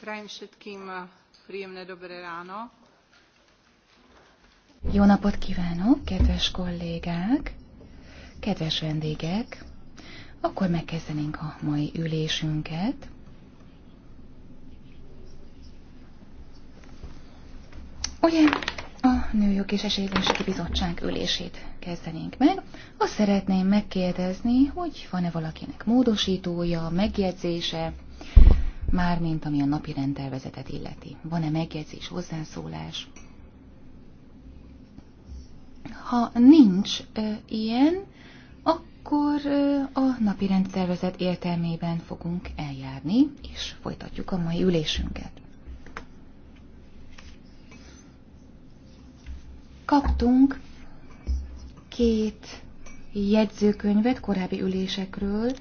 Prajem všetkým eh, príjemné dobré ráno. Jó napot kívánok, kedves kollégák, kedves vendégek! Akkor megkezdenénk a mai ülésünket. Ugye a Nőjog és Esélyegyenlőségi Bizottság ülését kezdenénk meg. Azt szeretném megkérdezni, hogy van-e valakinek módosítója, megjegyzése mármint ami a napi rendelvezetet illeti. Van-e megjegyzés, hozzászólás? Ha nincs ö, ilyen, akkor ö, a napi rendszervezet értelmében fogunk eljárni, és folytatjuk a mai ülésünket. Kaptunk két jegyzőkönyvet korábbi ülésekről,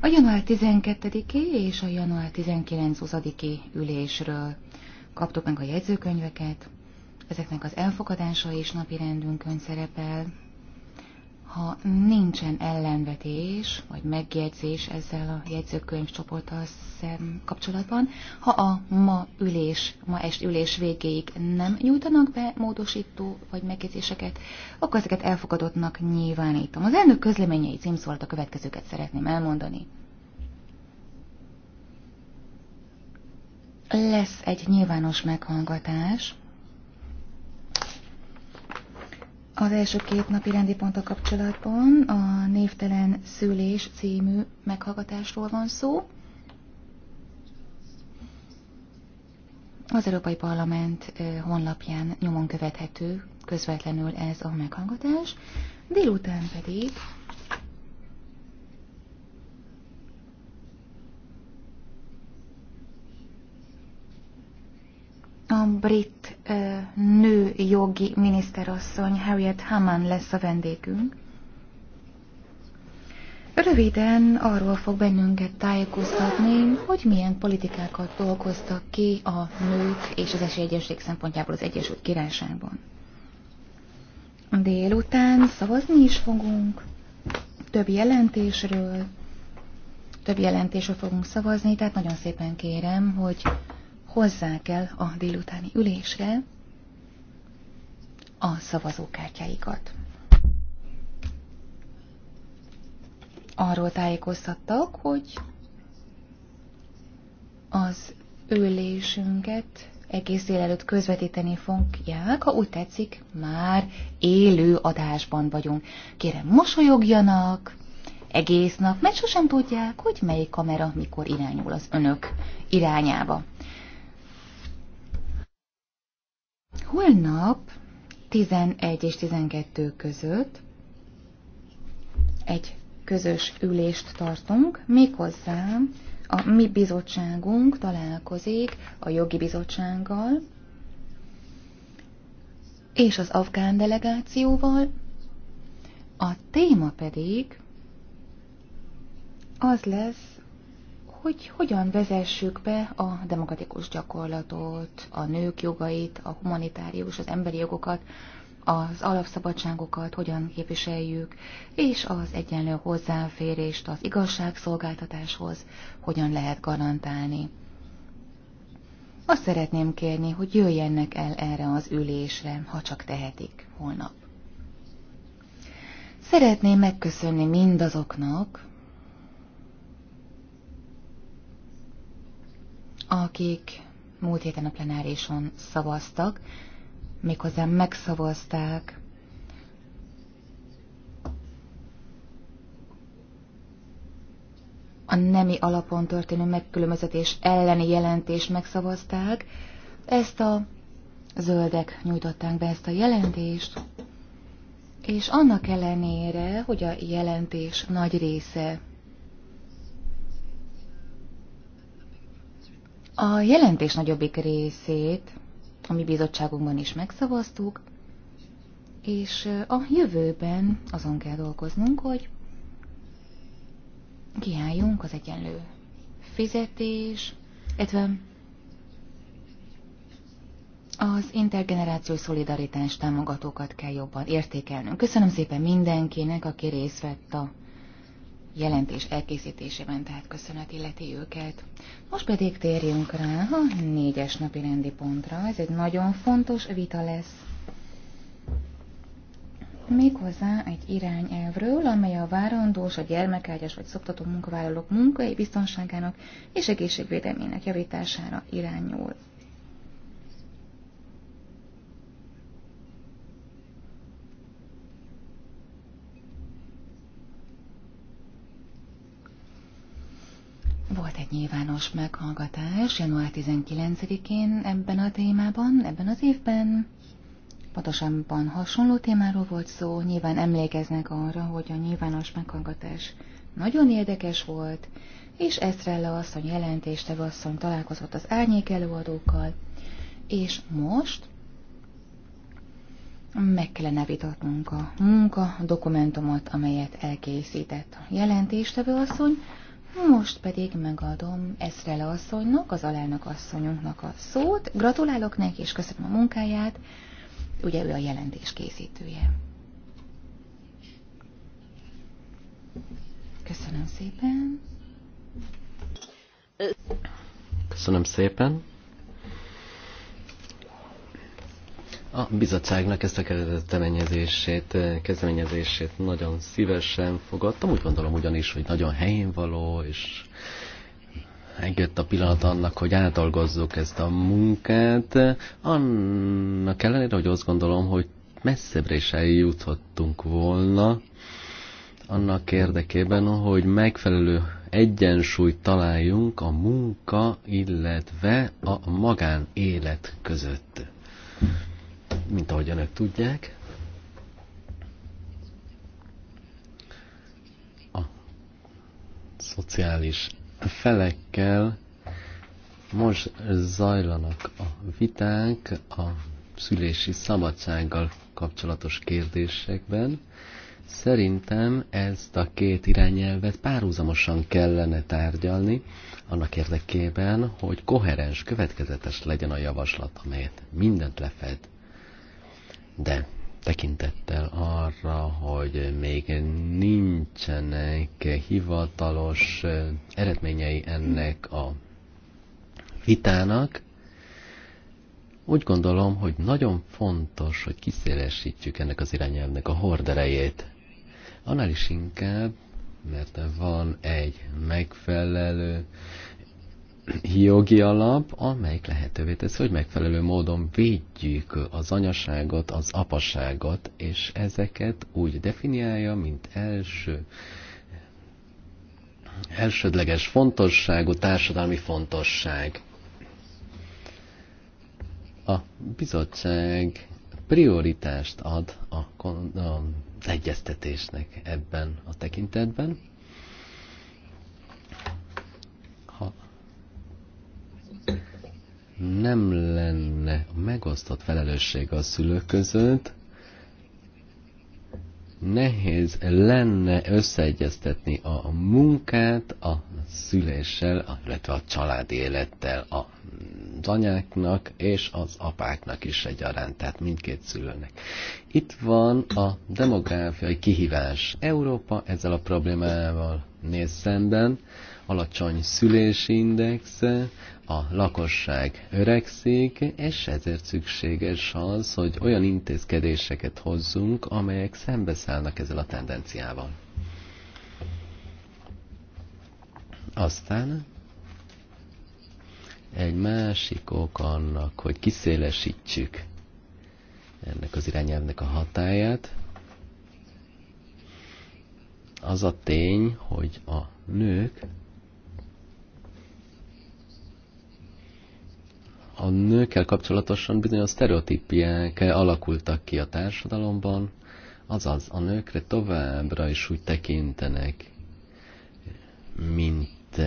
a január 12-i és a január 19-i ülésről. Kaptuk meg a jegyzőkönyveket, ezeknek az elfogadása is napi rendünkön szerepel. Ha nincsen ellenvetés vagy megjegyzés ezzel a jegyzőkönyv csoporttal kapcsolatban, ha a ma ülés, ma est ülés végéig nem nyújtanak be módosító vagy megjegyzéseket, akkor ezeket elfogadottnak nyilvánítom. Az elnök közleményei címszólat a következőket szeretném elmondani. Lesz egy nyilvános meghallgatás Az első két napi rendi a kapcsolatban a Névtelen Szülés című meghallgatásról van szó. Az Európai Parlament honlapján nyomon követhető közvetlenül ez a meghallgatás, délután pedig A brit uh, nő jogi miniszterasszony Harriet Haman lesz a vendégünk. Röviden arról fog bennünket tájékoztatni, hogy milyen politikákat dolgoztak ki a nők és az esélyegyenség szempontjából az Egyesült Királyságban. Délután szavazni is fogunk több jelentésről, több jelentésről fogunk szavazni, tehát nagyon szépen kérem, hogy hozzá kell a délutáni ülésre a szavazókártyáikat. Arról tájékoztattak, hogy az ülésünket egész délelőtt közvetíteni fogják, ha úgy tetszik, már élő adásban vagyunk. Kérem, mosolyogjanak egész nap, mert sosem tudják, hogy melyik kamera mikor irányul az önök irányába. Holnap 11 és 12 között egy közös ülést tartunk, méghozzá a mi bizottságunk találkozik a jogi bizottsággal és az afgán delegációval, a téma pedig az lesz, hogy hogyan vezessük be a demokratikus gyakorlatot, a nők jogait, a humanitárius, az emberi jogokat, az alapszabadságokat hogyan képviseljük, és az egyenlő hozzáférést az igazságszolgáltatáshoz hogyan lehet garantálni. Azt szeretném kérni, hogy jöjjenek el erre az ülésre, ha csak tehetik holnap. Szeretném megköszönni mindazoknak, akik múlt héten a plenárison szavaztak, méghozzá megszavazták a nemi alapon történő megkülönböztetés elleni jelentést megszavazták. Ezt a zöldek nyújtották be ezt a jelentést, és annak ellenére, hogy a jelentés nagy része A jelentés nagyobbik részét a mi bizottságunkban is megszavaztuk, és a jövőben azon kell dolgoznunk, hogy kiálljunk az egyenlő fizetés, illetve az intergenerációs szolidaritás támogatókat kell jobban értékelnünk. Köszönöm szépen mindenkinek, aki részt vett a jelentés elkészítésében, tehát köszönet illeti őket. Most pedig térjünk rá a négyes napi rendi pontra. Ez egy nagyon fontos vita lesz. Méghozzá egy irányelvről, amely a várandós, a gyermekágyas vagy szoptató munkavállalók munkai biztonságának és egészségvédelmének javítására irányul. Volt egy nyilvános meghallgatás január 19-én ebben a témában, ebben az évben. Pontosabban hasonló témáról volt szó, nyilván emlékeznek arra, hogy a nyilvános meghallgatás nagyon érdekes volt, és Eszrella asszony jelentéstevő asszony találkozott az árnyék előadókkal, és most meg kellene vitatnunk a munka dokumentumot, amelyet elkészített a jelentéstevő asszony, most pedig megadom Eszrele asszonynak, az alelnök asszonyunknak a szót. Gratulálok neki, és köszönöm a munkáját. Ugye ő a jelentés készítője. Köszönöm szépen. Köszönöm szépen. A bizottságnak ezt a kezdeményezését, kezdeményezését nagyon szívesen fogadtam, úgy gondolom ugyanis, hogy nagyon helyén való, és megjött a pillanat annak, hogy átolgozzuk ezt a munkát, annak ellenére, hogy azt gondolom, hogy messzebbre is eljuthattunk volna, annak érdekében, hogy megfelelő egyensúlyt találjunk a munka, illetve a magánélet között mint ahogy önök tudják. A szociális felekkel most zajlanak a viták a szülési szabadsággal kapcsolatos kérdésekben. Szerintem ezt a két irányelvet párhuzamosan kellene tárgyalni, annak érdekében, hogy koherens, következetes legyen a javaslat, amelyet mindent lefed de tekintettel arra, hogy még nincsenek hivatalos eredményei ennek a vitának, úgy gondolom, hogy nagyon fontos, hogy kiszélesítjük ennek az irányelvnek a horderejét. Annál is inkább, mert van egy megfelelő jogi alap, amelyik lehetővé tesz, hogy megfelelő módon védjük az anyaságot, az apaságot, és ezeket úgy definiálja, mint első elsődleges fontosságú társadalmi fontosság. A bizottság prioritást ad a, az egyeztetésnek ebben a tekintetben nem lenne megosztott felelősség a szülők között, nehéz lenne összeegyeztetni a munkát a szüléssel, illetve a családi élettel az anyáknak és az apáknak is egyaránt, tehát mindkét szülőnek. Itt van a demográfiai kihívás. Európa ezzel a problémával néz szemben, alacsony szülési indexe a lakosság öregszik, és ezért szükséges az, hogy olyan intézkedéseket hozzunk, amelyek szembeszállnak ezzel a tendenciával. Aztán egy másik ok annak, hogy kiszélesítsük ennek az irányelvnek a hatáját, az a tény, hogy a nők a nőkkel kapcsolatosan bizonyos sztereotípiek alakultak ki a társadalomban, azaz a nőkre továbbra is úgy tekintenek, mint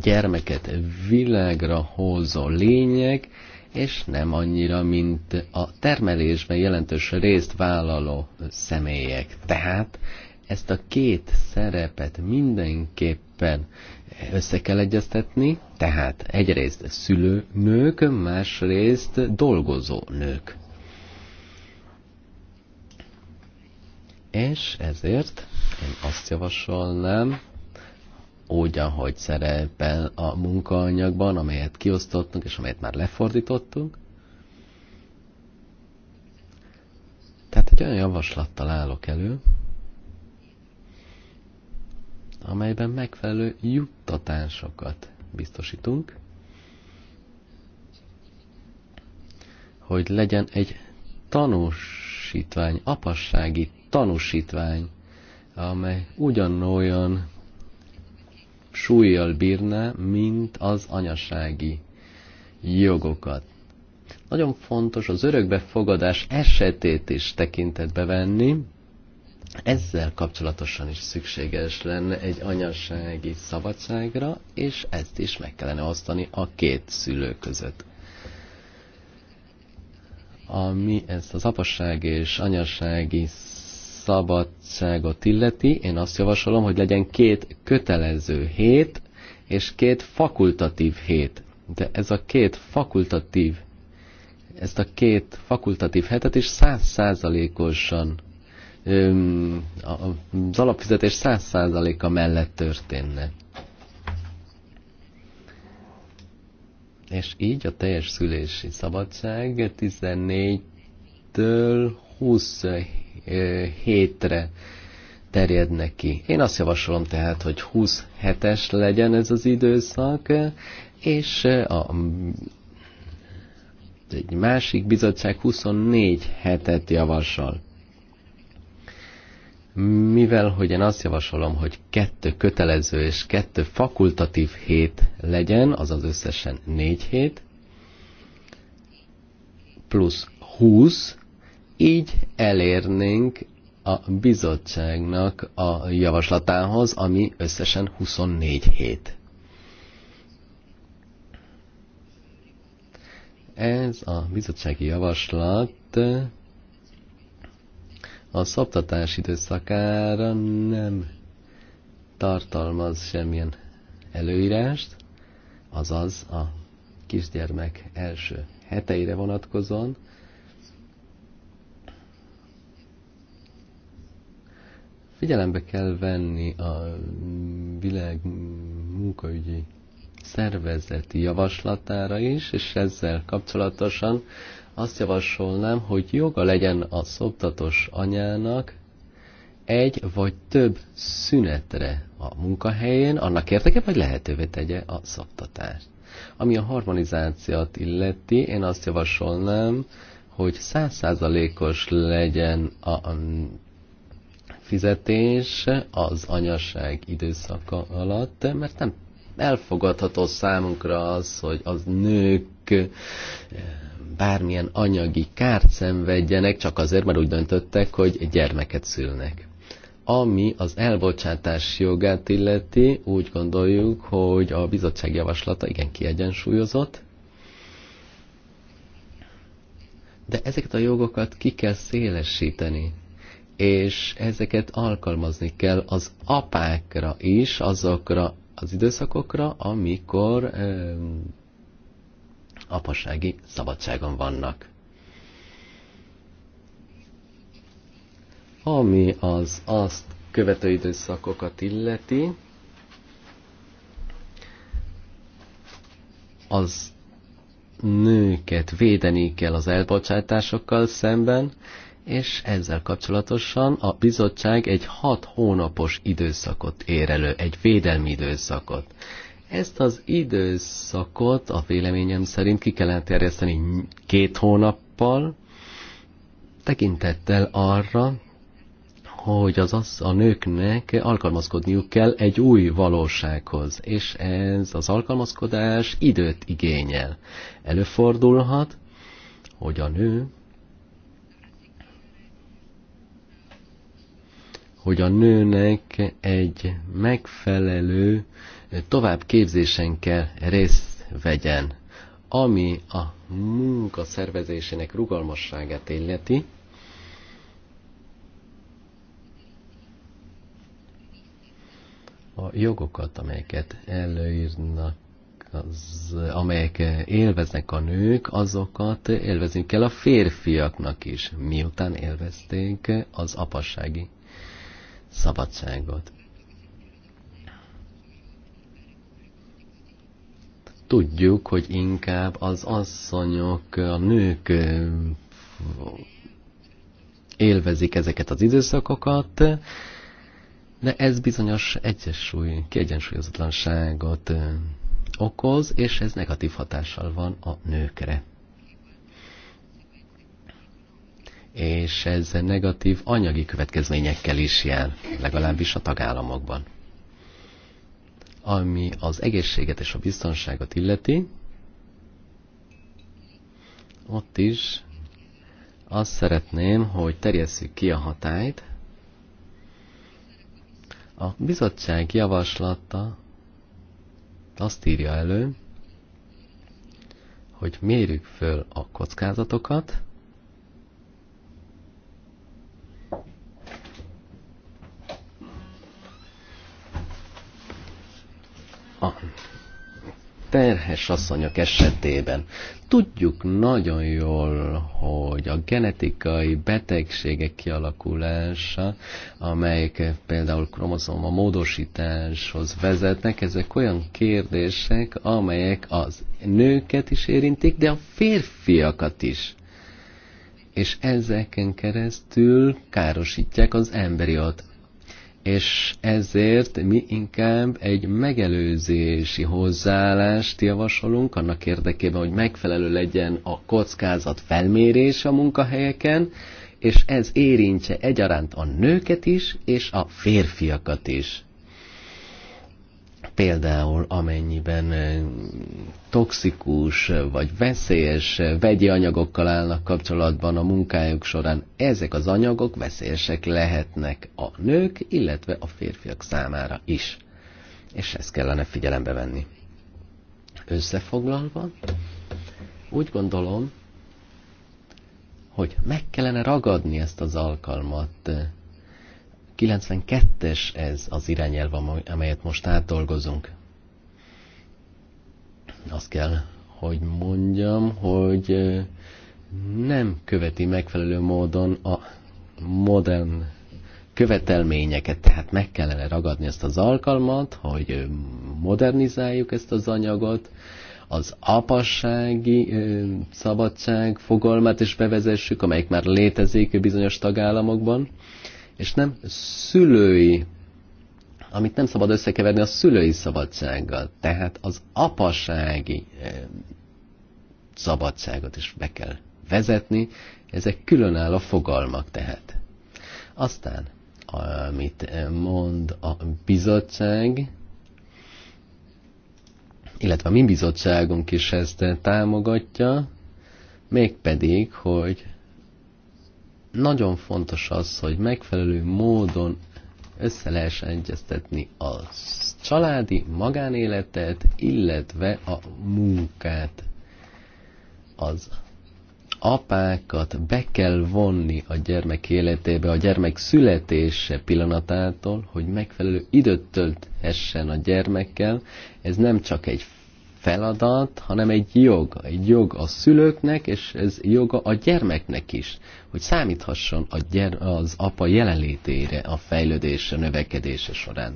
gyermeket világra hozó lények, és nem annyira, mint a termelésben jelentős részt vállaló személyek. Tehát ezt a két szerepet mindenképpen össze kell egyeztetni, tehát egyrészt szülőnők, másrészt dolgozó nők. És ezért én azt javasolnám, úgy, ahogy szerepel a munkaanyagban, amelyet kiosztottunk, és amelyet már lefordítottunk. Tehát egy olyan javaslattal állok elő, amelyben megfelelő juttatásokat biztosítunk, hogy legyen egy tanúsítvány, apassági tanúsítvány, amely ugyanolyan súlyjal bírná, mint az anyasági jogokat. Nagyon fontos az örökbefogadás esetét is tekintetbe venni, ezzel kapcsolatosan is szükséges lenne egy anyasági szabadságra, és ezt is meg kellene osztani a két szülő között. Ami ezt az apasság és anyasági szabadságot illeti, én azt javasolom, hogy legyen két kötelező hét és két fakultatív hét. De ez a két fakultatív, ezt a két fakultatív hetet is százszázalékosan az alapfizetés 100%-a mellett történne. És így a teljes szülési szabadság 14-től 27-re terjed neki. Én azt javasolom tehát, hogy 27es legyen ez az időszak, és a, egy másik bizottság 24 hetet javasol mivel hogy én azt javasolom, hogy kettő kötelező és kettő fakultatív hét legyen, azaz összesen négy hét, plusz 20, így elérnénk a bizottságnak a javaslatához, ami összesen 24 hét. Ez a bizottsági javaslat a szoptatás időszakára nem tartalmaz semmilyen előírást, azaz a kisgyermek első heteire vonatkozóan, figyelembe kell venni a világ munkaügyi szervezeti javaslatára is, és ezzel kapcsolatosan azt javasolnám, hogy joga legyen a szoptatós anyának egy vagy több szünetre a munkahelyén, annak érdeke, hogy lehetővé tegye a szoptatást. Ami a harmonizációt illeti, én azt javasolnám, hogy százszázalékos legyen a fizetés az anyaság időszaka alatt, mert nem elfogadható számunkra az, hogy az nők bármilyen anyagi kárt szenvedjenek, csak azért, mert úgy döntöttek, hogy gyermeket szülnek. Ami az elbocsátás jogát illeti, úgy gondoljuk, hogy a bizottság javaslata igen kiegyensúlyozott, de ezeket a jogokat ki kell szélesíteni, és ezeket alkalmazni kell az apákra is, azokra az időszakokra, amikor apasági szabadságon vannak. Ami az azt követő időszakokat illeti, az nőket védeni kell az elbocsátásokkal szemben, és ezzel kapcsolatosan a bizottság egy hat hónapos időszakot ér elő, egy védelmi időszakot. Ezt az időszakot a véleményem szerint ki kellene terjeszteni két hónappal, tekintettel arra, hogy az, az a nőknek alkalmazkodniuk kell egy új valósághoz, és ez az alkalmazkodás időt igényel. Előfordulhat, hogy a nő hogy a nőnek egy megfelelő tovább képzésen kell részt vegyen, ami a munka szervezésének rugalmasságát illeti, a jogokat, amelyeket előírnak az, amelyek élveznek a nők, azokat élvezni kell a férfiaknak is, miután élvezték az apassági szabadságot. tudjuk, hogy inkább az asszonyok, a nők élvezik ezeket az időszakokat, de ez bizonyos egyensúly, kiegyensúlyozatlanságot okoz, és ez negatív hatással van a nőkre. És ez negatív anyagi következményekkel is jár, legalábbis a tagállamokban. Ami az egészséget és a biztonságot illeti, ott is azt szeretném, hogy terjesszük ki a hatályt. A bizottság javaslata azt írja elő, hogy mérjük föl a kockázatokat, a terhes asszonyok esetében tudjuk nagyon jól, hogy a genetikai betegségek kialakulása, amelyek például kromoszoma módosításhoz vezetnek, ezek olyan kérdések, amelyek az nőket is érintik, de a férfiakat is. És ezeken keresztül károsítják az emberiat és ezért mi inkább egy megelőzési hozzáállást javasolunk annak érdekében, hogy megfelelő legyen a kockázat felmérés a munkahelyeken, és ez érintse egyaránt a nőket is, és a férfiakat is. Például amennyiben toxikus vagy veszélyes vegyi anyagokkal állnak kapcsolatban a munkájuk során, ezek az anyagok veszélyesek lehetnek a nők, illetve a férfiak számára is. És ezt kellene figyelembe venni. Összefoglalva, úgy gondolom, hogy meg kellene ragadni ezt az alkalmat, 92-es ez az irányelv, amelyet most átdolgozunk. Azt kell, hogy mondjam, hogy nem követi megfelelő módon a modern követelményeket, tehát meg kellene ragadni ezt az alkalmat, hogy modernizáljuk ezt az anyagot, az apassági ö, szabadság fogalmát is bevezessük, amelyik már létezik bizonyos tagállamokban és nem szülői, amit nem szabad összekeverni a szülői szabadsággal. Tehát az apasági eh, szabadságot is be kell vezetni, ezek különálló fogalmak tehát. Aztán, amit mond a bizottság, illetve a mi bizottságunk is ezt támogatja, mégpedig, hogy nagyon fontos az, hogy megfelelő módon össze lehessen egyeztetni a családi magánéletet, illetve a munkát. Az apákat be kell vonni a gyermek életébe, a gyermek születése pillanatától, hogy megfelelő időt tölthessen a gyermekkel. Ez nem csak egy feladat, hanem egy jog. Egy jog a szülőknek, és ez joga a gyermeknek is, hogy számíthasson a gyere, az apa jelenlétére a fejlődése, növekedése során.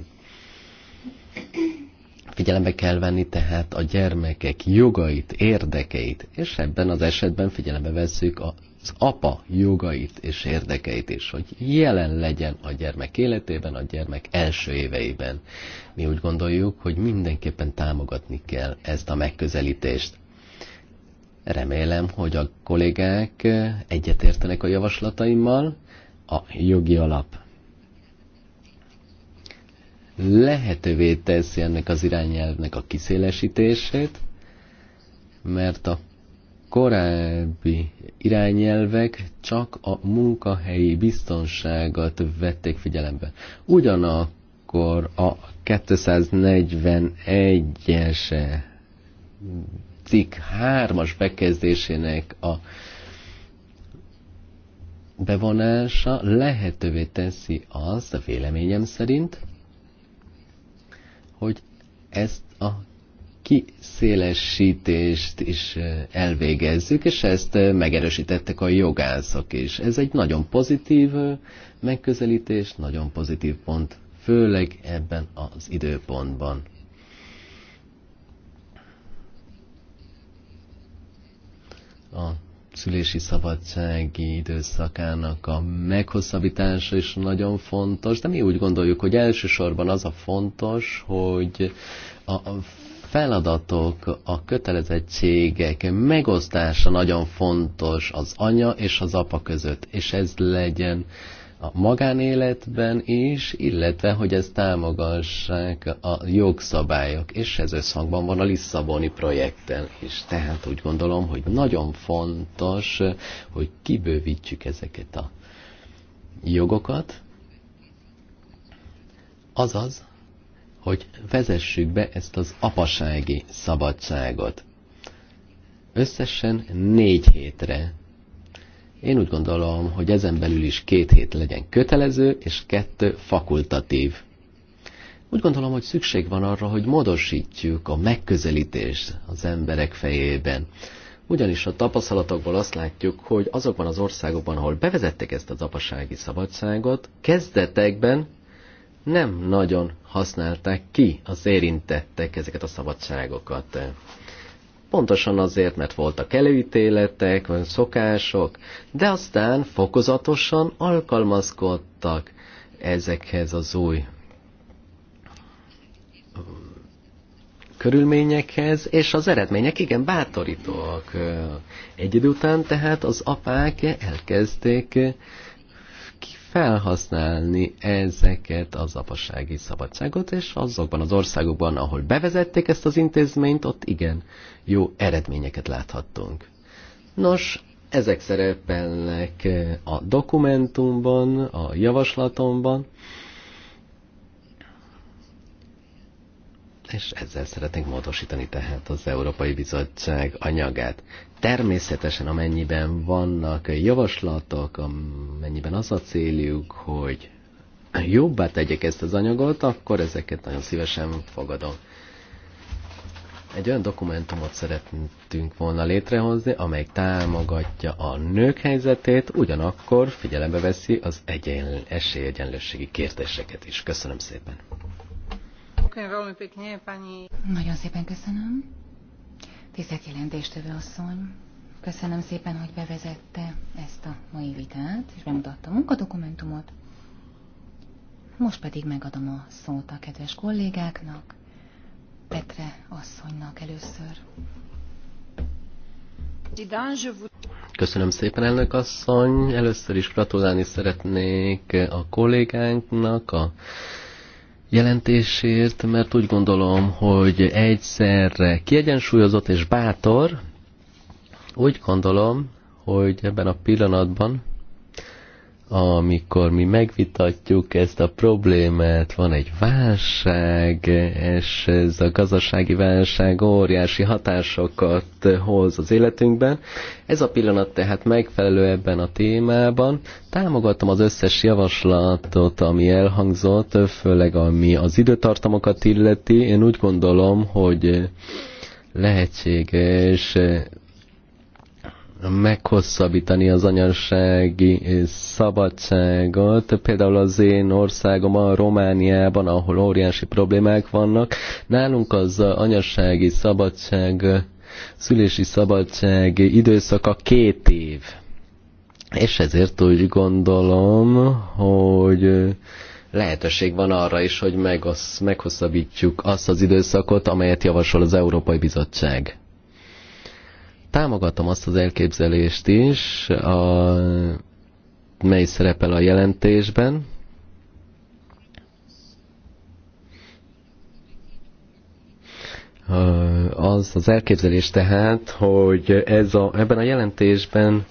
Figyelembe kell venni tehát a gyermekek jogait, érdekeit, és ebben az esetben figyelembe vesszük a az apa jogait és érdekeit is, hogy jelen legyen a gyermek életében, a gyermek első éveiben. Mi úgy gondoljuk, hogy mindenképpen támogatni kell ezt a megközelítést. Remélem, hogy a kollégák egyetértenek a javaslataimmal a jogi alap lehetővé teszi ennek az irányelvnek a kiszélesítését, mert a korábbi irányelvek csak a munkahelyi biztonságot vették figyelembe. Ugyanakkor a 241-es cikk 3-as bekezdésének a bevonása lehetővé teszi azt, a véleményem szerint, hogy ezt a kiszélesítést is elvégezzük, és ezt megerősítettek a jogászok is. Ez egy nagyon pozitív megközelítés, nagyon pozitív pont, főleg ebben az időpontban. A szülési szabadsági időszakának a meghosszabbítása is nagyon fontos, de mi úgy gondoljuk, hogy elsősorban az a fontos, hogy a feladatok, a kötelezettségek megosztása nagyon fontos az anya és az apa között, és ez legyen a magánéletben is, illetve hogy ezt támogassák a jogszabályok, és ez összhangban van a Lisszaboni projekten is. Tehát úgy gondolom, hogy nagyon fontos, hogy kibővítsük ezeket a jogokat, azaz, hogy vezessük be ezt az apasági szabadságot. Összesen négy hétre. Én úgy gondolom, hogy ezen belül is két hét legyen kötelező, és kettő fakultatív. Úgy gondolom, hogy szükség van arra, hogy modosítjuk a megközelítést az emberek fejében. Ugyanis a tapasztalatokból azt látjuk, hogy azokban az országokban, ahol bevezettek ezt az apasági szabadságot, kezdetekben nem nagyon használták ki az érintettek ezeket a szabadságokat. Pontosan azért, mert voltak előítéletek, vagy szokások, de aztán fokozatosan alkalmazkodtak ezekhez az új um, körülményekhez, és az eredmények igen bátorítóak. Egy idő után tehát az apák elkezdték felhasználni ezeket az apasági szabadságot, és azokban az országokban, ahol bevezették ezt az intézményt, ott igen, jó eredményeket láthattunk. Nos, ezek szerepelnek eh, a dokumentumban, a javaslatomban, és ezzel szeretnénk módosítani tehát az Európai Bizottság anyagát. Természetesen amennyiben vannak javaslatok, amennyiben az a céljuk, hogy jobbá tegyek ezt az anyagot, akkor ezeket nagyon szívesen fogadom. Egy olyan dokumentumot szeretnénk volna létrehozni, amely támogatja a nők helyzetét, ugyanakkor figyelembe veszi az egyen, esélyegyenlőségi kérdéseket is. Köszönöm szépen! Nagyon szépen köszönöm. Tisztelt jelentéstevő asszony, köszönöm szépen, hogy bevezette ezt a mai vitát, és bemutatta a munkadokumentumot. Most pedig megadom a szót a kedves kollégáknak, Petre asszonynak először. Köszönöm szépen, elnök asszony. Először is gratulálni szeretnék a kollégánknak, a jelentésért, mert úgy gondolom, hogy egyszerre kiegyensúlyozott és bátor. Úgy gondolom, hogy ebben a pillanatban amikor mi megvitatjuk ezt a problémát, van egy válság, és ez a gazdasági válság óriási hatásokat hoz az életünkben. Ez a pillanat tehát megfelelő ebben a témában. Támogatom az összes javaslatot, ami elhangzott, főleg ami az időtartamokat illeti. Én úgy gondolom, hogy lehetséges meghosszabbítani az anyasági eh, szabadságot. Például az én országom a Romániában, ahol óriási problémák vannak. Nálunk az anyasági szabadság, szülési szabadság időszaka két év. És ezért úgy gondolom, hogy eh, lehetőség van arra is, hogy meghosszabbítjuk azt az időszakot, amelyet javasol az Európai Bizottság támogatom azt az elképzelést is, a, mely szerepel a jelentésben, az az elképzelés tehát, hogy ez a, ebben a jelentésben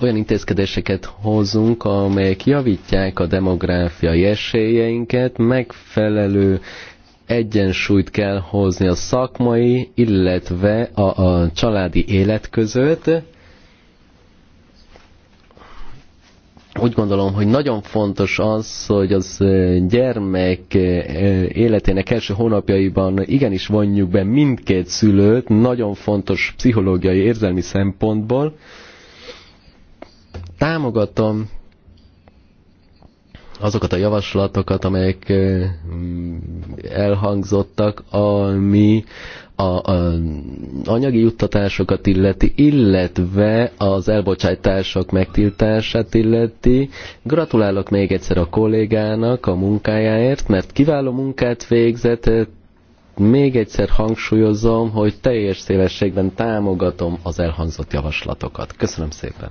olyan intézkedéseket hozunk, amelyek javítják a demográfiai esélyeinket, megfelelő egyensúlyt kell hozni a szakmai, illetve a, a családi élet között. Úgy gondolom, hogy nagyon fontos az, hogy az gyermek életének első hónapjaiban igenis vonjuk be mindkét szülőt, nagyon fontos pszichológiai, érzelmi szempontból. Támogatom azokat a javaslatokat, amelyek mm, elhangzottak, ami a, a anyagi juttatásokat illeti, illetve az elbocsátások megtiltását illeti. Gratulálok még egyszer a kollégának a munkájáért, mert kiváló munkát végzett, még egyszer hangsúlyozom, hogy teljes szélességben támogatom az elhangzott javaslatokat. Köszönöm szépen!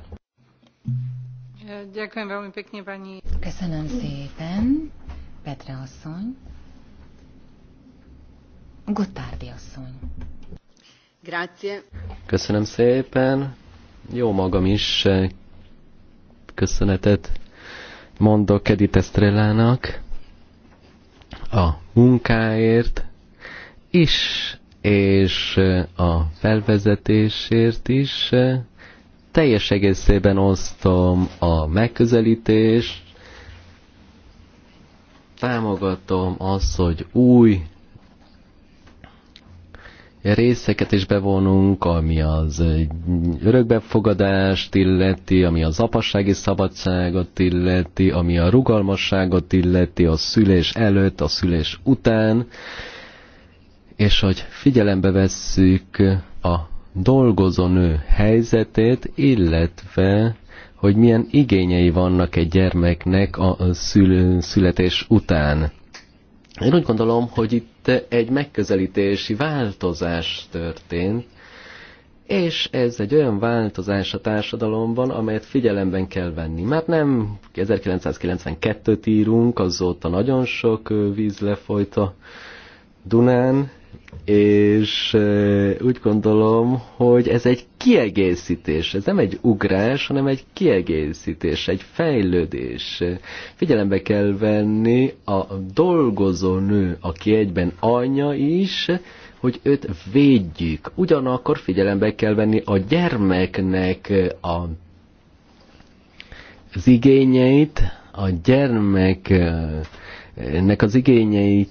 Köszönöm szépen, Petra asszony. Gottardi asszony. Grazie. Köszönöm szépen. Jó magam is eh, köszönetet mondok Edith Estrellának a munkáért is, és eh, a felvezetésért is. Eh, teljes egészében osztom a megközelítést, támogatom azt, hogy új részeket is bevonunk, ami az örökbefogadást illeti, ami az apassági szabadságot illeti, ami a rugalmasságot illeti a szülés előtt, a szülés után, és hogy figyelembe vesszük a nő helyzetét, illetve hogy milyen igényei vannak egy gyermeknek a szül születés után. Én úgy gondolom, hogy itt egy megközelítési változás történt, és ez egy olyan változás a társadalomban, amelyet figyelemben kell venni. Már nem 1992-t írunk, azóta nagyon sok víz lefolyt a Dunán, és úgy gondolom, hogy ez egy kiegészítés, ez nem egy ugrás, hanem egy kiegészítés, egy fejlődés. Figyelembe kell venni a dolgozó nő, aki egyben anya is, hogy őt védjük. Ugyanakkor figyelembe kell venni a gyermeknek a, az igényeit, a gyermeknek az igényeit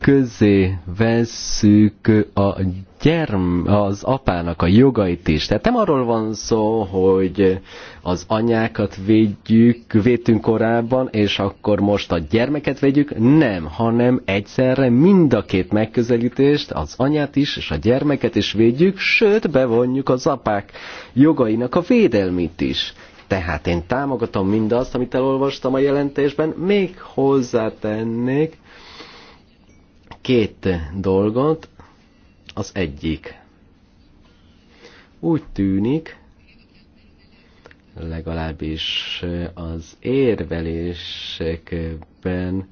közé vesszük a gyerm, az apának a jogait is. Tehát nem arról van szó, hogy az anyákat védjük, védtünk korábban, és akkor most a gyermeket védjük, nem, hanem egyszerre mind a két megközelítést, az anyát is, és a gyermeket is védjük, sőt, bevonjuk az apák jogainak a védelmét is. Tehát én támogatom mindazt, amit elolvastam a jelentésben, még hozzátennék, két dolgot. Az egyik. Úgy tűnik, legalábbis az érvelésekben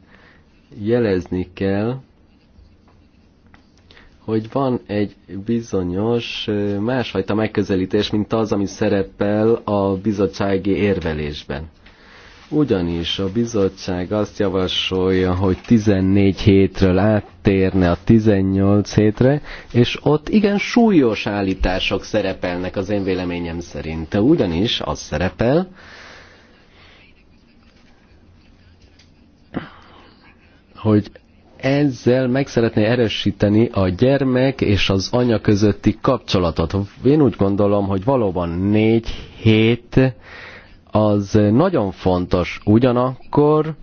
jelezni kell, hogy van egy bizonyos másfajta megközelítés, mint az, ami szerepel a bizottsági érvelésben. Ugyanis a bizottság azt javasolja, hogy 14 hétről áttérne a 18 hétre, és ott igen súlyos állítások szerepelnek az én véleményem szerint. De ugyanis az szerepel, hogy ezzel meg szeretné erősíteni a gyermek és az anya közötti kapcsolatot. Én úgy gondolom, hogy valóban négy hét az nagyon fontos. Ugyanakkor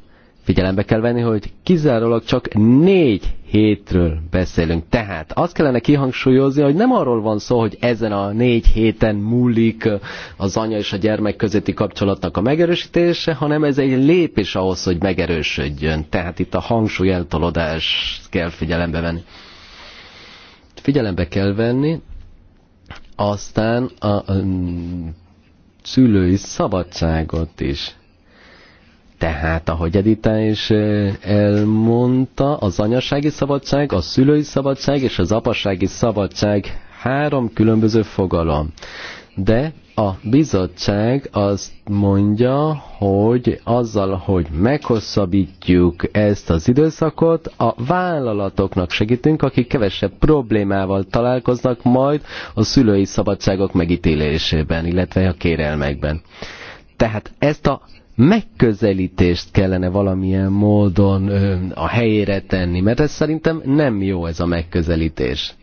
figyelembe kell venni, hogy kizárólag csak négy hétről beszélünk. Tehát azt kellene kihangsúlyozni, hogy nem arról van szó, hogy ezen a négy héten múlik az anya és a gyermek közötti kapcsolatnak a megerősítése, hanem ez egy lépés ahhoz, hogy megerősödjön. Tehát itt a hangsúly eltolódás kell figyelembe venni. Figyelembe kell venni, aztán a, a szülői szabadságot is. Tehát, ahogy Edita is eh, elmondta, az anyasági szabadság, a szülői szabadság és az apasági szabadság három különböző fogalom de a bizottság azt mondja, hogy azzal, hogy meghosszabbítjuk ezt az időszakot, a vállalatoknak segítünk, akik kevesebb problémával találkoznak majd a szülői szabadságok megítélésében, illetve a kérelmekben. Tehát ezt a megközelítést kellene valamilyen módon ö, a helyére tenni, mert ez szerintem nem jó ez a megközelítés.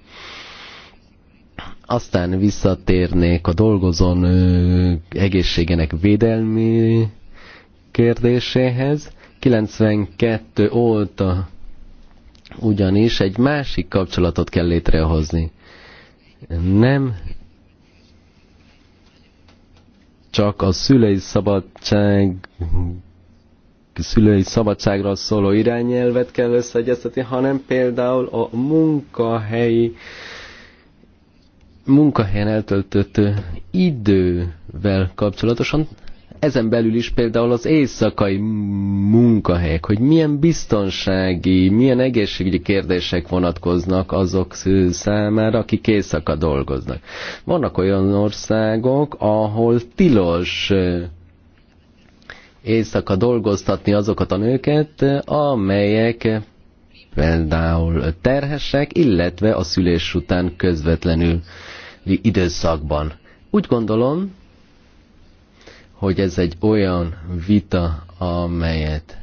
Aztán visszatérnék a dolgozón egészségenek védelmi kérdéséhez. 92 óta ugyanis egy másik kapcsolatot kell létrehozni. Nem csak a szülei szabadság szülői szabadságra szóló irányelvet kell összeegyeztetni, hanem például a munkahelyi munkahelyen eltöltött idővel kapcsolatosan, ezen belül is például az éjszakai munkahelyek, hogy milyen biztonsági, milyen egészségügyi kérdések vonatkoznak azok számára, akik éjszaka dolgoznak. Vannak olyan országok, ahol tilos éjszaka dolgoztatni azokat a nőket, amelyek például terhesek, illetve a szülés után közvetlenül időszakban. Úgy gondolom, hogy ez egy olyan vita, amelyet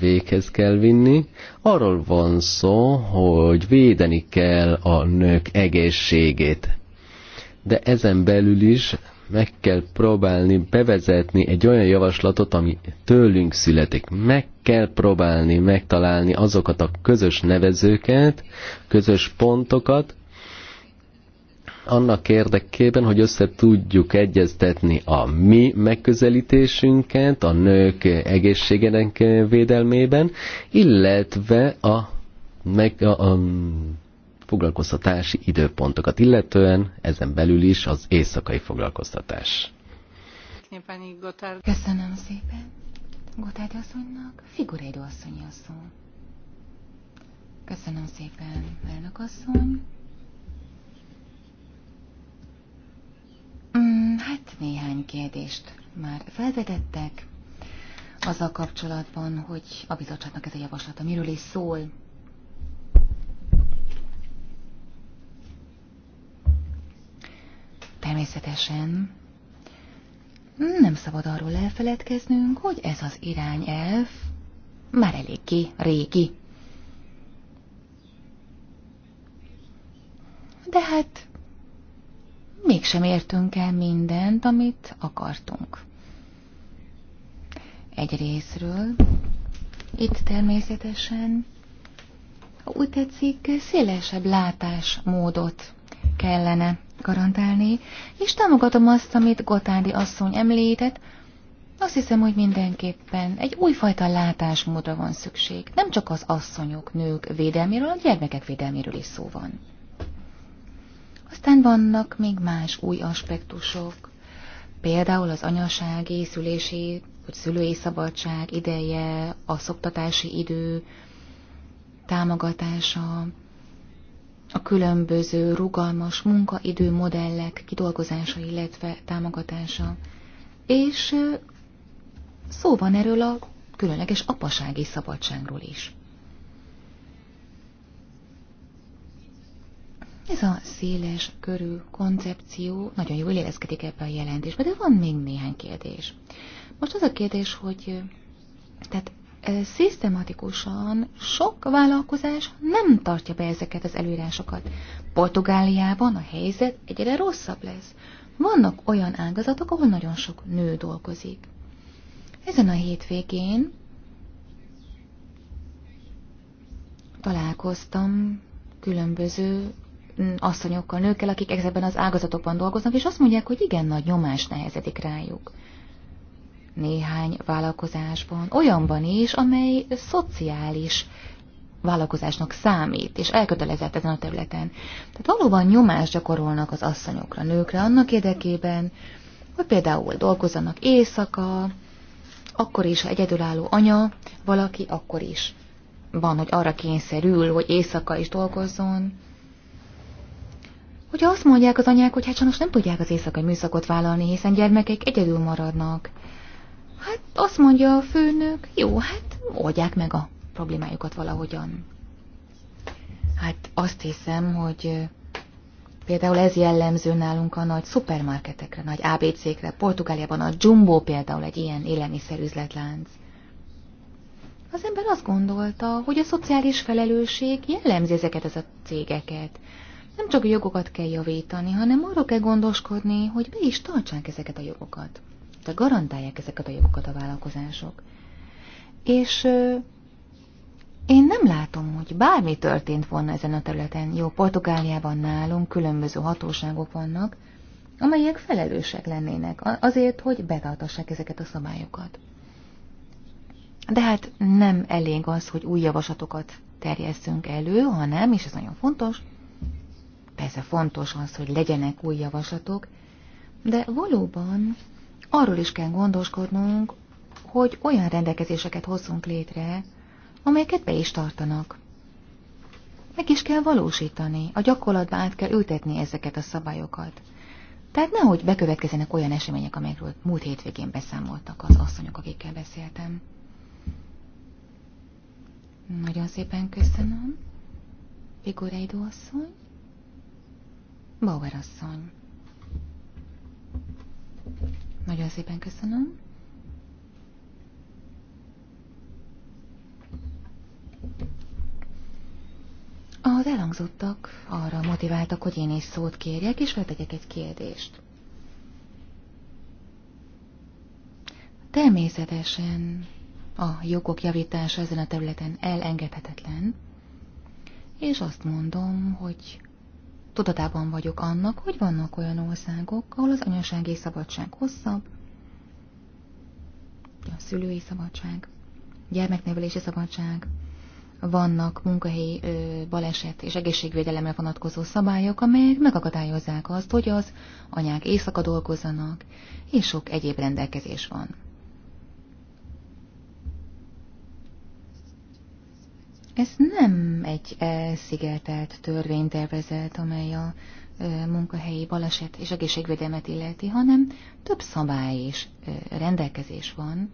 véghez kell vinni. Arról van szó, hogy védeni kell a nők egészségét. De ezen belül is meg kell próbálni bevezetni egy olyan javaslatot, ami tőlünk születik. Meg kell próbálni megtalálni azokat a közös nevezőket, közös pontokat, annak érdekében, hogy össze tudjuk egyeztetni a mi megközelítésünket a nők egészségének védelmében, illetve a, meg, a, a foglalkoztatási időpontokat, illetően ezen belül is az éjszakai foglalkoztatás. Köszönöm szépen. Gotárd asszonynak, figurédő asszony asszony? Köszönöm szépen, elnök asszony. Mm, hát néhány kérdést már felvetettek azzal kapcsolatban, hogy a bizottságnak ez a javaslata miről is szól. Természetesen nem szabad arról elfeledkeznünk, hogy ez az irányelv már eléggé régi. De hát mégsem értünk el mindent, amit akartunk. Egy részről, itt természetesen, ha úgy tetszik, szélesebb látásmódot kellene garantálni, és támogatom azt, amit Gotádi asszony említett, azt hiszem, hogy mindenképpen egy újfajta látásmódra van szükség. Nem csak az asszonyok, nők védelméről, a gyermekek védelméről is szó van. Aztán vannak még más új aspektusok, például az anyaság észülési, vagy szülői szabadság ideje, a szoktatási idő támogatása, a különböző rugalmas munkaidő modellek kidolgozása, illetve támogatása, és szó van erről a különleges apasági szabadságról is. Ez a széles körű koncepció nagyon jól illeszkedik ebbe a jelentésbe, de van még néhány kérdés. Most az a kérdés, hogy tehát szisztematikusan sok vállalkozás nem tartja be ezeket az előírásokat. Portugáliában a helyzet egyre rosszabb lesz. Vannak olyan ágazatok, ahol nagyon sok nő dolgozik. Ezen a hétvégén találkoztam különböző asszonyokkal, nőkkel, akik ezekben az ágazatokban dolgoznak, és azt mondják, hogy igen nagy nyomás nehezedik rájuk. Néhány vállalkozásban, olyanban is, amely szociális vállalkozásnak számít, és elkötelezett ezen a területen. Tehát valóban nyomást gyakorolnak az asszonyokra, nőkre annak érdekében, hogy például dolgozzanak éjszaka, akkor is, ha egyedülálló anya, valaki akkor is van, hogy arra kényszerül, hogy éjszaka is dolgozzon, Hogyha azt mondják az anyák, hogy hát sajnos nem tudják az éjszakai műszakot vállalni, hiszen gyermekek egyedül maradnak. Hát azt mondja a főnök, jó, hát oldják meg a problémájukat valahogyan. Hát azt hiszem, hogy például ez jellemző nálunk a nagy szupermarketekre, nagy ABC-kre. Portugáliában a Jumbo például egy ilyen élelmiszerüzletlánc. Az ember azt gondolta, hogy a szociális felelősség jellemzi ezeket az a cégeket. Nem csak a jogokat kell javítani, hanem arra kell gondoskodni, hogy be is tartsák ezeket a jogokat. Tehát garantálják ezeket a jogokat a vállalkozások. És ö, én nem látom, hogy bármi történt volna ezen a területen. Jó, Portugáliában nálunk különböző hatóságok vannak, amelyek felelősek lennének azért, hogy betartassák ezeket a szabályokat. De hát nem elég az, hogy új javaslatokat terjesszünk elő, hanem, és ez nagyon fontos, Persze fontos az, hogy legyenek új javaslatok, de valóban arról is kell gondoskodnunk, hogy olyan rendelkezéseket hozzunk létre, amelyeket be is tartanak. Meg is kell valósítani, a gyakorlatba át kell ültetni ezeket a szabályokat. Tehát nehogy bekövetkezenek olyan események, amelyekről múlt hétvégén beszámoltak az asszonyok, akikkel beszéltem. Nagyon szépen köszönöm. Figureidó asszony. Bauer asszony. Nagyon szépen köszönöm. Az elhangzottak arra motiváltak, hogy én is szót kérjek, és feltegyek egy kérdést. Természetesen a jogok javítása ezen a területen elengedhetetlen, és azt mondom, hogy Tudatában vagyok annak, hogy vannak olyan országok, ahol az anyasági szabadság hosszabb, a szülői szabadság, gyermeknevelési szabadság, vannak munkahelyi ö, baleset és egészségvédelemre vonatkozó szabályok, amelyek megakadályozzák azt, hogy az anyák éjszaka dolgozzanak, és sok egyéb rendelkezés van. Ez nem egy elszigetelt törvénytervezet, amely a munkahelyi baleset és egészségvédelmet illeti, hanem több szabály és rendelkezés van,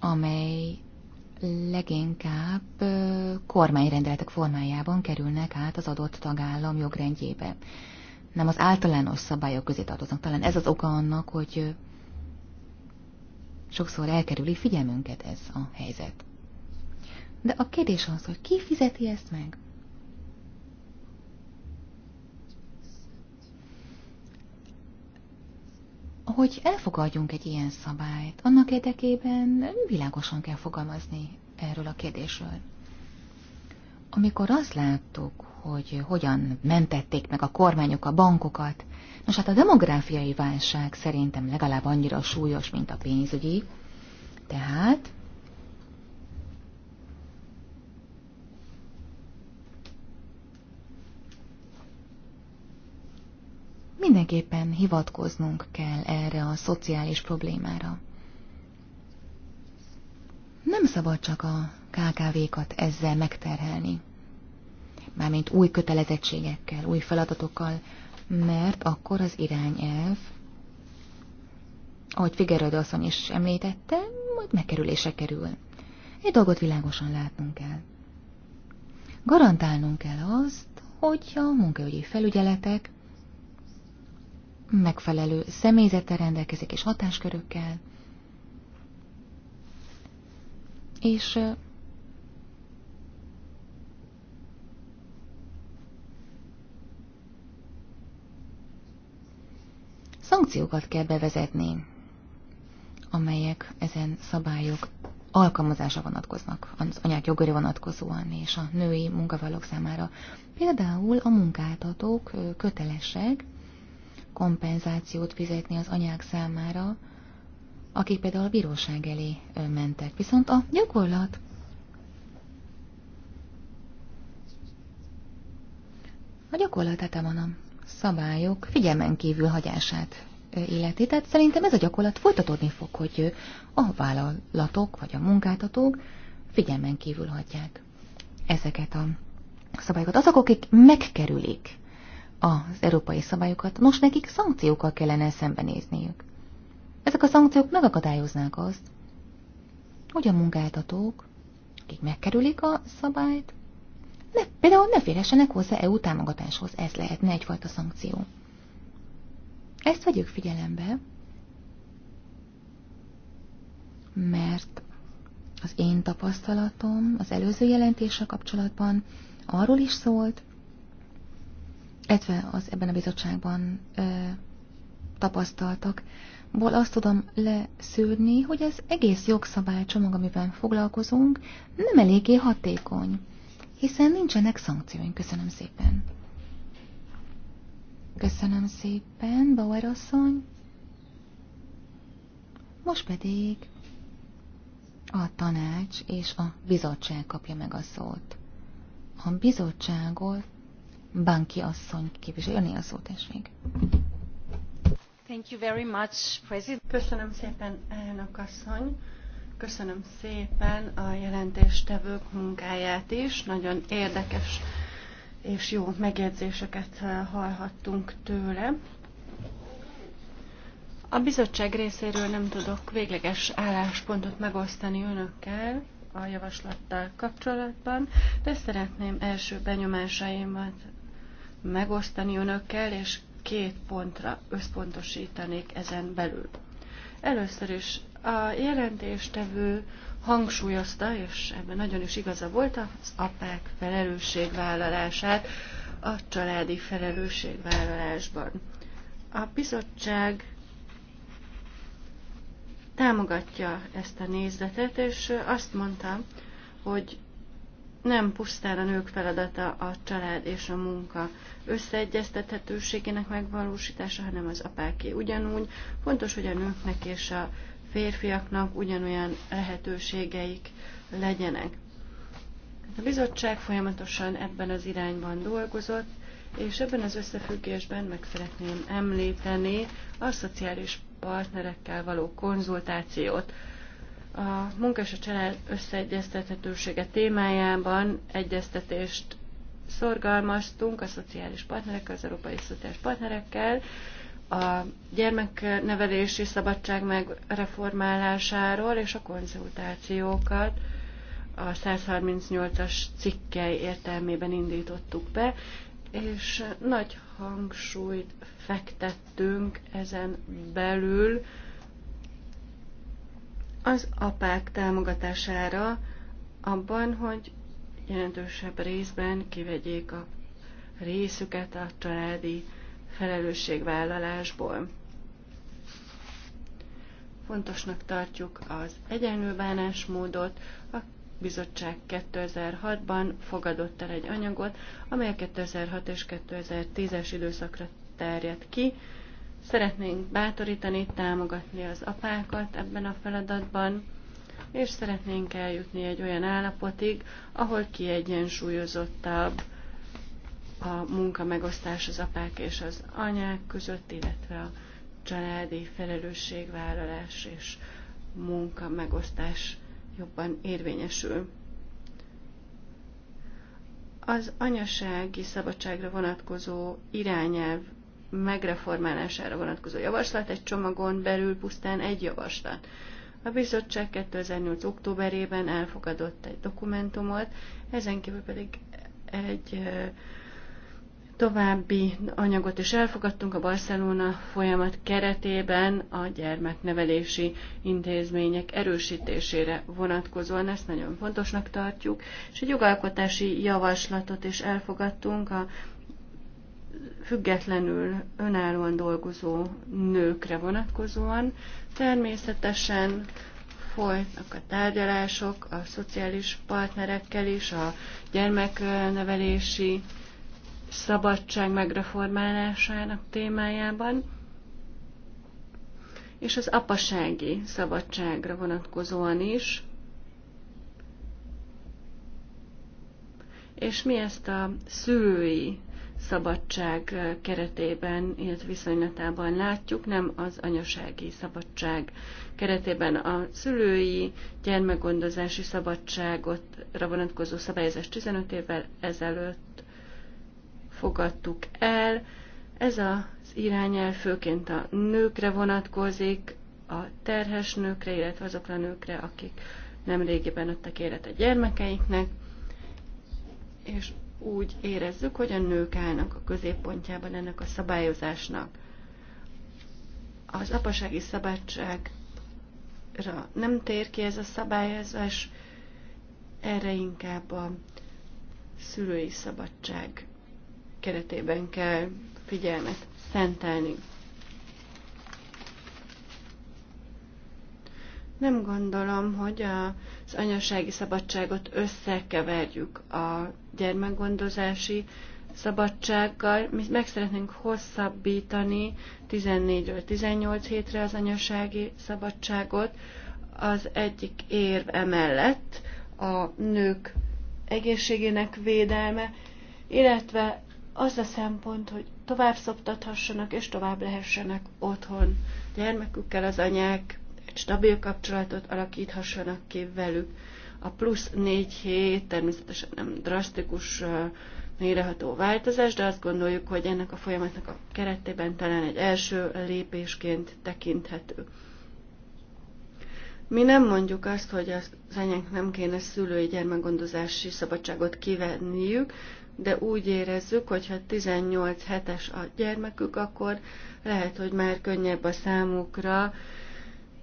amely leginkább kormányrendeletek formájában kerülnek át az adott tagállam jogrendjébe. Nem az általános szabályok közé tartoznak. Talán ez az oka annak, hogy sokszor elkerüli figyelmünket ez a helyzet. De a kérdés az, hogy ki fizeti ezt meg? Hogy elfogadjunk egy ilyen szabályt, annak érdekében világosan kell fogalmazni erről a kérdésről. Amikor azt láttuk, hogy hogyan mentették meg a kormányok a bankokat, nos hát a demográfiai válság szerintem legalább annyira súlyos, mint a pénzügyi, tehát mindenképpen hivatkoznunk kell erre a szociális problémára. Nem szabad csak a KKV-kat ezzel megterhelni, mármint új kötelezettségekkel, új feladatokkal, mert akkor az irányelv, ahogy Figeröd asszony is említette, majd megkerülése kerül. Egy dolgot világosan látnunk kell. Garantálnunk kell azt, hogy a munkaügyi felügyeletek megfelelő személyzettel rendelkezik és hatáskörökkel, és szankciókat kell bevezetni, amelyek ezen szabályok alkalmazása vonatkoznak, az anyák jogöré vonatkozóan és a női munkavállalók számára. Például a munkáltatók kötelesek kompenzációt fizetni az anyák számára, akik például a bíróság elé mentek. Viszont a gyakorlat a gyakorlat van hát a szabályok figyelmen kívül hagyását illeti. Tehát szerintem ez a gyakorlat folytatódni fog, hogy a vállalatok vagy a munkáltatók figyelmen kívül hagyják ezeket a szabályokat. Azok, akik megkerülik az európai szabályokat, most nekik szankciókkal kellene szembenézniük. Ezek a szankciók megakadályoznák azt, hogy a munkáltatók, akik megkerülik a szabályt, ne, például ne férhessenek hozzá EU támogatáshoz. Ez lehetne egyfajta szankció. Ezt vegyük figyelembe, mert az én tapasztalatom az előző jelentése kapcsolatban arról is szólt, illetve az ebben a bizottságban ö, tapasztaltak. Ból azt tudom leszűrni, hogy az egész jogszabálycsomag, amiben foglalkozunk, nem eléggé hatékony, hiszen nincsenek szankcióink. Köszönöm szépen. Köszönöm szépen, Bauer asszony. Most pedig a tanács és a bizottság kapja meg a szót. A bizottságot Banki asszony képviselni a szó, tessék. Thank you very much, President. Köszönöm szépen, elnök asszony. Köszönöm szépen a jelentéstevők munkáját is. Nagyon érdekes és jó megjegyzéseket eh, hallhattunk tőle. A bizottság részéről nem tudok végleges álláspontot megosztani önökkel a javaslattal kapcsolatban, de szeretném első benyomásaimat megosztani önökkel, és két pontra összpontosítanék ezen belül. Először is a jelentéstevő hangsúlyozta, és ebben nagyon is igaza volt, az apák felelősségvállalását a családi felelősségvállalásban. A bizottság támogatja ezt a nézetet és azt mondta, hogy nem pusztán a nők feladata a család és a munka összeegyeztethetőségének megvalósítása, hanem az apáké ugyanúgy. Fontos, hogy a nőknek és a férfiaknak ugyanolyan lehetőségeik legyenek. A bizottság folyamatosan ebben az irányban dolgozott, és ebben az összefüggésben meg szeretném említeni a szociális partnerekkel való konzultációt. A munka és a család összeegyeztethetősége témájában egyeztetést szorgalmaztunk a szociális partnerekkel, az európai szociális partnerekkel, a gyermeknevelési szabadság megreformálásáról és a konzultációkat a 138-as cikkei értelmében indítottuk be, és nagy hangsúlyt fektettünk ezen belül az apák támogatására abban, hogy jelentősebb részben kivegyék a részüket a családi felelősségvállalásból. Fontosnak tartjuk az egyenlő bánásmódot, a bizottság 2006-ban fogadott el egy anyagot, amely a 2006 és 2010-es időszakra terjedt ki, Szeretnénk bátorítani, támogatni az apákat ebben a feladatban, és szeretnénk eljutni egy olyan állapotig, ahol kiegyensúlyozottabb a munka megosztás az apák és az anyák között, illetve a családi felelősségvállalás és munka megosztás jobban érvényesül. Az anyasági szabadságra vonatkozó irányelv megreformálására vonatkozó javaslat egy csomagon belül pusztán egy javaslat. A bizottság 2008. októberében elfogadott egy dokumentumot, ezen kívül pedig egy további anyagot is elfogadtunk a Barcelona folyamat keretében a gyermeknevelési intézmények erősítésére vonatkozóan. Ezt nagyon fontosnak tartjuk, és egy jogalkotási javaslatot is elfogadtunk a függetlenül önállóan dolgozó nőkre vonatkozóan. Természetesen folytnak a tárgyalások a szociális partnerekkel is, a gyermeknevelési szabadság megreformálásának témájában, és az apasági szabadságra vonatkozóan is. És mi ezt a szülői szabadság keretében, illetve viszonylatában látjuk, nem az anyasági szabadság keretében a szülői gyermekgondozási szabadságotra vonatkozó szabályozás 15 évvel ezelőtt fogadtuk el. Ez az irányelv főként a nőkre vonatkozik, a terhes nőkre, illetve azokra a nőkre, akik nem régiben adtak a gyermekeiknek, és úgy érezzük, hogy a nők állnak a középpontjában ennek a szabályozásnak. Az apasági szabadságra nem tér ki ez a szabályozás, erre inkább a szülői szabadság keretében kell figyelmet szentelni. Nem gondolom, hogy az anyasági szabadságot összekeverjük a gyermekgondozási szabadsággal. Mi meg szeretnénk hosszabbítani 14-ről 18 hétre az anyasági szabadságot. Az egyik érv emellett a nők egészségének védelme, illetve az a szempont, hogy tovább szoptathassanak és tovább lehessenek otthon gyermekükkel az anyák, egy stabil kapcsolatot alakíthassanak ki velük. A plusz négy hét természetesen nem drasztikus méreható változás, de azt gondoljuk, hogy ennek a folyamatnak a keretében talán egy első lépésként tekinthető. Mi nem mondjuk azt, hogy az anyák nem kéne szülői gyermekgondozási szabadságot kivenniük, de úgy érezzük, hogy ha 18 hetes a gyermekük, akkor lehet, hogy már könnyebb a számukra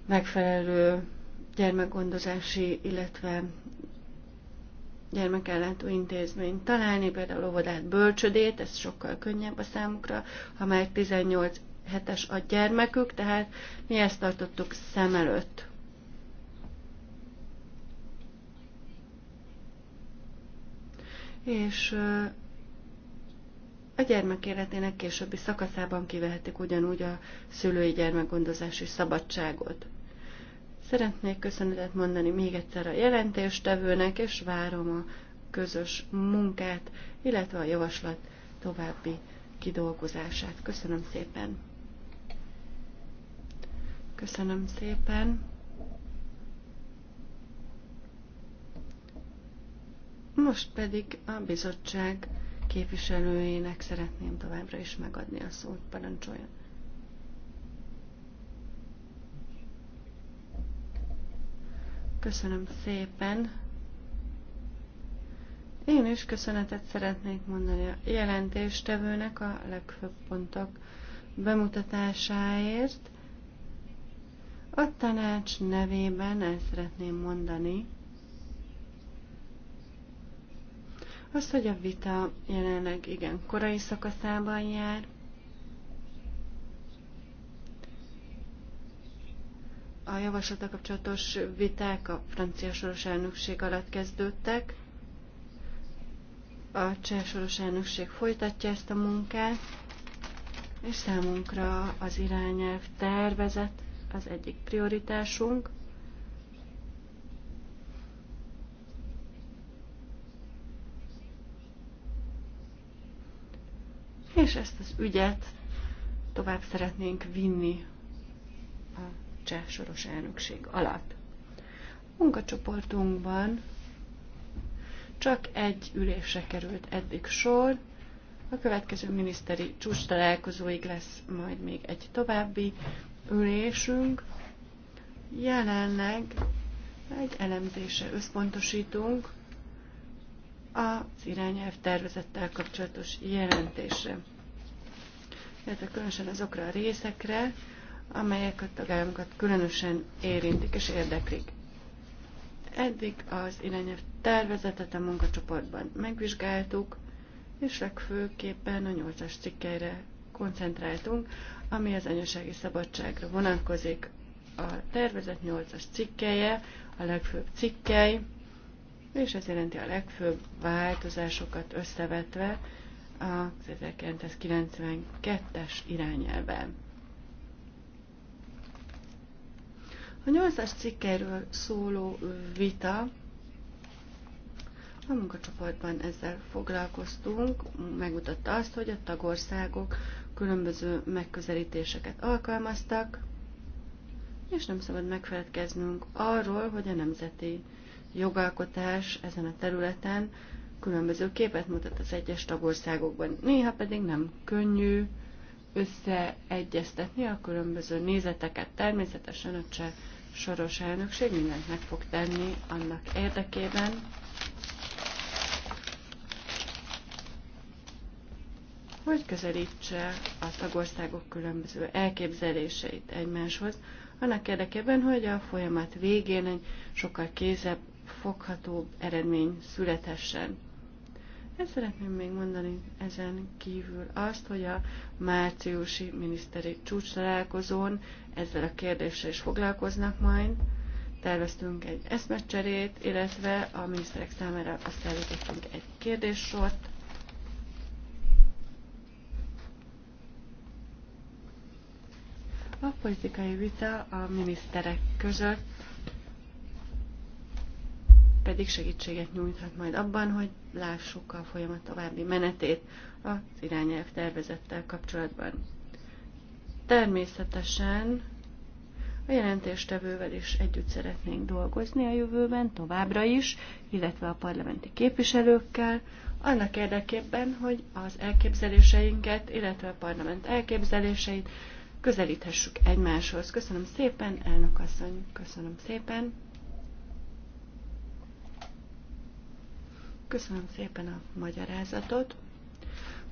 megfelelő gyermekgondozási, illetve gyermekellátó intézményt találni, például óvodát, bölcsödét, ez sokkal könnyebb a számukra, ha már 18 hetes a gyermekük, tehát mi ezt tartottuk szem előtt. És a gyermek életének későbbi szakaszában kivehetik ugyanúgy a szülői gyermekgondozási szabadságot. Szeretnék köszönetet mondani még egyszer a jelentéstevőnek, és várom a közös munkát, illetve a javaslat további kidolgozását. Köszönöm szépen! Köszönöm szépen! Most pedig a bizottság képviselőjének szeretném továbbra is megadni a szót. Parancsoljon! Köszönöm szépen. Én is köszönetet szeretnék mondani a jelentéstevőnek a legfőbb pontok bemutatásáért. A tanács nevében el szeretném mondani, azt, hogy a vita jelenleg igen korai szakaszában jár, A javaslata kapcsolatos viták a francia soros elnökség alatt kezdődtek. A cseh soros elnökség folytatja ezt a munkát, és számunkra az irányelv tervezet az egyik prioritásunk. és ezt az ügyet tovább szeretnénk vinni cseh soros elnökség alatt. Munkacsoportunkban csak egy ülésre került eddig sor, a következő miniszteri csúcs találkozóig lesz majd még egy további ülésünk. Jelenleg egy elemzése összpontosítunk az irányelv tervezettel kapcsolatos jelentésre, Tehát különösen azokra a részekre, amelyek a tagállamokat különösen érintik és érdeklik. Eddig az irányelv tervezetet a munkacsoportban megvizsgáltuk, és legfőképpen a 8-as cikkeire koncentráltunk, ami az anyasági szabadságra vonatkozik. A tervezet 8-as cikkeje, a legfőbb cikkei, és ez jelenti a legfőbb változásokat összevetve a 1992-es irányelben. A nyolcas cikkeiről szóló vita, a munkacsoportban ezzel foglalkoztunk, megmutatta azt, hogy a tagországok különböző megközelítéseket alkalmaztak, és nem szabad megfeledkeznünk arról, hogy a nemzeti jogalkotás ezen a területen különböző képet mutat az egyes tagországokban. Néha pedig nem könnyű összeegyeztetni a különböző nézeteket. Természetesen a cseh soros elnökség mindent meg fog tenni annak érdekében, hogy közelítse a tagországok különböző elképzeléseit egymáshoz, annak érdekében, hogy a folyamat végén egy sokkal kézebb, foghatóbb eredmény születhessen. Én szeretném még mondani ezen kívül azt, hogy a márciusi miniszteri csúcs találkozón ezzel a kérdéssel is foglalkoznak majd. Terveztünk egy eszmecserét, illetve a miniszterek számára azt elvégeztünk egy kérdéssort. A politikai vita a miniszterek között pedig segítséget nyújthat majd abban, hogy lássuk a folyamat további menetét az irányelv tervezettel kapcsolatban. Természetesen a jelentéstevővel is együtt szeretnénk dolgozni a jövőben, továbbra is, illetve a parlamenti képviselőkkel, annak érdekében, hogy az elképzeléseinket, illetve a parlament elképzeléseit közelíthessük egymáshoz. Köszönöm szépen, elnök asszony, köszönöm szépen. Köszönöm szépen a magyarázatot.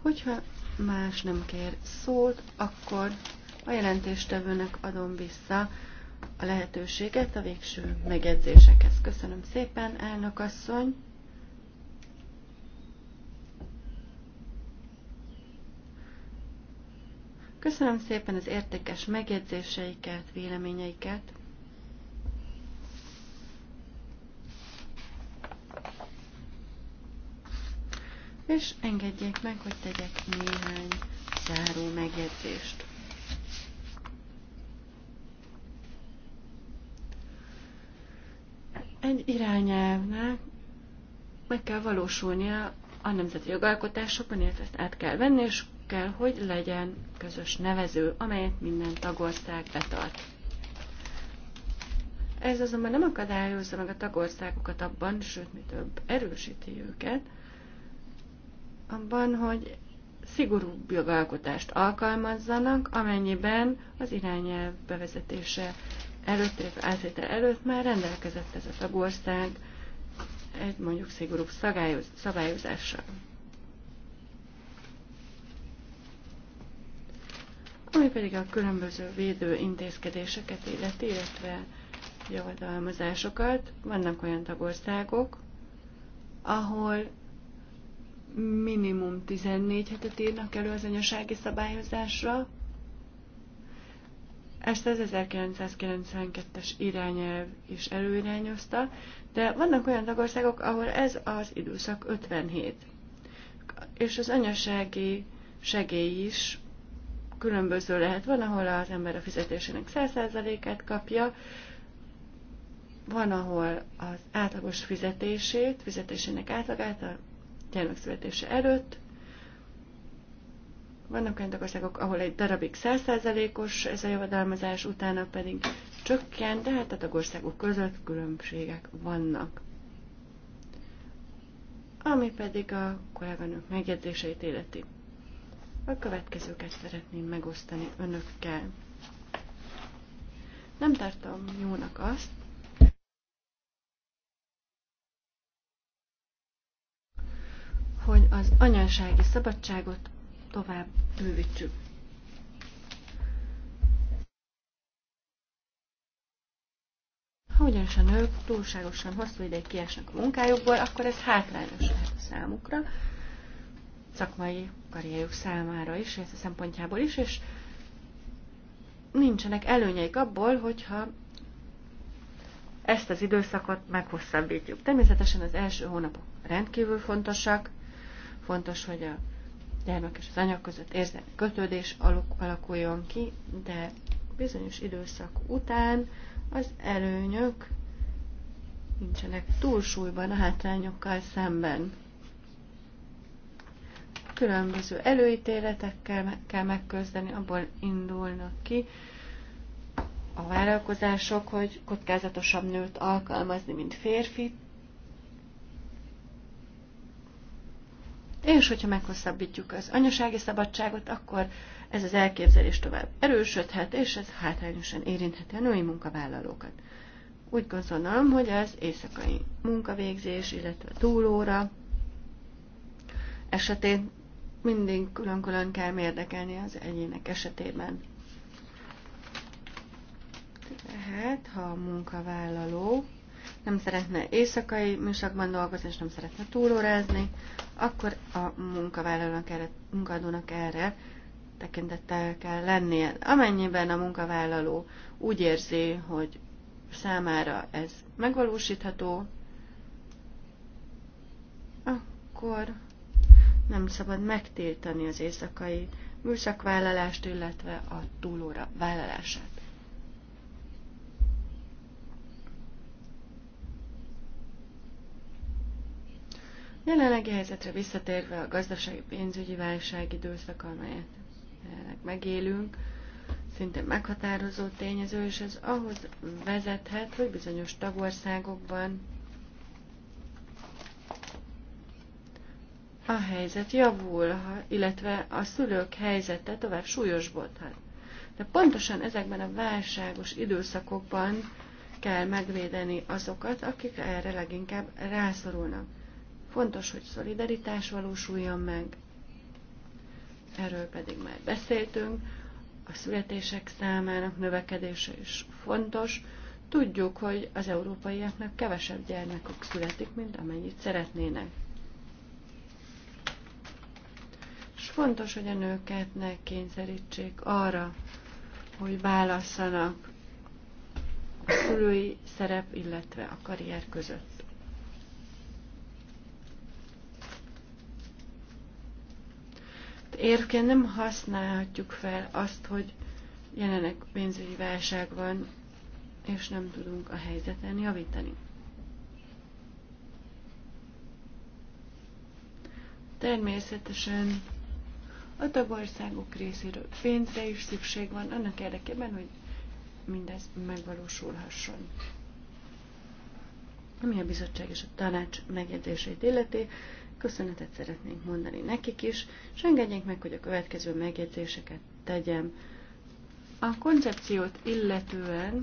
Hogyha más nem kér szót, akkor a jelentéstevőnek adom vissza a lehetőséget a végső megjegyzésekhez. Köszönöm szépen, elnök asszony! Köszönöm szépen az értékes megjegyzéseiket, véleményeiket. és engedjék meg, hogy tegyek néhány záró megjegyzést. Egy irányelvnek meg kell valósulnia a nemzeti jogalkotásokban, illetve ezt át kell venni, és kell, hogy legyen közös nevező, amelyet minden tagország betart. Ez azonban nem akadályozza meg a tagországokat abban, sőt, mi több erősíti őket, abban, hogy szigorúbb jogalkotást alkalmazzanak, amennyiben az irányelv bevezetése előtt, illetve átvétel előtt már rendelkezett ez a tagország egy mondjuk szigorúbb szabályozással. Ami pedig a különböző védő intézkedéseket illeti, illetve javadalmazásokat, vannak olyan tagországok, ahol minimum 14 hetet írnak elő az anyasági szabályozásra. Ezt az 1992-es irányelv is előirányozta, de vannak olyan tagországok, ahol ez az időszak 57. És az anyasági segély is különböző lehet. Van, ahol az ember a fizetésének 100%-át kapja, van, ahol az átlagos fizetését, fizetésének átlagát, a gyermekszületése előtt. Vannak olyan országok, ahol egy darabig 100%-os ez a jövedelmezés, utána pedig csökken, de hát a tagországok között különbségek vannak. Ami pedig a kolléganők megjegyzéseit életi. A következőket szeretném megosztani önökkel. Nem tartom jónak azt, hogy az anyasági szabadságot tovább bővítsük. Ha ugyanis a nők túlságosan hosszú ideig kiesnek a munkájukból, akkor ez hátrányos lehet a számukra, szakmai karrierjük számára is, a szempontjából is, és nincsenek előnyeik abból, hogyha ezt az időszakot meghosszabbítjuk. Természetesen az első hónapok rendkívül fontosak, Fontos, hogy a gyermek és az anya között érzelmi kötődés alakuljon ki, de bizonyos időszak után az előnyök nincsenek túlsúlyban a hátrányokkal szemben. Különböző előítéletekkel kell megközdeni, abból indulnak ki a vállalkozások, hogy kockázatosabb nőt alkalmazni, mint férfit, És hogyha meghosszabbítjuk az anyasági szabadságot, akkor ez az elképzelés tovább erősödhet, és ez hátrányosan érintheti a női munkavállalókat. Úgy gondolom, hogy az éjszakai munkavégzés, illetve túlóra esetén mindig külön-külön kell mérdekelni az egyének esetében. Tehát, ha a munkavállaló nem szeretne éjszakai műszakban dolgozni, és nem szeretne túlórázni, akkor a munkavállalónak erre, munkadónak erre tekintettel kell lennie. Amennyiben a munkavállaló úgy érzi, hogy számára ez megvalósítható, akkor nem szabad megtiltani az éjszakai műszakvállalást, illetve a túlóra vállalását. Jelenlegi helyzetre visszatérve a gazdasági pénzügyi válság időszak, amelyet megélünk, szinte meghatározó tényező, és ez ahhoz vezethet, hogy bizonyos tagországokban a helyzet javul, illetve a szülők helyzete tovább súlyosbodhat. De pontosan ezekben a válságos időszakokban kell megvédeni azokat, akik erre leginkább rászorulnak. Fontos, hogy szolidaritás valósuljon meg, erről pedig már beszéltünk, a születések számának növekedése is fontos. Tudjuk, hogy az európaiaknak kevesebb gyermekük születik, mint amennyit szeretnének. És fontos, hogy a nőket ne kényszerítsék arra, hogy válasszanak a szülői szerep, illetve a karrier között. érként nem használhatjuk fel azt, hogy jelenleg pénzügyi válság van, és nem tudunk a helyzeten javítani. Természetesen a tagországok részéről pénzre is szükség van, annak érdekében, hogy mindez megvalósulhasson. Ami a bizottság és a tanács megjegyzését illeti, köszönetet szeretnénk mondani nekik is, és engedjék meg, hogy a következő megjegyzéseket tegyem. A koncepciót illetően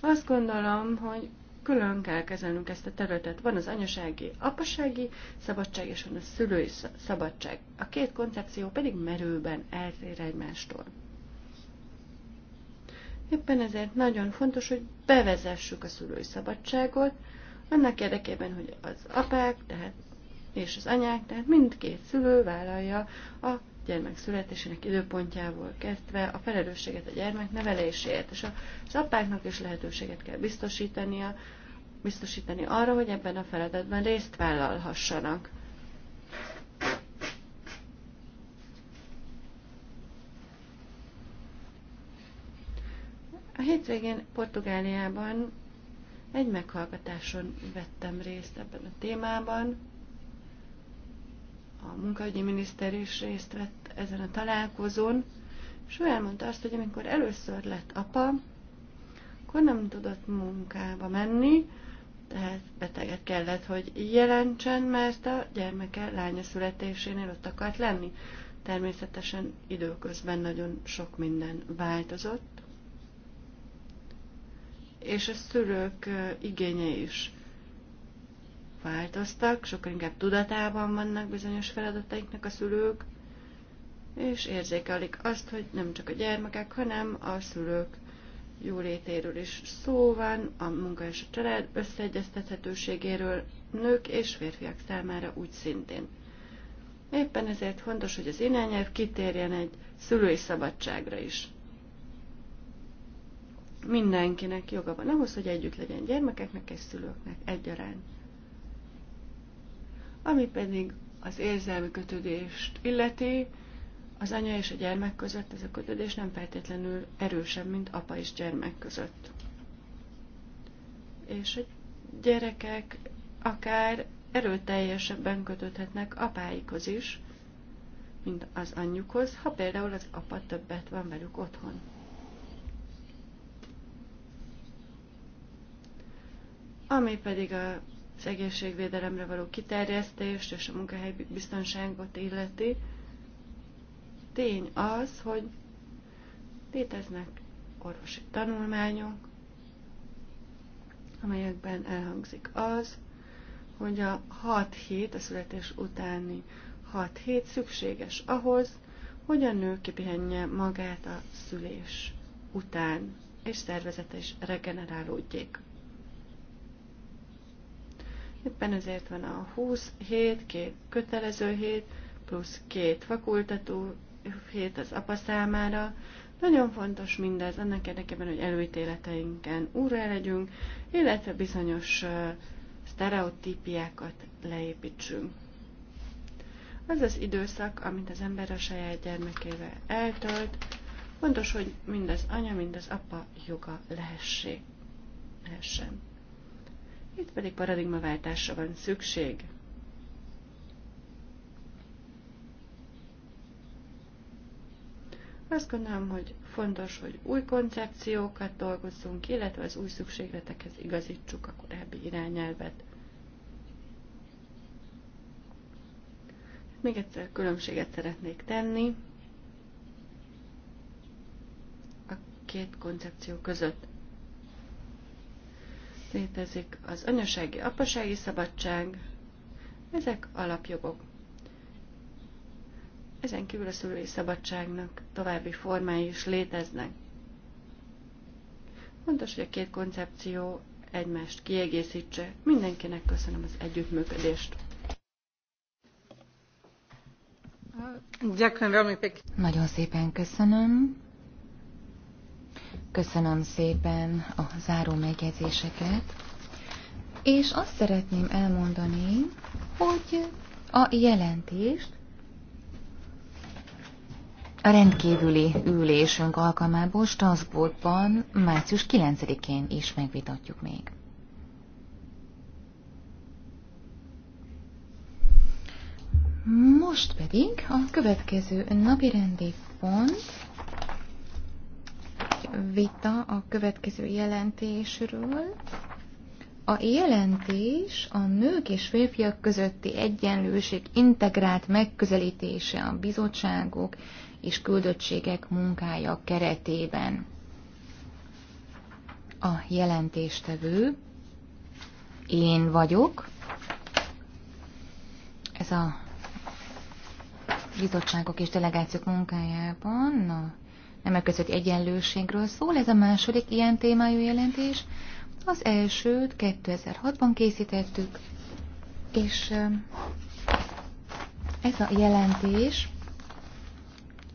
azt gondolom, hogy külön kell kezelnünk ezt a területet. Van az anyasági, apasági szabadság, és van a szülői szabadság. A két koncepció pedig merőben eltér egymástól. Éppen ezért nagyon fontos, hogy bevezessük a szülői szabadságot, annak érdekében, hogy az apák, tehát és az anyák, tehát mindkét szülő vállalja a gyermek születésének időpontjával kezdve a felelősséget a gyermek neveléséért, és az apáknak is lehetőséget kell biztosítania, biztosítani arra, hogy ebben a feladatban részt vállalhassanak. A hétvégén Portugáliában egy meghallgatáson vettem részt ebben a témában a munkaügyi miniszter is részt vett ezen a találkozón, és ő elmondta azt, hogy amikor először lett apa, akkor nem tudott munkába menni, tehát beteget kellett, hogy jelentsen, mert a gyermeke lánya születésénél ott akart lenni. Természetesen időközben nagyon sok minden változott, és a szülők igénye is változtak, sokkal inkább tudatában vannak bizonyos feladataiknak a szülők, és érzékelik azt, hogy nem csak a gyermekek, hanem a szülők jólétéről is szó van, a munka és a család összeegyeztethetőségéről nők és férfiak számára úgy szintén. Éppen ezért fontos, hogy az irányelv kitérjen egy szülői szabadságra is. Mindenkinek joga van ahhoz, hogy együtt legyen gyermekeknek és szülőknek egyaránt. Ami pedig az érzelmi kötődést illeti, az anya és a gyermek között ez a kötődés nem feltétlenül erősebb, mint apa és gyermek között. És a gyerekek akár erőteljesebben kötődhetnek apáikhoz is, mint az anyjukhoz, ha például az apa többet van velük otthon. Ami pedig a az egészségvédelemre való kiterjesztést és a munkahely biztonságot illeti. Tény az, hogy léteznek orvosi tanulmányok, amelyekben elhangzik az, hogy a 6 hét, a születés utáni 6 hét szükséges ahhoz, hogy a nő kipihenje magát a szülés után, és szervezete is regenerálódjék. Éppen ezért van a 20 hét, két kötelező hét, plusz két fakultató hét az apa számára. Nagyon fontos mindez annak érdekében, hogy előítéleteinken úrra legyünk, illetve bizonyos uh, sztereotípiákat leépítsünk. Az az időszak, amit az ember a saját gyermekével eltölt, fontos, hogy mindez anya, mindez apa joga lehessék. lehessen. Itt pedig paradigmaváltásra van szükség. Azt gondolom, hogy fontos, hogy új koncepciókat dolgozzunk, illetve az új szükségletekhez igazítsuk a korábbi irányelvet. Még egyszer különbséget szeretnék tenni a két koncepció között. Létezik az anyasági, apasági szabadság, ezek alapjogok. Ezen kívül a szülői szabadságnak további formái is léteznek. Fontos, hogy a két koncepció egymást kiegészítse. Mindenkinek köszönöm az együttműködést. Nagyon szépen köszönöm. Köszönöm szépen a záró megjegyzéseket. És azt szeretném elmondani, hogy a jelentést a rendkívüli ülésünk alkalmából Strasbourgban március 9-én is megvitatjuk még. Most pedig a következő napi rendi pont vita a következő jelentésről. A jelentés a nők és férfiak közötti egyenlőség integrált megközelítése a bizottságok és küldöttségek munkája keretében. A jelentéstevő én vagyok. Ez a bizottságok és delegációk munkájában a nemek között egyenlőségről szól. Ez a második ilyen témájú jelentés. Az elsőt 2006-ban készítettük, és ez a jelentés,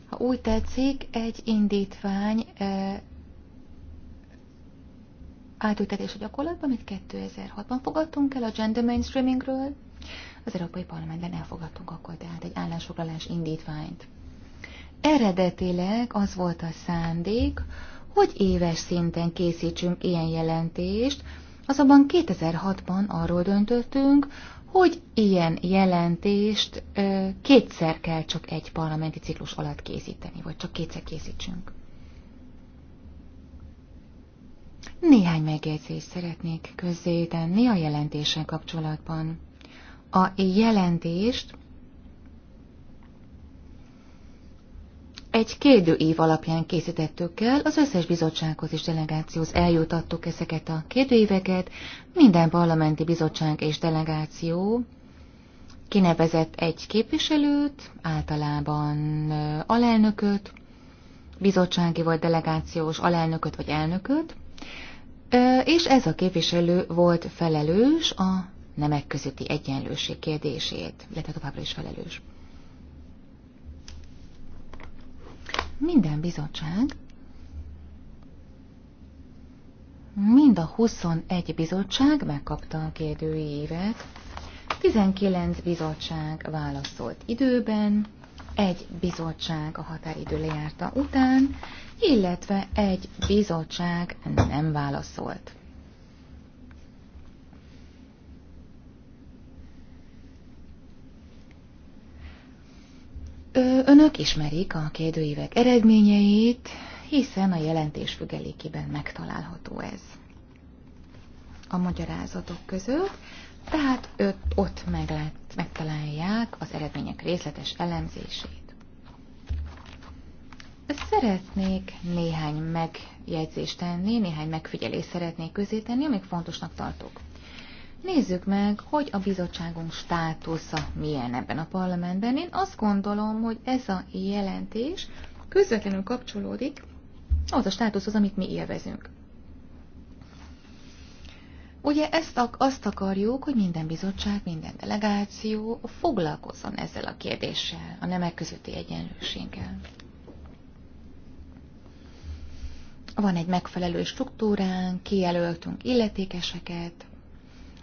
ha úgy tetszik, egy indítvány átültetés a gyakorlatban, amit 2006-ban fogadtunk el a gender mainstreamingről. Az Európai Parlamentben elfogadtunk akkor tehát egy állásfoglalás indítványt. Eredetileg az volt a szándék, hogy éves szinten készítsünk ilyen jelentést, azonban 2006-ban arról döntöttünk, hogy ilyen jelentést ö, kétszer kell csak egy parlamenti ciklus alatt készíteni, vagy csak kétszer készítsünk. Néhány megjegyzést szeretnék közzétenni a jelentéssel kapcsolatban. A jelentést egy kérdőív alapján készítettük el, az összes bizottsághoz és delegációhoz eljutattuk ezeket a kérdőíveket, minden parlamenti bizottság és delegáció kinevezett egy képviselőt, általában alelnököt, bizottsági vagy delegációs alelnököt vagy elnököt, és ez a képviselő volt felelős a nemek közötti egyenlőség kérdését, illetve továbbra is felelős. minden bizottság, mind a 21 bizottság megkapta a kérdőívet, 19 bizottság válaszolt időben, egy bizottság a határidő lejárta után, illetve egy bizottság nem válaszolt. Önök ismerik a kérdőívek eredményeit, hiszen a jelentés függelékében megtalálható ez a magyarázatok között, tehát öt, ott meg lehet, megtalálják az eredmények részletes elemzését. Szeretnék néhány megjegyzést tenni, néhány megfigyelést szeretnék közé tenni, amik fontosnak tartok. Nézzük meg, hogy a bizottságunk státusza milyen ebben a parlamentben. Én azt gondolom, hogy ez a jelentés közvetlenül kapcsolódik az a státuszhoz, amit mi élvezünk. Ugye ezt azt akarjuk, hogy minden bizottság, minden delegáció foglalkozzon ezzel a kérdéssel, a nemek közötti egyenlőséggel. Van egy megfelelő struktúrán, kijelöltünk illetékeseket,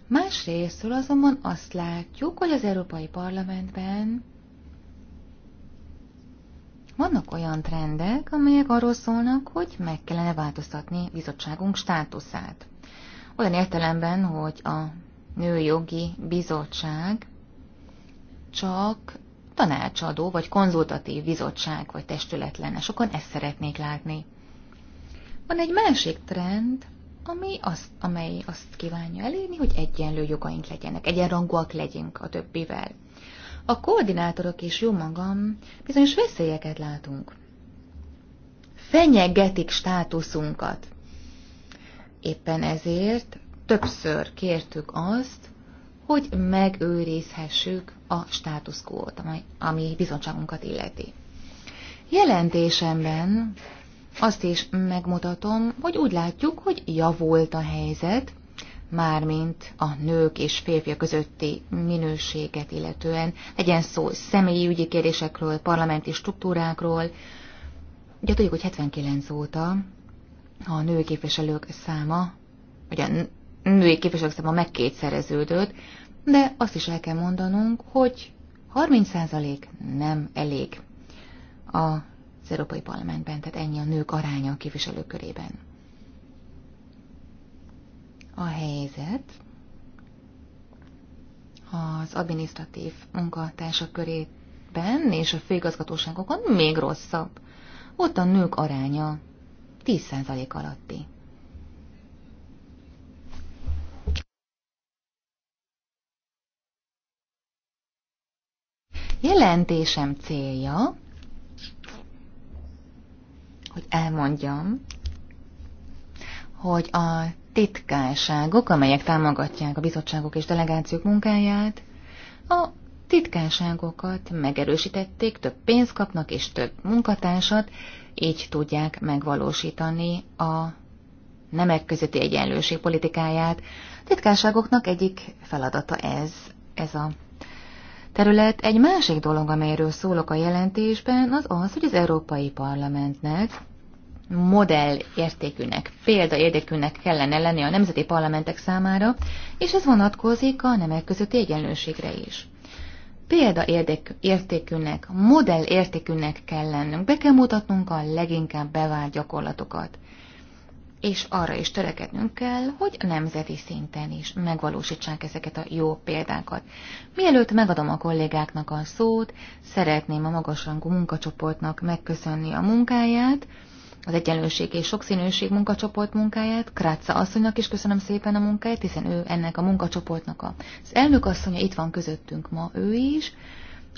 Másrésztről azonban azt látjuk, hogy az Európai Parlamentben vannak olyan trendek, amelyek arról szólnak, hogy meg kellene változtatni bizottságunk státuszát. Olyan értelemben, hogy a Nőjogi Bizottság csak tanácsadó vagy konzultatív bizottság vagy testület lenne. Sokan ezt szeretnék látni. Van egy másik trend, ami azt, amely azt kívánja elérni, hogy egyenlő jogaink legyenek, egyenrangúak legyünk a többivel. A koordinátorok és jó magam bizonyos veszélyeket látunk. Fenyegetik státuszunkat. Éppen ezért többször kértük azt, hogy megőrizhessük a státuszkót, ami bizottságunkat illeti. Jelentésemben azt is megmutatom, hogy úgy látjuk, hogy javult a helyzet, mármint a nők és férfiak közötti minőséget illetően, legyen szó személyi ügyi kérdésekről, parlamenti struktúrákról. Ugye tudjuk, hogy 79 óta a női képviselők száma, vagy a női képviselők száma megkétszereződött, de azt is el kell mondanunk, hogy 30% nem elég. A az Európai Parlamentben, tehát ennyi a nők aránya a képviselők körében. A helyzet az adminisztratív munkatársak körében és a főigazgatóságokon még rosszabb. Ott a nők aránya 10% alatti. Jelentésem célja, hogy elmondjam, hogy a titkárságok, amelyek támogatják a bizottságok és delegációk munkáját, a titkárságokat megerősítették, több pénzt kapnak és több munkatársat, így tudják megvalósítani a nemek közötti egyenlőség politikáját. A titkárságoknak egyik feladata ez, ez a terület. Egy másik dolog, amelyről szólok a jelentésben, az az, hogy az Európai Parlamentnek modell értékűnek, példaértékűnek kellene lenni a nemzeti parlamentek számára, és ez vonatkozik a nemek közötti egyenlőségre is. Példaértékűnek, modell értékűnek kell lennünk, be kell mutatnunk a leginkább bevált gyakorlatokat és arra is törekednünk kell, hogy nemzeti szinten is megvalósítsák ezeket a jó példákat. Mielőtt megadom a kollégáknak a szót, szeretném a magasrangú munkacsoportnak megköszönni a munkáját, az Egyenlőség és Sokszínűség munkacsoport munkáját, Kráca asszonynak is köszönöm szépen a munkáját, hiszen ő ennek a munkacsoportnak az elnök asszonya, itt van közöttünk ma ő is.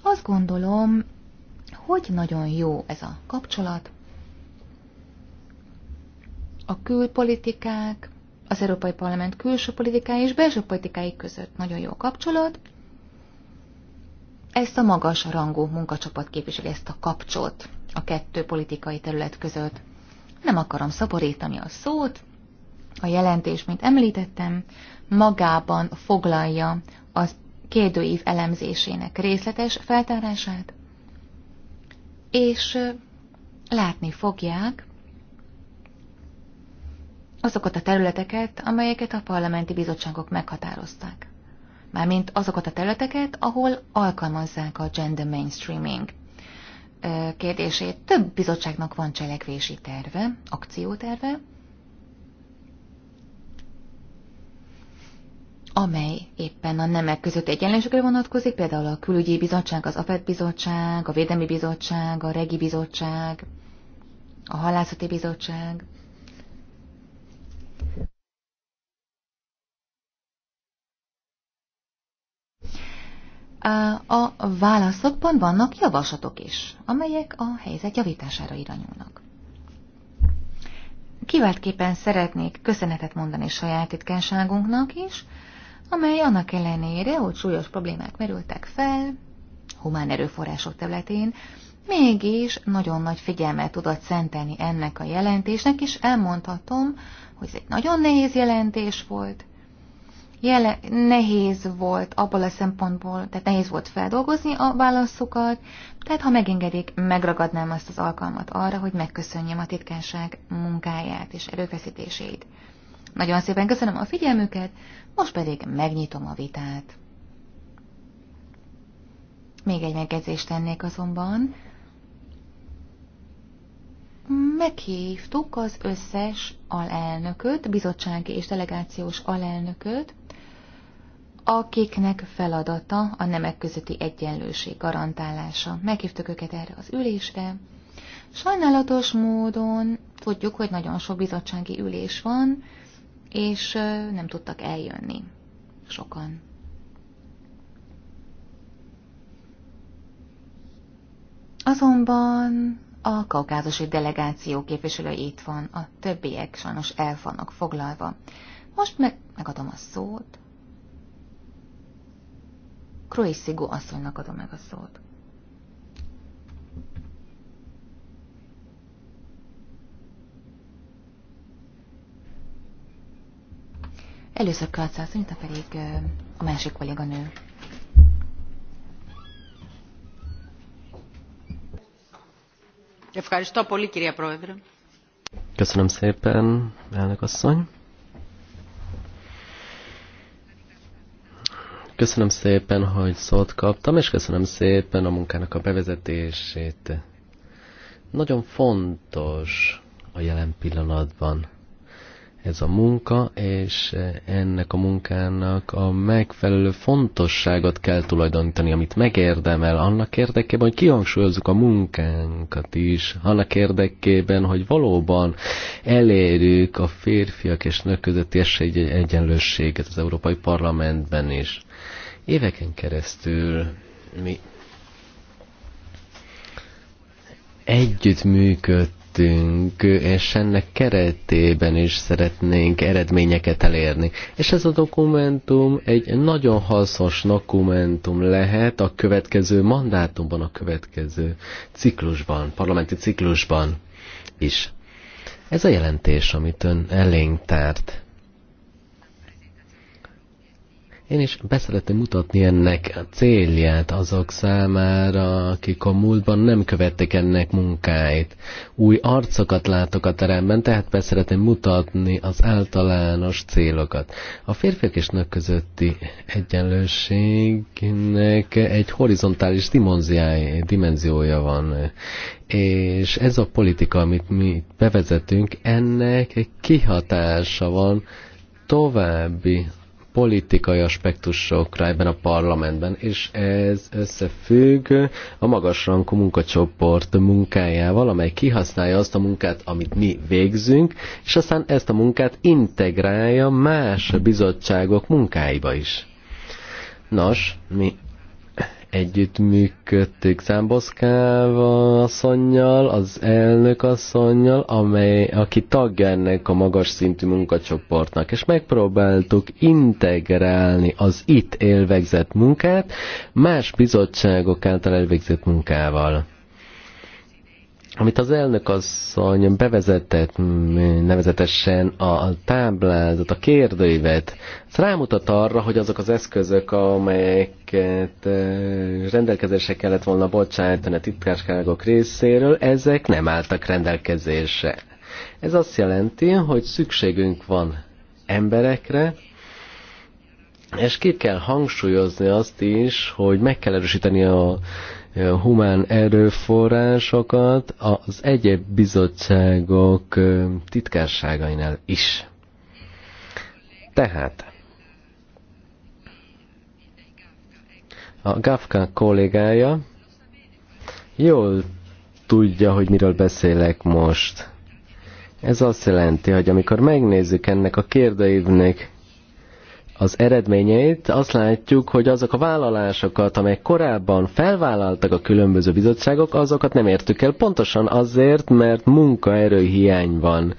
Azt gondolom, hogy nagyon jó ez a kapcsolat, a külpolitikák, az Európai Parlament külső politikái és belső politikái között nagyon jó kapcsolat. Ezt a magas rangú munkacsapat képviseli, ezt a kapcsot a kettő politikai terület között. Nem akarom szaporítani a szót, a jelentés, mint említettem, magában foglalja az kérdőív elemzésének részletes feltárását, és látni fogják, azokat a területeket, amelyeket a parlamenti bizottságok meghatározták. Mármint azokat a területeket, ahol alkalmazzák a gender mainstreaming kérdését. Több bizottságnak van cselekvési terve, akcióterve, amely éppen a nemek között egyenlőségre vonatkozik, például a külügyi bizottság, az APET bizottság, a védelmi bizottság, a regi bizottság, a halászati bizottság, A válaszokban vannak javaslatok is, amelyek a helyzet javítására irányulnak. Kiváltképpen szeretnék köszönetet mondani saját titkárságunknak is, amely annak ellenére, hogy súlyos problémák merültek fel, humán erőforrások területén, mégis nagyon nagy figyelmet tudott szentelni ennek a jelentésnek, és elmondhatom, hogy ez egy nagyon nehéz jelentés volt, jele, nehéz volt abból a szempontból, tehát nehéz volt feldolgozni a válaszokat, tehát ha megengedik, megragadnám azt az alkalmat arra, hogy megköszönjem a titkárság munkáját és erőfeszítését. Nagyon szépen köszönöm a figyelmüket, most pedig megnyitom a vitát. Még egy megjegyzést tennék azonban. Meghívtuk az összes alelnököt, bizottsági és delegációs alelnököt, akiknek feladata a nemek közötti egyenlőség garantálása. Meghívtuk őket erre az ülésre. Sajnálatos módon tudjuk, hogy nagyon sok bizottsági ülés van, és nem tudtak eljönni sokan. Azonban a kaukázusi delegáció képviselő itt van, a többiek sajnos el vannak foglalva. Most meg megadom a szót Kroiszigu asszonynak adom meg a szót. Először Kalcász, mint pedig a másik kolléganő. Köszönöm szépen, elnök asszony. Köszönöm szépen, hogy szót kaptam, és köszönöm szépen a munkának a bevezetését. Nagyon fontos a jelen pillanatban ez a munka, és eh, ennek a munkának a megfelelő fontosságot kell tulajdonítani, amit megérdemel, annak érdekében, hogy kihangsúlyozzuk a munkánkat is, annak érdekében, hogy valóban elérjük a férfiak és nők közötti esély egyenlőséget az Európai Parlamentben is. Éveken keresztül mi együttműködtünk, tettünk, és ennek keretében is szeretnénk eredményeket elérni. És ez a dokumentum egy nagyon hasznos dokumentum lehet a következő mandátumban, a következő ciklusban, parlamenti ciklusban is. Ez a jelentés, amit ön elénk tárt, én is beszeretném mutatni ennek a célját azok számára, akik a múltban nem követtek ennek munkáit. Új arcokat látok a teremben, tehát beszeretném mutatni az általános célokat. A férfiak és nők közötti egyenlőségnek egy horizontális dimenziója van. És ez a politika, amit mi bevezetünk, ennek kihatása van további politikai aspektusokra ebben a parlamentben, és ez összefügg a magasrankú munkacsoport munkájával, amely kihasználja azt a munkát, amit mi végzünk, és aztán ezt a munkát integrálja más bizottságok munkáiba is. Nos, mi együttműködtük Számboszkával asszonynal, az elnök asszonynal, amely, aki tagja ennek a magas szintű munkacsoportnak, és megpróbáltuk integrálni az itt elvégzett munkát más bizottságok által elvégzett munkával amit az elnök asszony bevezetett, mm, nevezetesen a táblázat, a kérdőívet, ez rámutat arra, hogy azok az eszközök, amelyeket eh, rendelkezésre kellett volna bocsájtani a titkárságok részéről, ezek nem álltak rendelkezésre. Ez azt jelenti, hogy szükségünk van emberekre, és ki kell hangsúlyozni azt is, hogy meg kell erősíteni a humán erőforrásokat az egyéb bizottságok titkárságainál is. Tehát a Gafka kollégája jól tudja, hogy miről beszélek most. Ez azt jelenti, hogy amikor megnézzük ennek a kérdőívnek az eredményeit, azt látjuk, hogy azok a vállalásokat, amelyek korábban felvállaltak a különböző bizottságok, azokat nem értük el pontosan azért, mert munkaerő hiány van.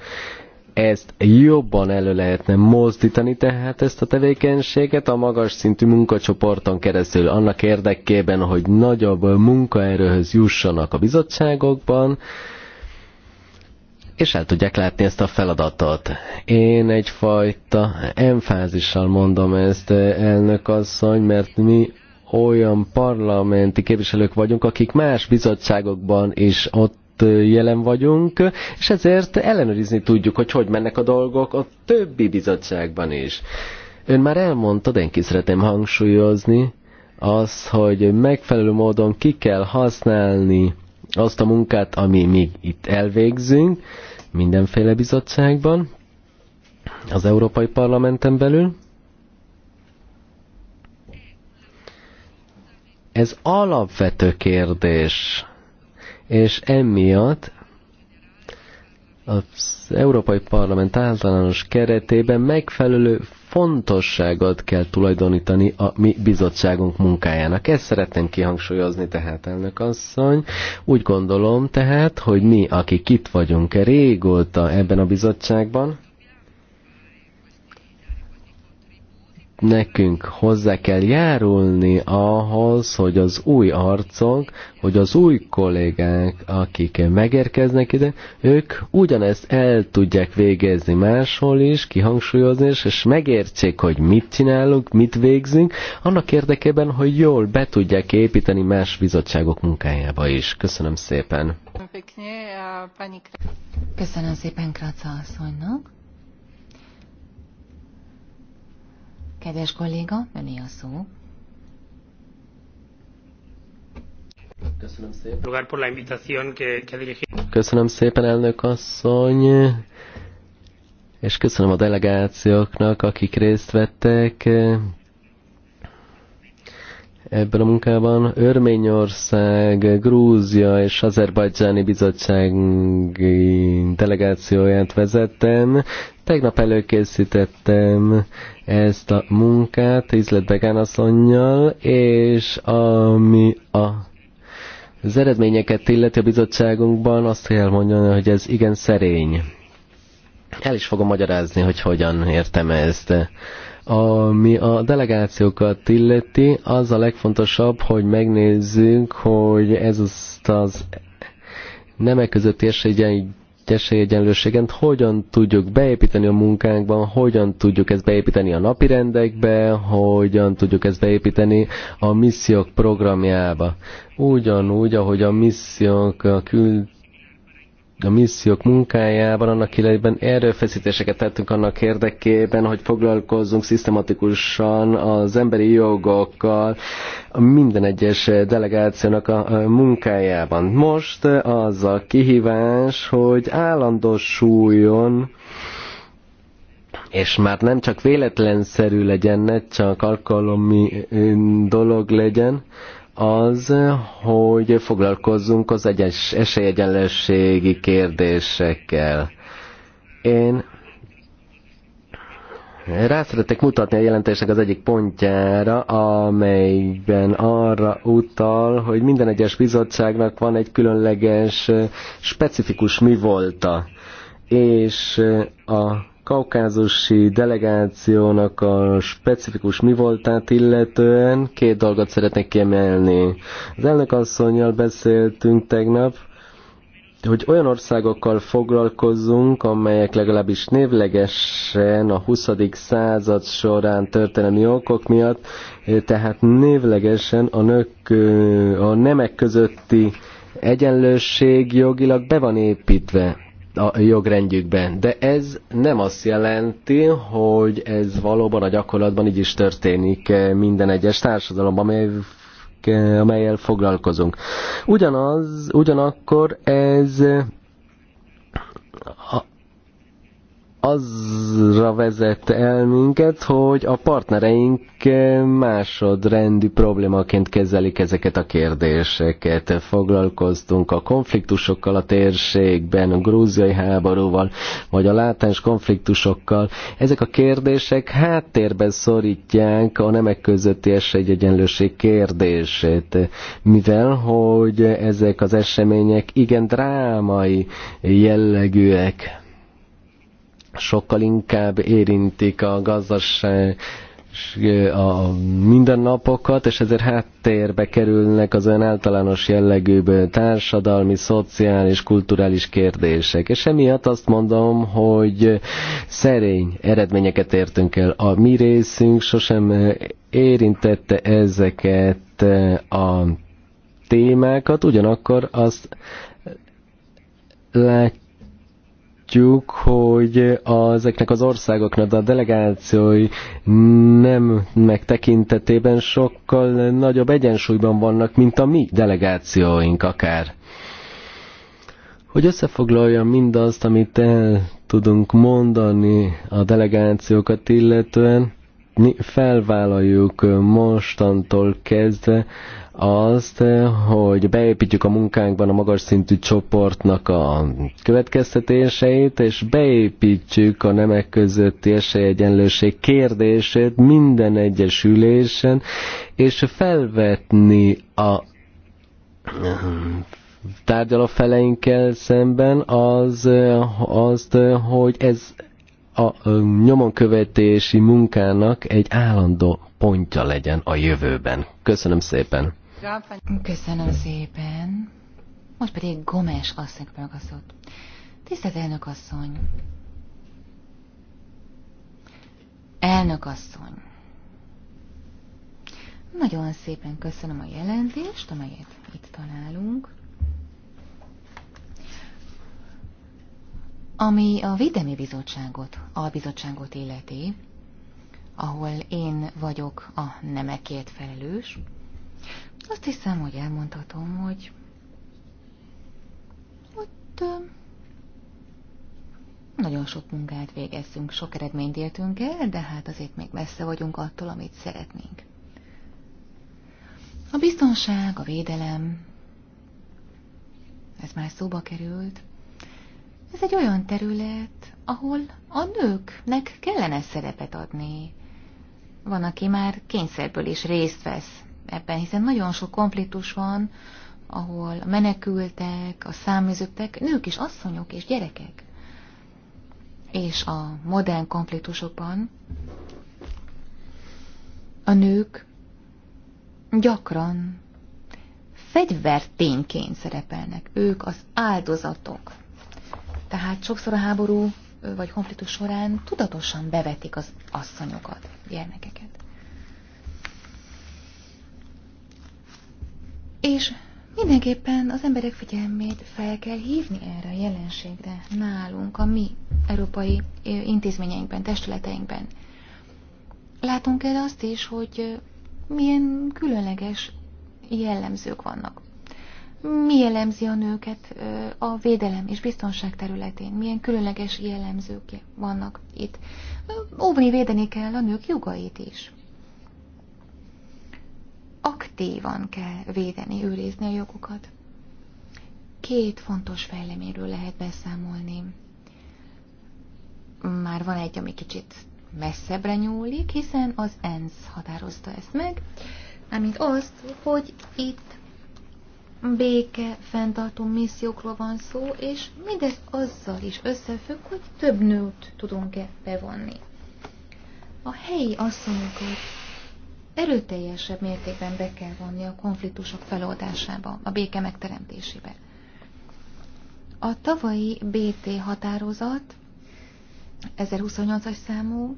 Ezt jobban elő lehetne mozdítani tehát ezt a tevékenységet a magas szintű munkacsoporton keresztül, annak érdekében, hogy nagyobb munkaerőhöz jussanak a bizottságokban, és el tudják látni ezt a feladatot. Én egyfajta emfázissal mondom ezt, elnök asszony, mert mi olyan parlamenti képviselők vagyunk, akik más bizottságokban is ott jelen vagyunk, és ezért ellenőrizni tudjuk, hogy hogy mennek a dolgok a többi bizottságban is. Ön már elmondta, de én ki szeretném hangsúlyozni, az, hogy megfelelő módon ki kell használni azt a munkát, ami mi itt elvégzünk, mindenféle bizottságban, az Európai Parlamenten belül. Ez alapvető kérdés, és emiatt az Európai Parlament általános keretében megfelelő fontosságot kell tulajdonítani a mi bizottságunk munkájának. Ezt szeretném kihangsúlyozni tehát, elnök asszony. Úgy gondolom tehát, hogy mi, akik itt vagyunk régóta ebben a bizottságban, nekünk hozzá kell járulni ahhoz, hogy az új arcok, hogy az új kollégák, akik megérkeznek ide, ők ugyanezt el tudják végezni máshol is, kihangsúlyozni, és, és megértsék, hogy mit csinálunk, mit végzünk, annak érdekében, hogy jól be tudják építeni más bizottságok munkájába is. Köszönöm szépen! Köszönöm szépen Kraca asszonynak! Kedves kolléga, öné a szó. Köszönöm szépen. Köszönöm szépen, elnök asszony, és köszönöm a delegációknak, akik részt vettek ebben a munkában. Örményország, Grúzia és Azerbajdzsáni bizottság delegációját vezettem. Tegnap előkészítettem ezt a munkát Izlet asszonynal, és ami a az eredményeket illeti a bizottságunkban azt kell mondani, hogy ez igen szerény. El is fogom magyarázni, hogy hogyan értem ezt. Ami a delegációkat illeti, az a legfontosabb, hogy megnézzünk, hogy ez az, az nemek közötti esélyegyen, esélyegyenlőséget hogyan tudjuk beépíteni a munkánkban, hogyan tudjuk ezt beépíteni a napi rendekbe, hogyan tudjuk ezt beépíteni a missziók programjába. Ugyanúgy, ahogy a missziók a küld a missziók munkájában, annak életben erőfeszítéseket tettünk annak érdekében, hogy foglalkozzunk szisztematikusan az emberi jogokkal minden egyes delegációnak a munkájában. Most az a kihívás, hogy állandósuljon és már nem csak véletlenszerű legyen, ne csak alkalmi dolog legyen, az, hogy foglalkozzunk az egyes, esélyegyenlőségi kérdésekkel. Én rá szeretek mutatni a jelentések az egyik pontjára, amelyben arra utal, hogy minden egyes bizottságnak van egy különleges, specifikus mi volta. És a kaukázusi delegációnak a specifikus mi voltát illetően két dolgot szeretnék kiemelni. Az elnök asszonynal beszéltünk tegnap, hogy olyan országokkal foglalkozzunk, amelyek legalábbis névlegesen a 20. század során történelmi okok miatt, tehát névlegesen a, nök, a nemek közötti egyenlőség jogilag be van építve a jogrendjükben. De ez nem azt jelenti, hogy ez valóban a gyakorlatban így is történik minden egyes társadalomban, amely amelyel foglalkozunk. Ugyanaz, ugyanakkor ez azra vezet el minket, hogy a partnereink másodrendű problémaként kezelik ezeket a kérdéseket. Foglalkoztunk a konfliktusokkal a térségben, a grúziai háborúval, vagy a látens konfliktusokkal. Ezek a kérdések háttérbe szorítják a nemek közötti esélyegyenlőség kérdését, mivel hogy ezek az események igen drámai jellegűek sokkal inkább érintik a gazdaság, a mindennapokat, és ezért háttérbe kerülnek az olyan általános jellegű társadalmi, szociális, kulturális kérdések. És emiatt azt mondom, hogy szerény eredményeket értünk el. A mi részünk sosem érintette ezeket a témákat, ugyanakkor azt látjuk, látjuk, hogy ezeknek az országoknak a delegációi nem megtekintetében sokkal nagyobb egyensúlyban vannak, mint a mi delegációink akár. Hogy összefoglaljam mindazt, amit el tudunk mondani a delegációkat illetően, mi felvállaljuk mostantól kezdve azt, eh, hogy beépítjük a munkánkban a magas szintű csoportnak a következtetéseit, és beépítjük a nemek közötti esélyegyenlőség kérdését minden egyes ülésen, és felvetni a eh, tárgyaló feleinkkel szemben az, eh, azt, hogy ez a nyomonkövetési munkának egy állandó pontja legyen a jövőben. Köszönöm szépen! Köszönöm szépen. Most pedig Gomes asszony megaszott. Tisztelt elnök asszony! Elnök asszony! Nagyon szépen köszönöm a jelentést, amelyet itt találunk. Ami a Védelmi Bizottságot, a bizottságot illeti, ahol én vagyok a nemekért felelős, azt hiszem, hogy elmondhatom, hogy ott nagyon sok munkát végeztünk, sok eredményt éltünk el, de hát azért még messze vagyunk attól, amit szeretnénk. A biztonság, a védelem, ez már szóba került. Ez egy olyan terület, ahol a nőknek kellene szerepet adni. Van, aki már kényszerből is részt vesz ebben, hiszen nagyon sok konfliktus van, ahol a menekültek, a száműzöttek, nők és asszonyok és gyerekek. És a modern konfliktusokban a nők gyakran fegyvertényként szerepelnek. Ők az áldozatok. Tehát sokszor a háború vagy konfliktus során tudatosan bevetik az asszonyokat, gyermekeket. És mindenképpen az emberek figyelmét fel kell hívni erre a jelenségre nálunk, a mi európai intézményeinkben, testületeinkben. Látunk el azt is, hogy milyen különleges jellemzők vannak. Mi jellemzi a nőket a védelem és biztonság területén? Milyen különleges jellemzők vannak itt? Óvni, védeni kell a nők jogait is aktívan kell védeni, őrizni a jogokat. Két fontos fejleményről lehet beszámolni. Már van egy, ami kicsit messzebbre nyúlik, hiszen az ENSZ határozta ezt meg, amint azt, hogy itt béke fenntartó missziókról van szó, és mindez azzal is összefügg, hogy több nőt tudunk-e bevonni. A helyi asszonyokat erőteljesebb mértékben be kell vonni a konfliktusok feloldásába, a béke megteremtésébe. A tavalyi BT határozat 1028-as számú,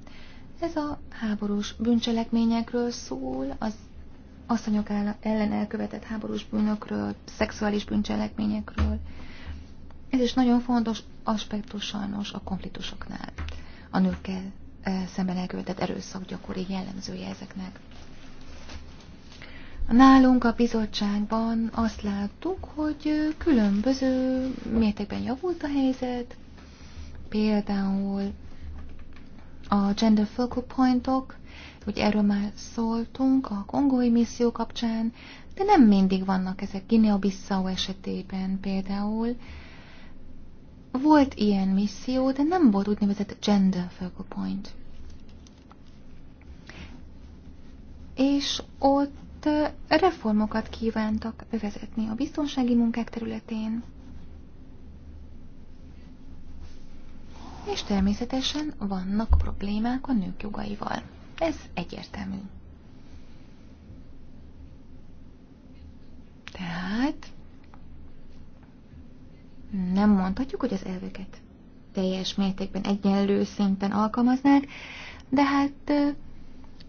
ez a háborús bűncselekményekről szól, az asszonyok ellen elkövetett háborús bűnökről, szexuális bűncselekményekről. Ez is nagyon fontos aspektus sajnos a konfliktusoknál. A nőkkel eh, szemben elkövetett erőszak gyakori jellemzője ezeknek. Nálunk a bizottságban azt láttuk, hogy különböző mértékben javult a helyzet, például a gender focal pointok, hogy erről már szóltunk a kongói misszió kapcsán, de nem mindig vannak ezek Guinea-Bissau esetében például. Volt ilyen misszió, de nem volt úgynevezett gender focal point. És ott itt reformokat kívántak bevezetni a biztonsági munkák területén, és természetesen vannak problémák a nők jogaival. Ez egyértelmű. Tehát nem mondhatjuk, hogy az elveket teljes mértékben egyenlő szinten alkalmaznák, de hát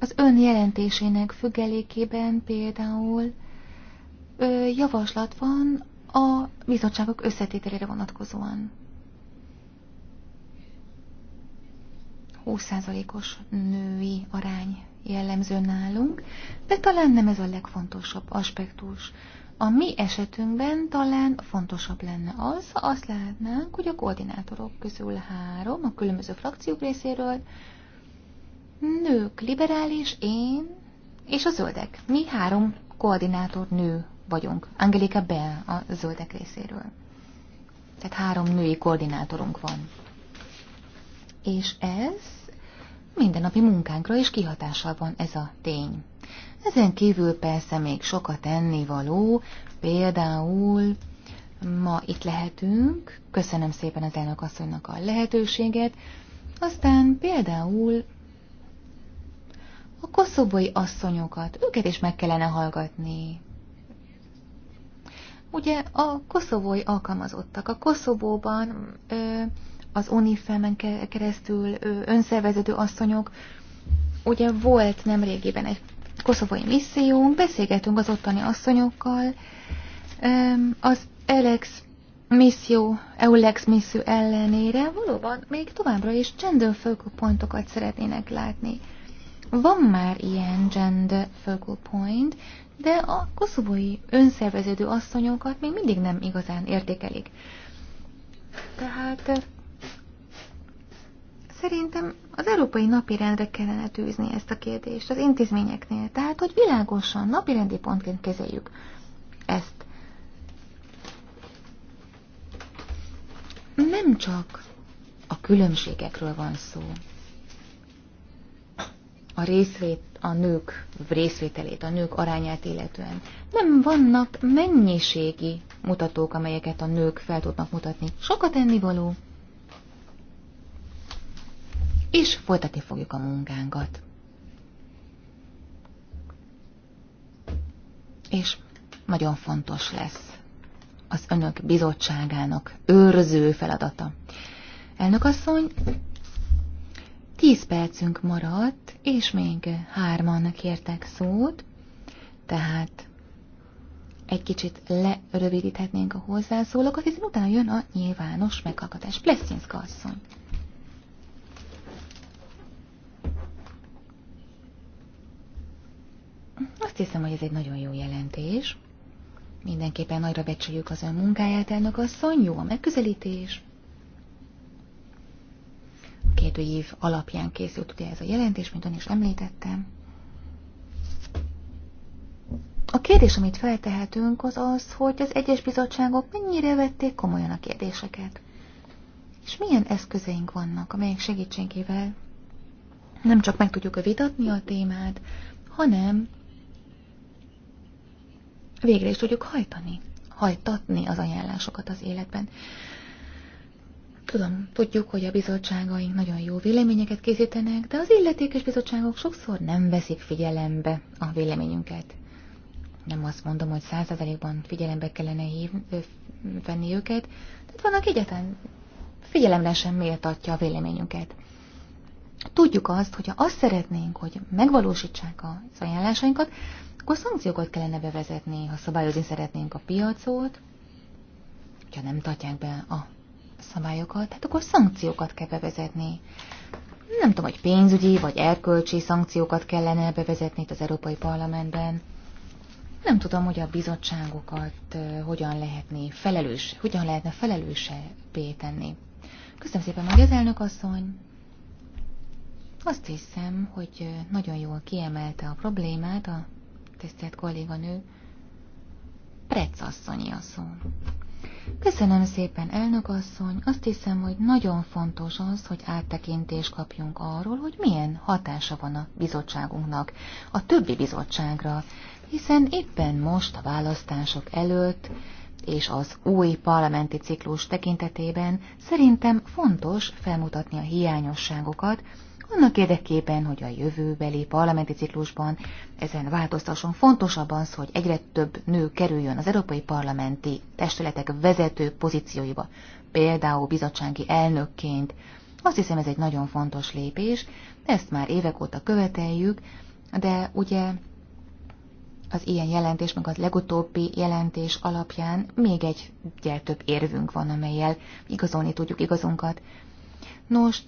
az ön jelentésének függelékében például ö, javaslat van a bizottságok összetételére vonatkozóan. 20%-os női arány jellemző nálunk, de talán nem ez a legfontosabb aspektus. A mi esetünkben talán fontosabb lenne az, ha azt látnánk, hogy a koordinátorok közül három a különböző frakciók részéről Nők, liberális, én és a zöldek. Mi három koordinátor nő vagyunk. Angelika Bell a zöldek részéről. Tehát három női koordinátorunk van. És ez mindennapi munkánkra is kihatással van ez a tény. Ezen kívül persze még sokat ennivaló, például ma itt lehetünk, köszönöm szépen az elnök asszonynak a lehetőséget, aztán például a koszobói asszonyokat, őket is meg kellene hallgatni. Ugye a koszovói alkalmazottak. A koszobóban ö, az UNIFEM-en keresztül ö, önszervezető asszonyok, ugye volt nemrégiben egy koszovói missziónk, beszélgetünk az ottani asszonyokkal, ö, az Elex misszió, EULEX misszió ellenére valóban még továbbra is csendőn pontokat szeretnének látni. Van már ilyen gender focal point, de a koszovói önszerveződő asszonyokat még mindig nem igazán értékelik. Tehát eh, szerintem az európai napirendre kellene tűzni ezt a kérdést az intézményeknél. Tehát, hogy világosan napirendi pontként kezeljük ezt. Nem csak a különbségekről van szó, a részvét, a nők részvételét, a nők arányát illetően. Nem vannak mennyiségi mutatók, amelyeket a nők fel tudnak mutatni. Sokat ennivaló. És folytatni fogjuk a munkánkat. És nagyon fontos lesz az önök bizottságának őrző feladata. Elnök asszony, Tíz percünk maradt, és még hárman kértek szót, tehát egy kicsit lerövidíthetnénk a hozzászólókat, hiszen utána jön a nyilvános meghallgatás. Pleszinszka asszony. Azt hiszem, hogy ez egy nagyon jó jelentés. Mindenképpen nagyra becsüljük az ön munkáját, elnök asszony, jó a megközelítés év alapján készült ugye ez a jelentés, mint ön is említettem. A kérdés, amit feltehetünk, az az, hogy az egyes bizottságok mennyire vették komolyan a kérdéseket. És milyen eszközeink vannak, amelyek segítségével nem csak meg tudjuk vitatni a témát, hanem végre is tudjuk hajtani, hajtatni az ajánlásokat az életben. Tudom, tudjuk, hogy a bizottságaink nagyon jó véleményeket készítenek, de az illetékes bizottságok sokszor nem veszik figyelembe a véleményünket. Nem azt mondom, hogy százalékban figyelembe kellene hív, venni őket, de vannak egyetlen figyelemre sem méltatja a véleményünket. Tudjuk azt, hogy ha azt szeretnénk, hogy megvalósítsák az ajánlásainkat, akkor szankciókat kellene bevezetni, ha szabályozni szeretnénk a piacot, hogyha nem tartják be a szabályokat, hát akkor szankciókat kell bevezetni. Nem tudom, hogy pénzügyi vagy erkölcsi szankciókat kellene bevezetni itt az Európai Parlamentben. Nem tudom, hogy a bizottságokat hogyan lehetne felelős, hogyan lehetne felelőse tenni. Köszönöm szépen, hogy az elnök asszony. Azt hiszem, hogy nagyon jól kiemelte a problémát a tisztelt kolléganő. Prec asszonyi asszony. Köszönöm szépen, elnök asszony. Azt hiszem, hogy nagyon fontos az, hogy áttekintést kapjunk arról, hogy milyen hatása van a bizottságunknak, a többi bizottságra, hiszen éppen most a választások előtt és az új parlamenti ciklus tekintetében szerintem fontos felmutatni a hiányosságokat, annak érdekében, hogy a jövőbeli parlamenti ciklusban ezen változtasson, fontosabb az, hogy egyre több nő kerüljön az európai parlamenti testületek vezető pozícióiba, például bizottsági elnökként. Azt hiszem, ez egy nagyon fontos lépés, ezt már évek óta követeljük, de ugye az ilyen jelentés, meg az legutóbbi jelentés alapján még egy ugye, több érvünk van, amelyel igazolni tudjuk igazunkat. Nos,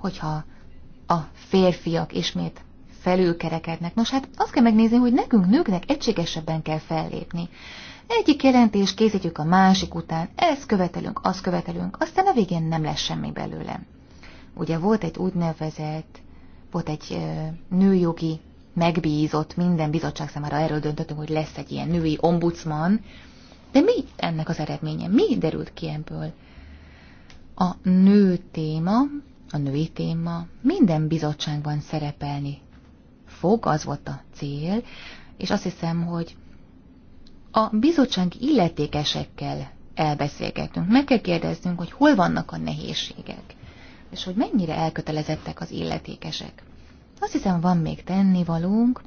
hogyha a férfiak ismét felülkerekednek. Nos, hát azt kell megnézni, hogy nekünk nőknek egységesebben kell fellépni. Egyik jelentést készítjük a másik után, ezt követelünk, azt követelünk, aztán a végén nem lesz semmi belőle. Ugye volt egy úgynevezett, volt egy ö, nőjogi megbízott minden bizottság számára, erről döntöttünk, hogy lesz egy ilyen női ombudsman, de mi ennek az eredménye? Mi derült ki ebből? A nő téma a női téma minden bizottságban szerepelni fog, az volt a cél, és azt hiszem, hogy a bizottság illetékesekkel elbeszélgetünk. Meg kell kérdeznünk, hogy hol vannak a nehézségek, és hogy mennyire elkötelezettek az illetékesek. Azt hiszem, van még tennivalónk.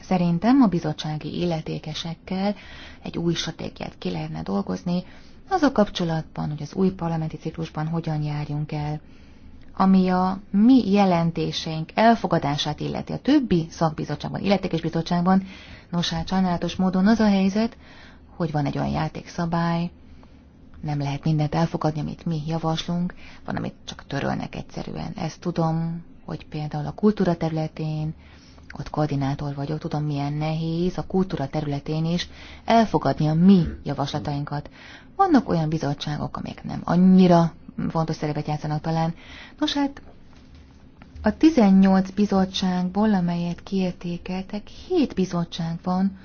Szerintem a bizottsági illetékesekkel egy új stratégiát ki lehetne dolgozni, az a kapcsolatban, hogy az új parlamenti ciklusban hogyan járjunk el ami a mi jelentéseink elfogadását illeti a többi szakbizottságban, illetékes bizottságban, nos hát sajnálatos módon az a helyzet, hogy van egy olyan játékszabály, nem lehet mindent elfogadni, amit mi javaslunk, van, amit csak törölnek egyszerűen. Ezt tudom, hogy például a kultúra területén, ott koordinátor vagyok, tudom milyen nehéz a kultúra területén is elfogadni a mi javaslatainkat. Vannak olyan bizottságok, amik nem annyira fontos szerepet játszanak talán. Nos hát, a 18 bizottságból, amelyet kiértékeltek, 7 bizottság van,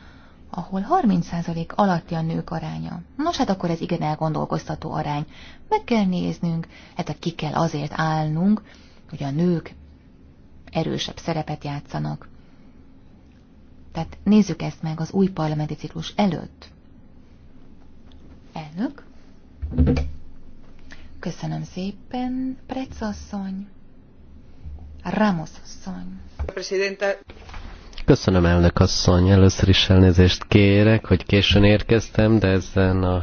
ahol 30% alatti a nők aránya. Nos, hát akkor ez igen elgondolkoztató arány. Meg kell néznünk, hát ki kell azért állnunk, hogy a nők erősebb szerepet játszanak. Tehát nézzük ezt meg az új parlamenti ciklus előtt. Elnök. Köszönöm szépen, Prec asszony, Ramos asszony. Köszönöm, elnök asszony. Először is elnézést kérek, hogy későn érkeztem, de ezen a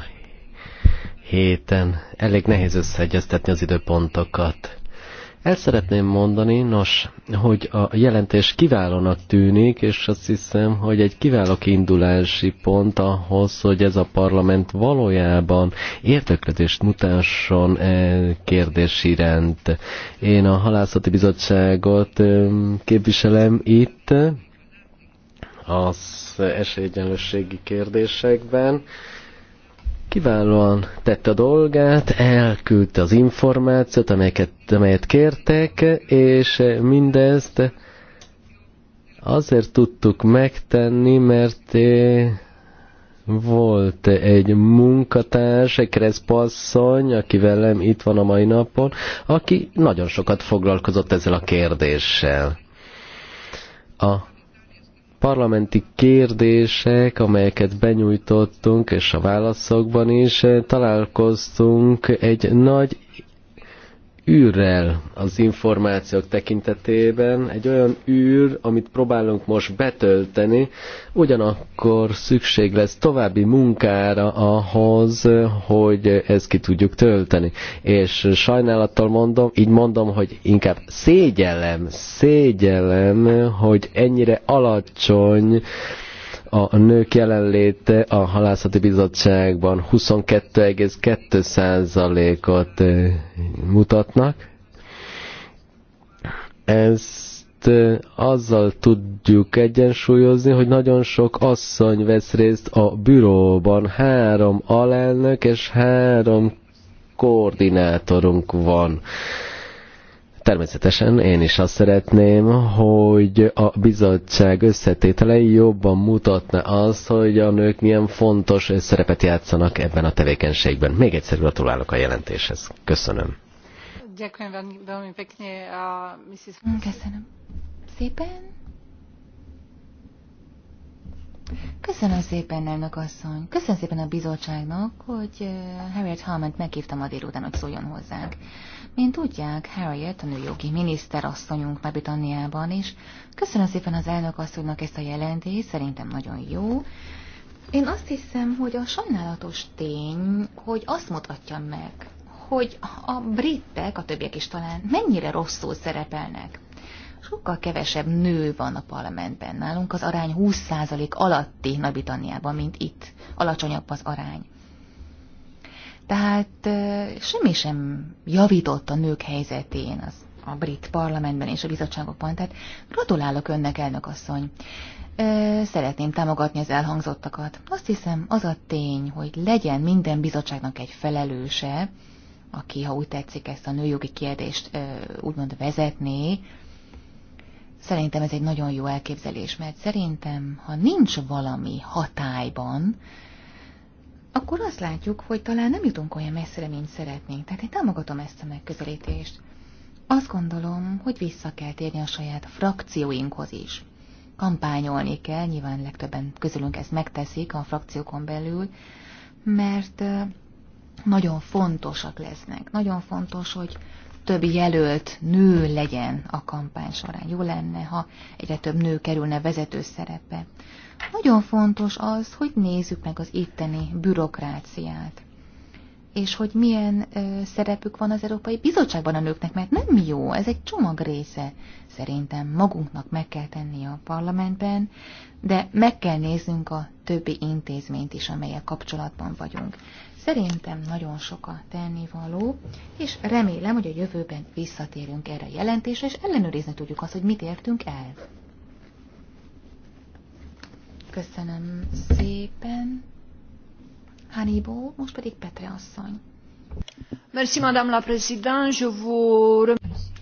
héten elég nehéz összeegyeztetni az időpontokat. El szeretném mondani, nos, hogy a jelentés kiválónak tűnik, és azt hiszem, hogy egy kiváló kiindulási pont ahhoz, hogy ez a parlament valójában érteklődést mutasson e kérdés iránt. Én a halászati bizottságot képviselem itt az esélyegyenlőségi kérdésekben, Kiválóan tette a dolgát, elküldte az információt, amelyeket, amelyet kértek, és mindezt azért tudtuk megtenni, mert eh, volt egy munkatárs, egy kreszpasszony, aki velem itt van a mai napon, aki nagyon sokat foglalkozott ezzel a kérdéssel. A parlamenti kérdések, amelyeket benyújtottunk, és a válaszokban is eh, találkoztunk egy nagy űrrel az információk tekintetében, egy olyan űr, amit próbálunk most betölteni, ugyanakkor szükség lesz további munkára ahhoz, hogy ezt ki tudjuk tölteni. És sajnálattal mondom, így mondom, hogy inkább szégyellem, szégyellem, hogy ennyire alacsony a nők jelenléte a halászati bizottságban 22,2%-ot mutatnak. Ezt azzal tudjuk egyensúlyozni, hogy nagyon sok asszony vesz részt a büróban. Három alelnök és három koordinátorunk van. Természetesen én is azt szeretném, hogy a bizottság összetételei jobban mutatna azt, hogy a nők milyen fontos szerepet játszanak ebben a tevékenységben. Még egyszer gratulálok a jelentéshez. Köszönöm. Köszönöm szépen. Köszönöm szépen, elnök asszony. Köszönöm szépen a bizottságnak, hogy eh, Harriet Halment meghívtam a délután, hogy szóljon hozzánk. Mint tudják, Harriet, a nőjogi miniszter asszonyunk Nagy-Britanniában is. Köszönöm szépen az elnök asszonynak ezt a jelentést, szerintem nagyon jó. Én azt hiszem, hogy a sajnálatos tény, hogy azt mutatja meg, hogy a britek, a többiek is talán, mennyire rosszul szerepelnek. Sokkal kevesebb nő van a parlamentben nálunk, az arány 20% alatti Nagy-Britanniában, mint itt. Alacsonyabb az arány. Tehát semmi sem javított a nők helyzetén az a brit parlamentben és a bizottságokban. Tehát gratulálok önnek, elnök asszony. Szeretném támogatni az elhangzottakat. Azt hiszem, az a tény, hogy legyen minden bizottságnak egy felelőse, aki, ha úgy tetszik, ezt a nőjogi kérdést úgymond vezetné, szerintem ez egy nagyon jó elképzelés, mert szerintem, ha nincs valami hatályban, akkor azt látjuk, hogy talán nem jutunk olyan messzire, mint szeretnénk. Tehát én támogatom ezt a megközelítést. Azt gondolom, hogy vissza kell térni a saját frakcióinkhoz is. Kampányolni kell, nyilván legtöbben közülünk ezt megteszik a frakciókon belül, mert nagyon fontosak lesznek. Nagyon fontos, hogy több jelölt nő legyen a kampány során. Jó lenne, ha egyre több nő kerülne vezető szerepe. Nagyon fontos az, hogy nézzük meg az itteni bürokráciát, és hogy milyen ö, szerepük van az Európai Bizottságban a nőknek, mert nem jó, ez egy csomag része. Szerintem magunknak meg kell tenni a parlamentben, de meg kell néznünk a többi intézményt is, amelyek kapcsolatban vagyunk. Szerintem nagyon sok a tennivaló, és remélem, hogy a jövőben visszatérünk erre a jelentésre, és ellenőrizni tudjuk azt, hogy mit értünk el. Köszönöm szépen. Hannibal, most pedig Petre asszony. Merci, Madame la Présidente, je vous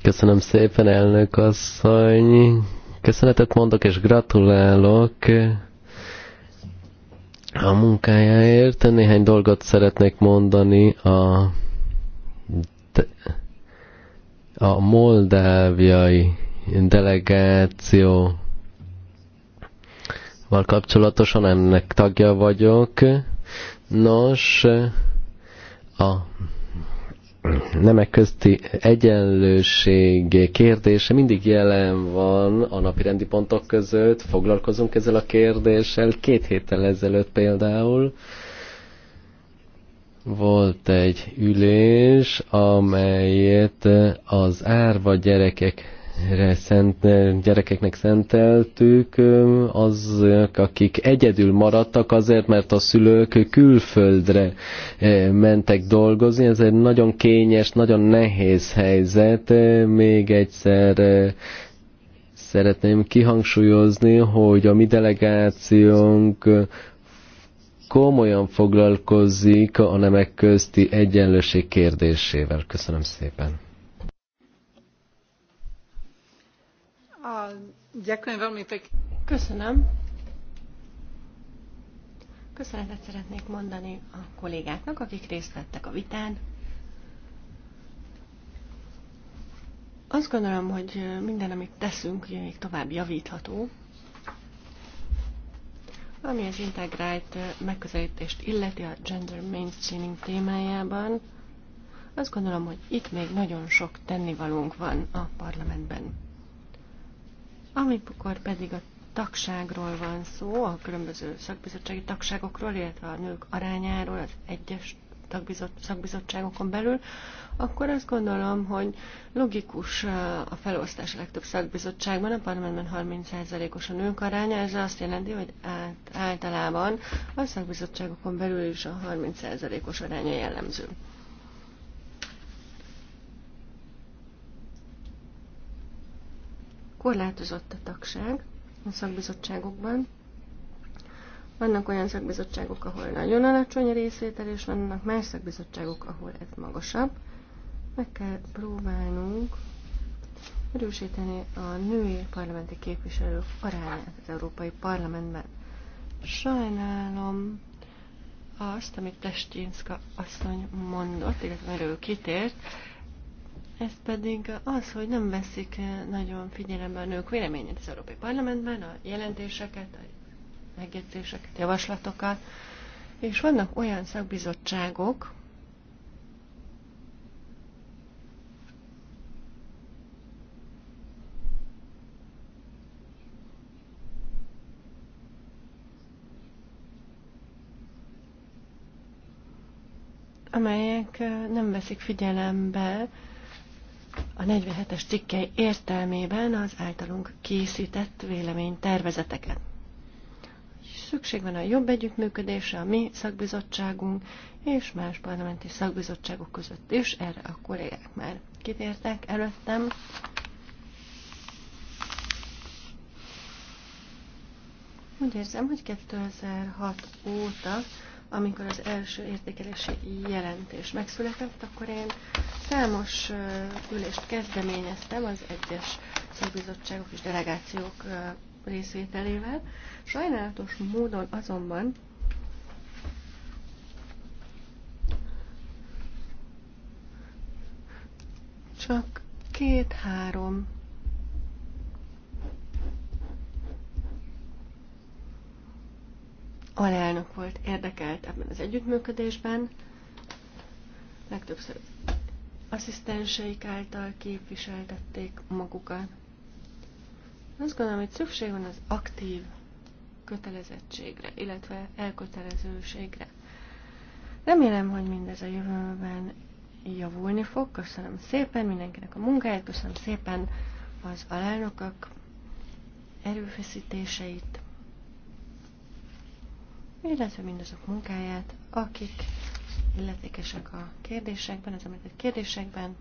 Köszönöm szépen, elnök asszony. Köszönetet mondok és gratulálok a munkájáért. Néhány dolgot szeretnék mondani a, a moldáviai delegáció val kapcsolatosan, ennek tagja vagyok. Nos, a nemek közti egyenlőség kérdése mindig jelen van a napi rendi pontok között. Foglalkozunk ezzel a kérdéssel. Két héttel ezelőtt például volt egy ülés, amelyet az árva gyerekek szent, gyerekeknek szenteltük, az, akik egyedül maradtak azért, mert a szülők külföldre mentek dolgozni. Ez egy nagyon kényes, nagyon nehéz helyzet. Még egyszer szeretném kihangsúlyozni, hogy a mi delegációnk komolyan foglalkozik a nemek közti egyenlőség kérdésével. Köszönöm szépen. Köszönetet szeretnék mondani a kollégáknak, akik részt vettek a vitán. Azt gondolom, hogy minden, amit teszünk, ugye még tovább javítható, ami az integrált megközelítést illeti a gender mainstreaming témájában. Azt gondolom, hogy itt még nagyon sok tennivalónk van a parlamentben. Amikor pedig a tagságról van szó, a különböző szakbizottsági tagságokról, illetve a nők arányáról az egyes szakbizottságokon belül, akkor azt gondolom, hogy logikus a felosztás a legtöbb szakbizottságban, a parlamentben 30%-os a nők aránya, ez azt jelenti, hogy át, általában a szakbizottságokon belül is a 30%-os aránya jellemző. korlátozott a tagság a szakbizottságokban. Vannak olyan szakbizottságok, ahol nagyon alacsony a részvétel, és vannak más szakbizottságok, ahol ez magasabb. Meg kell próbálnunk erősíteni a női parlamenti képviselők arányát az Európai Parlamentben. Sajnálom azt, amit Plestinska asszony mondott, illetve erről kitért, ez pedig az, hogy nem veszik -e nagyon figyelembe a nők véleményét az Európai Parlamentben, a jelentéseket, a megjegyzéseket, javaslatokat, és vannak olyan szakbizottságok, amelyek eh, nem veszik figyelembe a 47-es cikkei értelmében az általunk készített véleménytervezeteket. Szükség van a jobb együttműködésre a mi szakbizottságunk és más parlamenti szakbizottságok között is. Erre a kollégák már kitértek előttem. Úgy érzem, hogy 2006 óta amikor az első értékelési jelentés megszületett, akkor én számos ülést kezdeményeztem az egyes szakbizottságok és delegációk részvételével. Sajnálatos módon azonban csak két-három alelnök volt érdekelt ebben az együttműködésben, legtöbbször asszisztenseik által képviseltették magukat. Azt gondolom, hogy szükség van az aktív kötelezettségre, illetve elkötelezőségre. Remélem, hogy mindez a jövőben javulni fog. Köszönöm szépen mindenkinek a munkáját, köszönöm szépen az alelnökök erőfeszítéseit illetve mindazok munkáját, akik illetékesek a kérdésekben, az említett kérdésekben,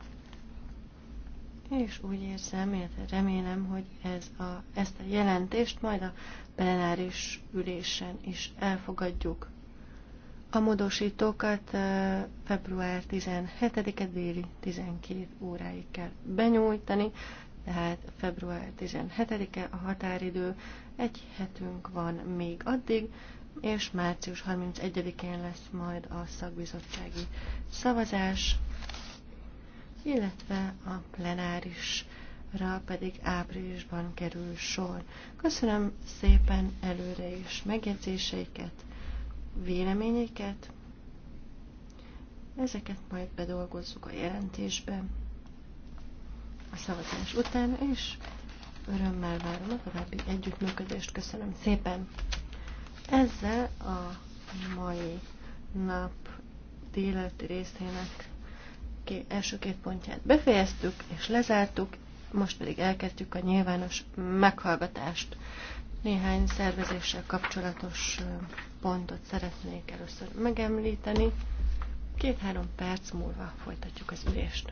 és úgy érzem, illetve remélem, hogy ez a, ezt a jelentést majd a plenáris ülésen is elfogadjuk. A módosítókat február 17-e déli 12 óráig kell benyújtani, tehát február 17-e a határidő, egy hetünk van még addig, és március 31-én lesz majd a szakbizottsági szavazás, illetve a plenárisra pedig áprilisban kerül sor. Köszönöm szépen előre is megjegyzéseiket, véleményeket. ezeket majd bedolgozzuk a jelentésbe a szavazás után, és örömmel várom a további együttműködést. Köszönöm szépen! Ezzel a mai nap délelőtti részének első két pontját befejeztük és lezártuk, most pedig elkezdjük a nyilvános meghallgatást. Néhány szervezéssel kapcsolatos pontot szeretnék először megemlíteni. Két-három perc múlva folytatjuk az ülést.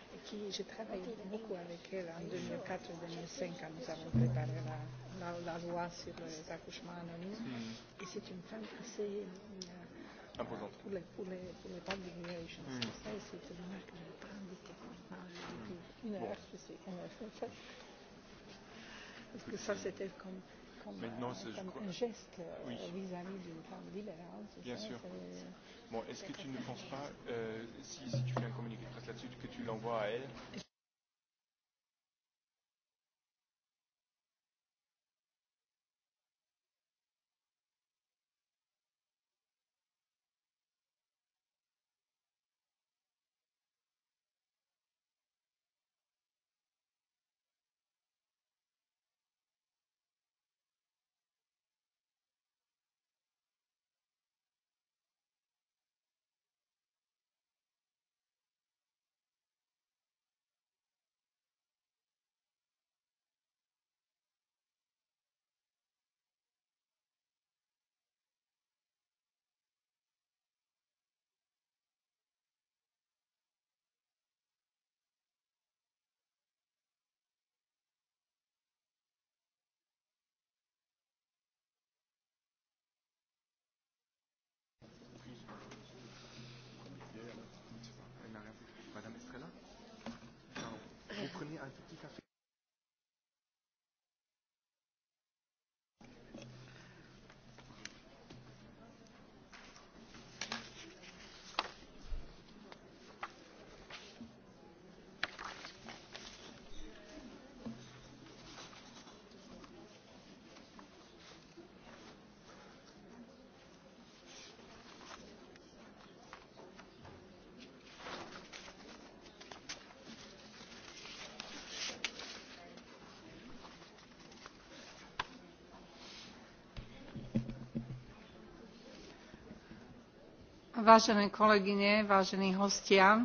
et qui j'ai travaillé beaucoup avec elle en 2004-2005 quand nous avons préparé la, la, la loi sur les accouchements anonymes. Mm. Et c'est une femme assez euh, imposante pour les, pour les, pour les public relations. Mm. Ça, et c'est dommage que je n'ai pas invité. Une heure, je sais, une heure. Parce que ça, c'était comme comme, Maintenant, euh, comme crois... un geste vis-à-vis oui. -vis, d'une femme libérale. Bien ça, sûr. Euh, Est... Bon, est-ce que tu ne penses pas, euh, si, si tu fais un communiqué de presse là-dessus, que tu l'envoies à elle vážené kolegyne vážení hostia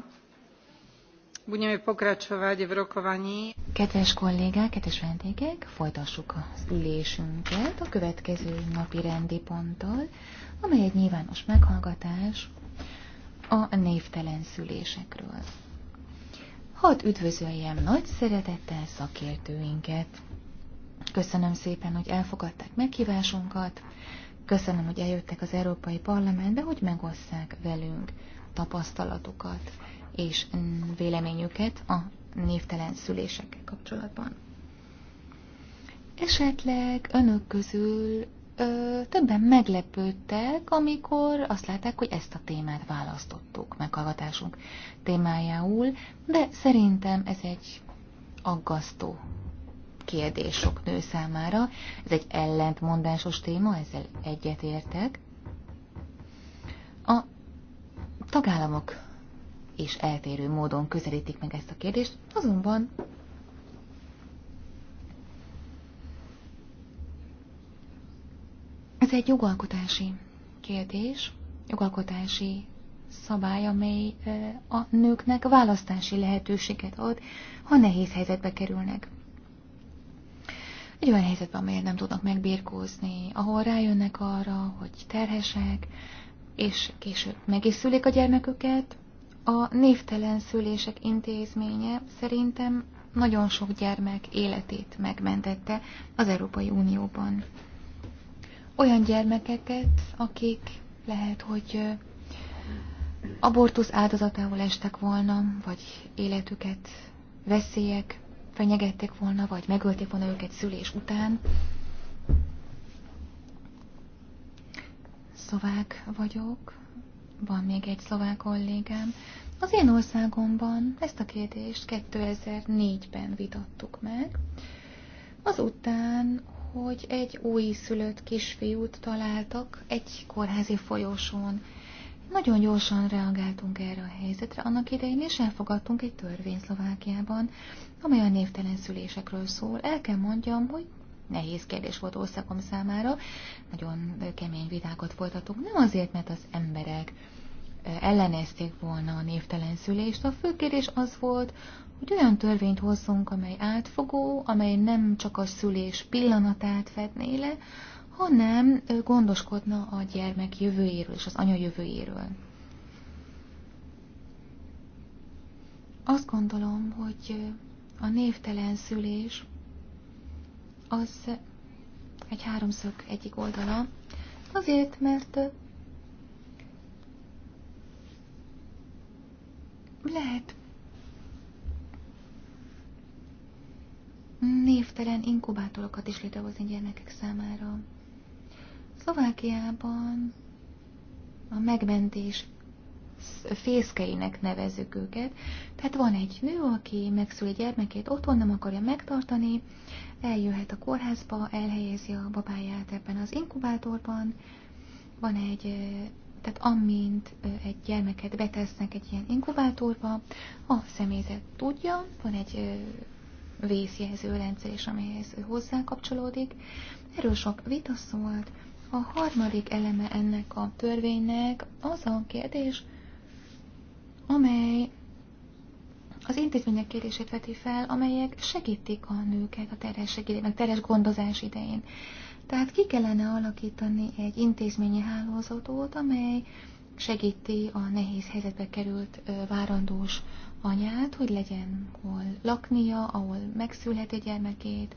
budeme pokračovať v rokovaní. Kedves kollégák, kedves vendégek, folytassuk az ülésünket a következő napi rendi ponttal, amely egy nyilvános meghallgatás a névtelen szülésekről. Hadd üdvözöljem nagy szeretettel szakértőinket. Köszönöm szépen, hogy elfogadták meghívásunkat Köszönöm, hogy eljöttek az Európai Parlamentbe, hogy megosszák velünk tapasztalatukat és véleményüket a névtelen szülésekkel kapcsolatban. Esetleg önök közül ö, többen meglepődtek, amikor azt látták, hogy ezt a témát választottuk meghallgatásunk témájául, de szerintem ez egy aggasztó kérdés sok nő számára. Ez egy ellentmondásos téma, ezzel egyetértek. A tagállamok és eltérő módon közelítik meg ezt a kérdést, azonban ez egy jogalkotási kérdés, jogalkotási szabály, amely a nőknek választási lehetőséget ad, ha nehéz helyzetbe kerülnek egy olyan helyzetben, amelyet nem tudnak megbírkózni, ahol rájönnek arra, hogy terhesek, és később meg is szülik a gyermeküket. A névtelen szülések intézménye szerintem nagyon sok gyermek életét megmentette az Európai Unióban. Olyan gyermekeket, akik lehet, hogy abortusz áldozatául estek volna, vagy életüket veszélyek fenyegették volna, vagy megölték volna őket szülés után. Szlovák vagyok, van még egy szlovák kollégám. Az én országomban ezt a kérdést 2004-ben vitattuk meg, azután, hogy egy új szülött kisfiút találtak egy kórházi folyosón. Nagyon gyorsan reagáltunk erre a helyzetre. Annak idején is elfogadtunk egy törvény Szlovákiában, amely a névtelen szülésekről szól. El kell mondjam, hogy nehéz kérdés volt országom számára, nagyon kemény vitákat folytatunk, nem azért, mert az emberek ellenezték volna a névtelen szülést. A fő kérdés az volt, hogy olyan törvényt hozzunk, amely átfogó, amely nem csak a szülés pillanatát fedné le, hanem gondoskodna a gyermek jövőjéről és az anya jövőjéről. Azt gondolom, hogy a névtelen szülés az egy háromszög egyik oldala, azért, mert lehet névtelen inkubátorokat is létrehozni gyermekek számára. Szlovákiában a megmentés fészkeinek nevezük őket. Tehát van egy nő, aki megszül egy gyermekét, otthon nem akarja megtartani, eljöhet a kórházba, elhelyezi a babáját ebben az inkubátorban. Van egy, tehát amint egy gyermeket betesznek egy ilyen inkubátorba, a személyzet tudja, van egy rendszer is, amelyhez hozzá kapcsolódik. Erről sok vita szólt, a harmadik eleme ennek a törvénynek az a kérdés, amely az intézmények kérését veti fel, amelyek segítik a nőket a terhes, meg terhes gondozás idején. Tehát ki kellene alakítani egy intézményi hálózatot, amely segíti a nehéz helyzetbe került várandós anyát, hogy legyen hol laknia, ahol megszülheti gyermekét,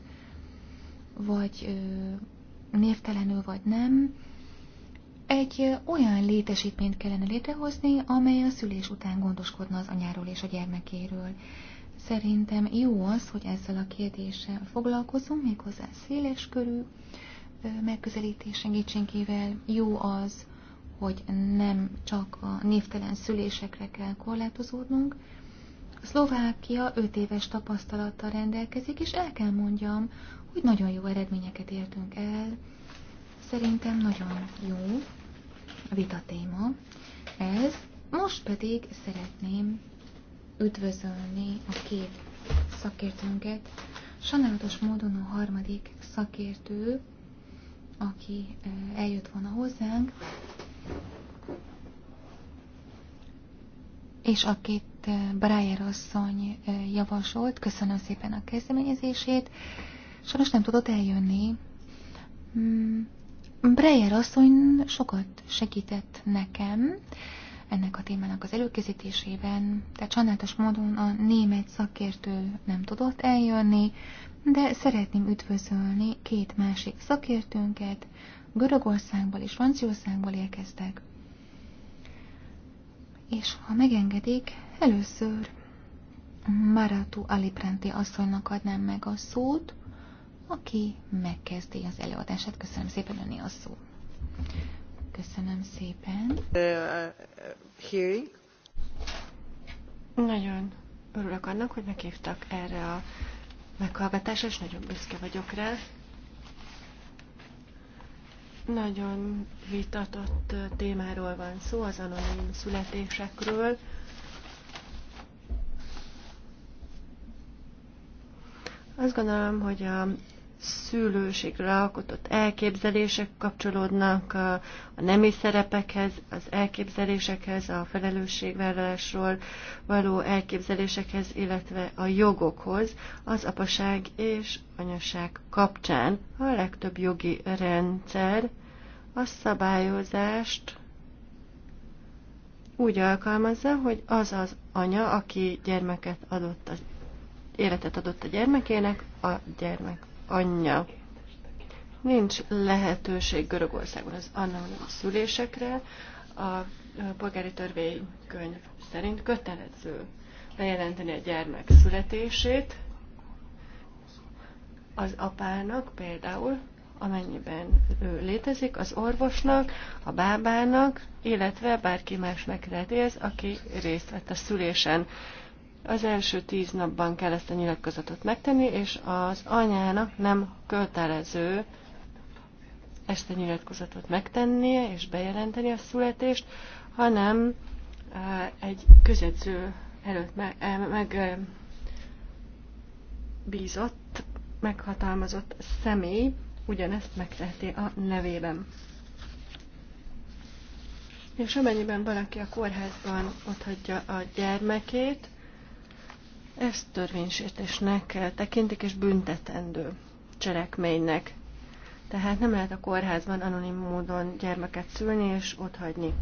vagy névtelenül vagy nem, egy olyan létesítményt kellene létrehozni, amely a szülés után gondoskodna az anyáról és a gyermekéről. Szerintem jó az, hogy ezzel a kérdéssel foglalkozunk, méghozzá széles körű megközelítés segítségével. Jó az, hogy nem csak a névtelen szülésekre kell korlátozódnunk. Szlovákia 5 éves tapasztalattal rendelkezik, és el kell mondjam, úgy nagyon jó eredményeket értünk el. Szerintem nagyon jó a vita téma ez. Most pedig szeretném üdvözölni a két szakértőnket. Sajnálatos módon a harmadik szakértő, aki eljött volna hozzánk, és akit Brájer asszony javasolt. Köszönöm szépen a kezdeményezését sajnos nem tudott eljönni. Mm, Breyer asszony sokat segített nekem ennek a témának az előkészítésében, tehát csanátos módon a német szakértő nem tudott eljönni, de szeretném üdvözölni két másik szakértőnket, Görögországból és Franciaországból érkeztek. És ha megengedik, először Maratu Alipranti asszonynak adnám meg a szót, aki megkezdi az előadását. Köszönöm szépen, önni a szó. Köszönöm szépen. Uh, uh, hearing. Nagyon örülök annak, hogy meghívtak erre a meghallgatásra, és nagyon büszke vagyok rá. Nagyon vitatott témáról van szó, az anonim születésekről. Azt gondolom, hogy a szülőségre alkotott elképzelések kapcsolódnak a, a nemi szerepekhez, az elképzelésekhez, a felelősségvállalásról való elképzelésekhez, illetve a jogokhoz az apaság és anyaság kapcsán. A legtöbb jogi rendszer a szabályozást úgy alkalmazza, hogy az az anya, aki gyermeket adott az életet adott a gyermekének, a gyermek anyja. Nincs lehetőség Görögországon az anonim szülésekre. A polgári törvénykönyv szerint kötelező bejelenteni a gyermek születését az apának például, amennyiben ő létezik, az orvosnak, a bábának, illetve bárki másnak lehet aki részt vett a szülésen. Az első tíz napban kell ezt a nyilatkozatot megtenni, és az anyának nem kötelező ezt a nyilatkozatot megtennie és bejelenteni a születést, hanem eh, egy közjegyző előtt eh, meg, meg eh, meghatalmazott személy ugyanezt megteheti a nevében. És amennyiben valaki a kórházban otthagyja a gyermekét, ezt törvénysértésnek tekintik és büntetendő cselekménynek. Tehát nem lehet a kórházban anonim módon gyermeket szülni és hagyni.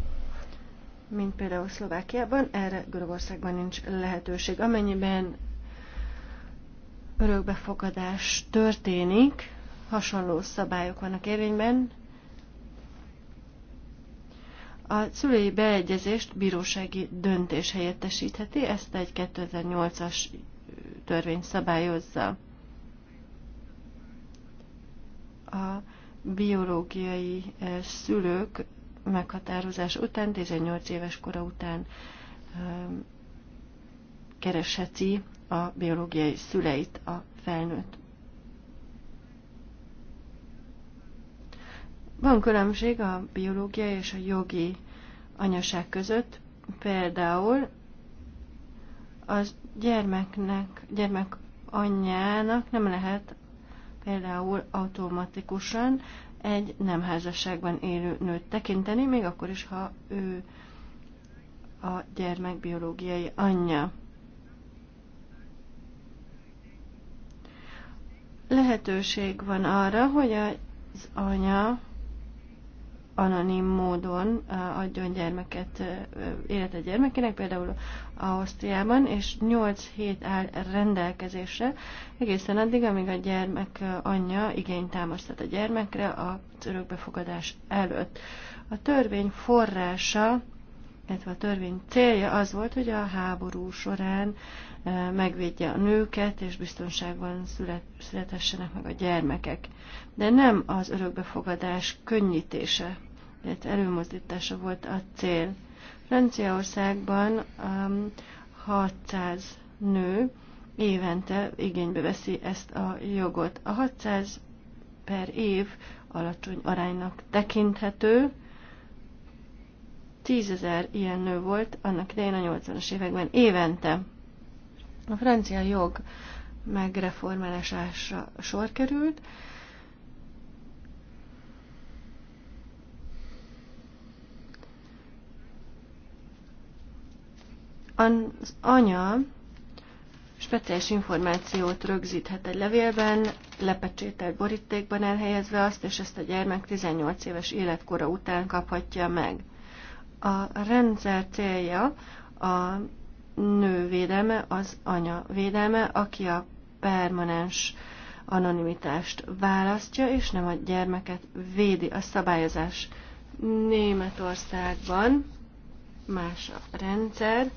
Mint például Szlovákiában, erre Görögországban nincs lehetőség. Amennyiben örökbefogadás történik, hasonló szabályok vannak érvényben, a szülői beegyezést bírósági döntés helyettesítheti, ezt egy 2008-as törvény szabályozza. A biológiai e, szülők meghatározás után, 18 éves kora után e, keresheti a biológiai szüleit a felnőtt Van különbség a biológia és a jogi anyaság között, például az gyermeknek, gyermek anyjának nem lehet például automatikusan egy nem házasságban élő nőt tekinteni, még akkor is, ha ő a gyermek biológiai anyja. Lehetőség van arra, hogy az anya anonim módon adjon gyermeket, életet gyermekének, például Ausztriában, és 8 hét áll rendelkezésre, egészen addig, amíg a gyermek anyja igényt támasztat a gyermekre a örökbefogadás előtt. A törvény forrása, illetve a törvény célja az volt, hogy a háború során megvédje a nőket, és biztonságban szület, születessenek meg a gyermekek. De nem az örökbefogadás könnyítése illetve előmozdítása volt a cél. Franciaországban um, 600 nő évente igénybe veszi ezt a jogot. A 600 per év alacsony aránynak tekinthető. Tízezer ilyen nő volt annak idején a 80-as években évente. A francia jog megreformálására sor került, Az anya speciális információt rögzíthet egy levélben, lepecsételt borítékban elhelyezve azt, és ezt a gyermek 18 éves életkora után kaphatja meg. A rendszer célja a nő védelme, az anya védelme, aki a permanens anonimitást választja, és nem a gyermeket védi a szabályozás. Németországban más a rendszer,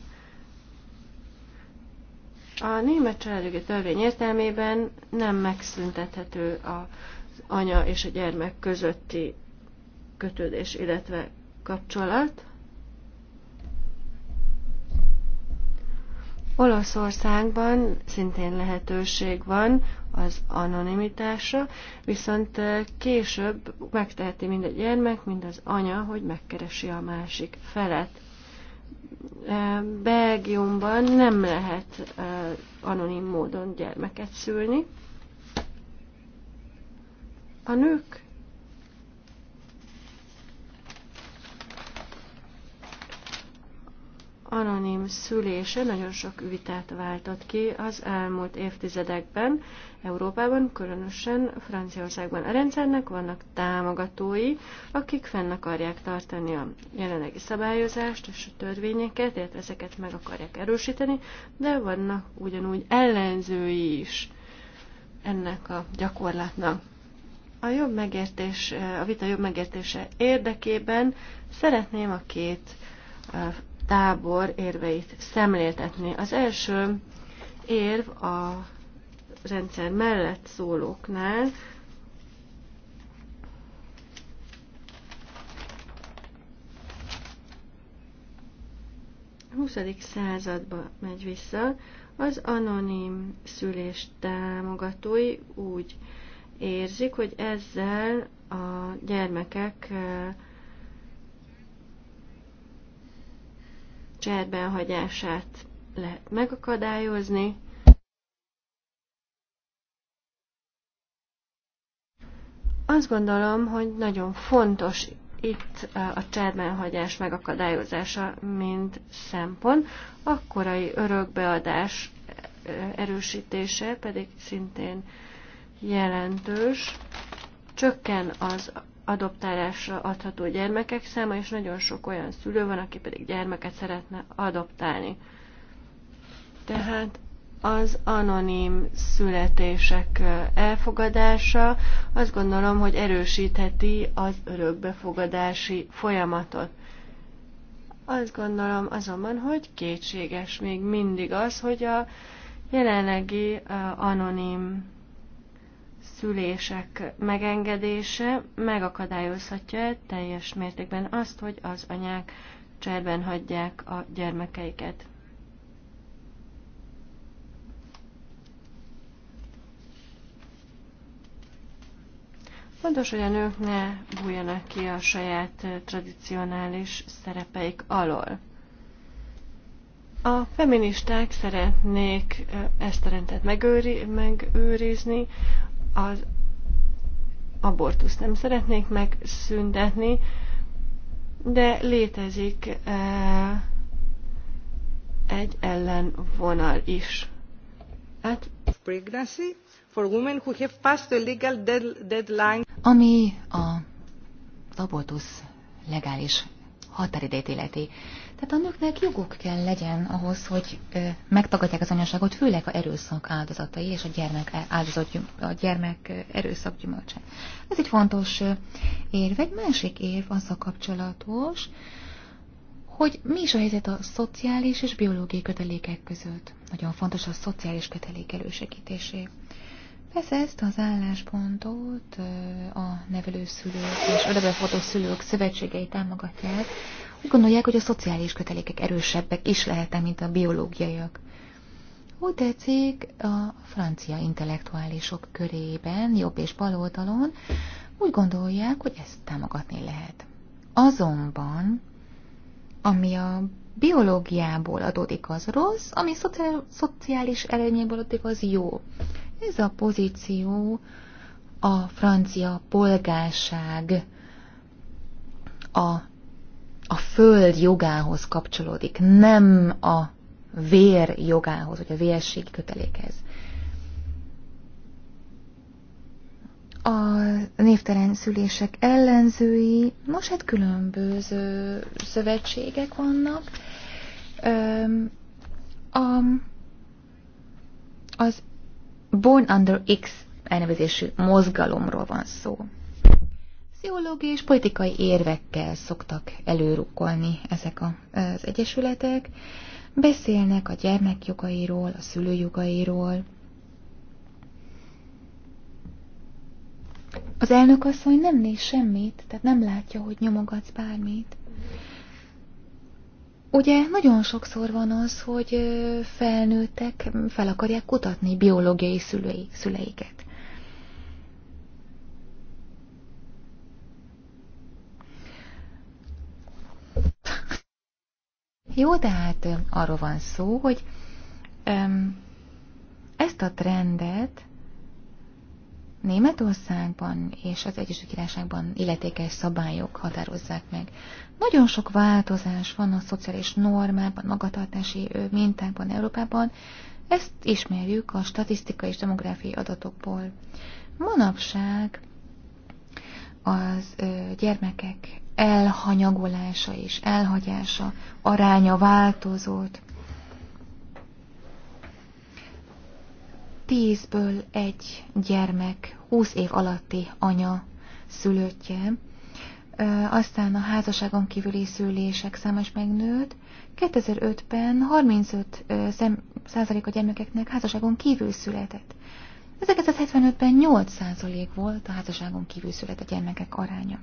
a német családjogi törvény értelmében nem megszüntethető az anya és a gyermek közötti kötődés, illetve kapcsolat. Olaszországban szintén lehetőség van az anonimitásra, viszont eh, később megteheti mind a gyermek, mind az anya, hogy megkeresi a másik felet. Belgiumban nem lehet anonim módon gyermeket szülni. A nők anonim szülése nagyon sok vitát váltott ki az elmúlt évtizedekben, Európában, különösen Franciaországban. A rendszernek vannak támogatói, akik fenn akarják tartani a jelenlegi szabályozást és a törvényeket, illetve ezeket meg akarják erősíteni, de vannak ugyanúgy ellenzői is ennek a gyakorlatnak. A jobb megértés, a vita jobb megértése érdekében szeretném a két tábor érveit szemléltetni. Az első érv a rendszer mellett szólóknál a 20. századba megy vissza, az anonim szülés támogatói úgy érzik, hogy ezzel a gyermekek cserben hagyását lehet megakadályozni, Azt gondolom, hogy nagyon fontos itt a cserbenhagyás megakadályozása, mint szempont, a korai örökbeadás erősítése pedig szintén jelentős. Csökken az adoptálásra adható gyermekek száma, és nagyon sok olyan szülő van, aki pedig gyermeket szeretne adoptálni. Tehát az anonim születések elfogadása azt gondolom, hogy erősítheti az örökbefogadási folyamatot. Azt gondolom azonban, hogy kétséges még mindig az, hogy a jelenlegi anonim szülések megengedése megakadályozhatja teljes mértékben azt, hogy az anyák cserben hagyják a gyermekeiket. Fontos, hogy a nők ne bújjanak ki a saját tradicionális szerepeik alól. A feministák szeretnék ezt a rendet megőri, megőrizni, az abortuszt nem szeretnék megszüntetni, de létezik egy ellenvonal is. Hát, pregnancy for women who have passed the legal deadline. Ami a abortus legális határidejét illeti. Tehát a nőknek joguk kell legyen ahhoz, hogy ö, megtagadják az anyaságot, főleg a erőszak áldozatai és a gyermek, áldozat, a gyermek erőszak gyümölcse. Ez egy fontos érv. Egy másik érv azzal kapcsolatos, hogy mi is a helyzet a szociális és biológiai kötelékek között. Nagyon fontos a szociális kötelék elősegítésé. Persze ezt az álláspontot a nevelőszülők és odabefotó szülők szövetségei támogatják. Úgy gondolják, hogy a szociális kötelékek erősebbek is lehetnek, mint a biológiaiak. Úgy tetszik, a francia intellektuálisok körében, jobb és bal oldalon úgy gondolják, hogy ezt támogatni lehet. Azonban, ami a biológiából adódik, az rossz, ami szociális előnyéből adódik, az jó. Ez a pozíció a francia polgárság a, a föld jogához kapcsolódik, nem a vér jogához, vagy a vérség kötelékhez. a névtelen szülések ellenzői, most hát különböző szövetségek vannak. A, az Born Under X elnevezésű mozgalomról van szó. Pszichológiai és politikai érvekkel szoktak előrukkolni ezek a, az egyesületek. Beszélnek a gyermekjogairól, a szülőjogairól. Az elnök asszony nem néz semmit, tehát nem látja, hogy nyomogatsz bármit. Ugye nagyon sokszor van az, hogy felnőttek fel akarják kutatni biológiai szülei, szüleiket. Jó, tehát arról van szó, hogy öm, ezt a trendet Németországban és az Egyesült Királyságban illetékes szabályok határozzák meg. Nagyon sok változás van a szociális normában, magatartási mintákban Európában, ezt ismerjük a statisztikai és demográfiai adatokból. Manapság az gyermekek elhanyagolása és elhagyása aránya változott. Tízből egy gyermek, húsz év alatti anya szülöttje, aztán a házasságon kívüli szülések száma is megnőtt. 2005-ben 35 százalék a gyermekeknek házasságon kívül született. 1975-ben 8 százalék volt a házasságon kívül született gyermekek aránya.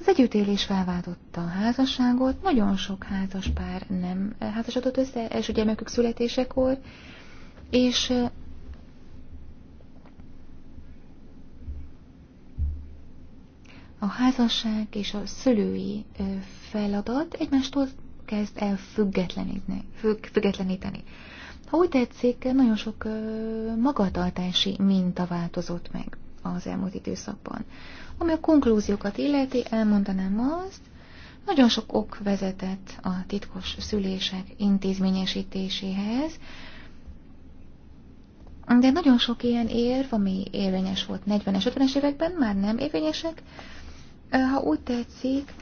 Az együttélés felváltotta a házasságot, nagyon sok házaspár nem házasodott össze első gyermekük születésekor, és a házasság és a szülői feladat egymástól kezd el függetleníteni. Függ, függetleníteni. Ha úgy tetszik, nagyon sok magatartási minta változott meg az elmúlt időszakban. Ami a konklúziókat illeti, elmondanám azt, nagyon sok ok vezetett a titkos szülések intézményesítéséhez, de nagyon sok ilyen érv, ami érvényes volt 40-es, 50-es években, már nem érvényesek, ha úgy tetszik,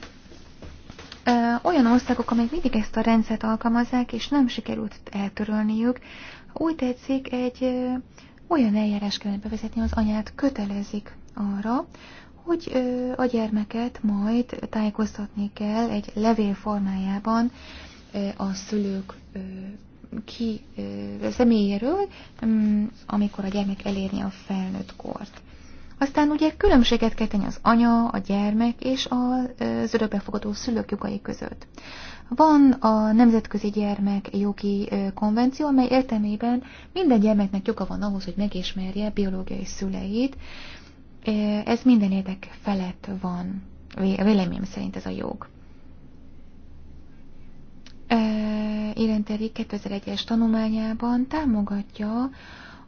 olyan országok, amelyek mindig ezt a rendszert alkalmazzák, és nem sikerült eltörölniük, úgy tetszik, egy olyan eljárás kellene bevezetni, az anyát kötelezik arra, hogy a gyermeket majd tájékoztatni kell egy levél formájában a szülők ki személyéről, mm, amikor a gyermek elérni a felnőtt kort. Aztán ugye különbséget kell tenni az anya, a gyermek és az örökbefogadó szülők jogai között. Van a Nemzetközi Gyermek Jogi Konvenció, amely értelmében minden gyermeknek joga van ahhoz, hogy megismerje biológiai szüleit. Ez minden érdek felett van. Véleményem szerint ez a jog. Érenteri 2001-es tanulmányában támogatja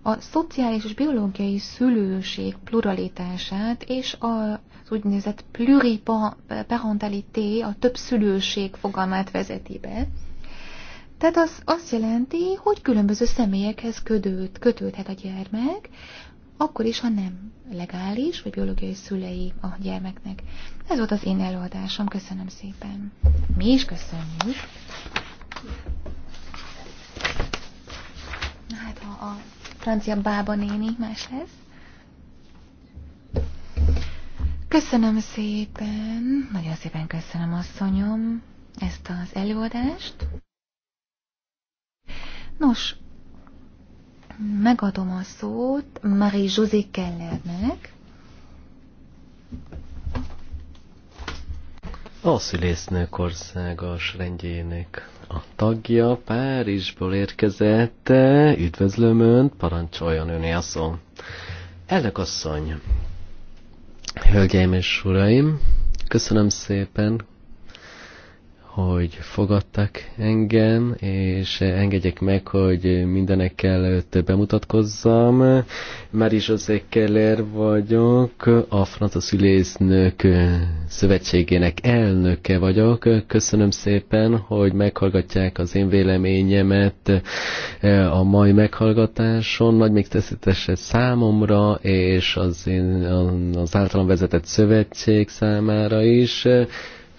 a szociális és biológiai szülőség pluralitását és az úgynevezett pluriparentalité, a több szülőség fogalmát vezeti be. Tehát az azt jelenti, hogy különböző személyekhez kötőd, kötődhet a gyermek, akkor is, ha nem legális vagy biológiai szülei a gyermeknek. Ez volt az én előadásom, köszönöm szépen. Mi is köszönjük. Hát ha a francia bába néni más lesz. Köszönöm szépen, nagyon szépen köszönöm asszonyom ezt az előadást. Nos, megadom a szót Marie-José Kellernek, a szülésznők országos rendjének a tagja Párizsból érkezett. Üdvözlöm Önt, parancsoljon Öné a szó. Elnök asszony, hölgyeim és uraim, köszönöm szépen, hogy fogadtak engem, és engedjék meg, hogy mindenek előtt bemutatkozzam. is José Keller vagyok, a Francia Szülésznők Szövetségének elnöke vagyok. Köszönöm szépen, hogy meghallgatják az én véleményemet a mai meghallgatáson. Nagy megteszítés számomra, és az, én, az általam vezetett szövetség számára is.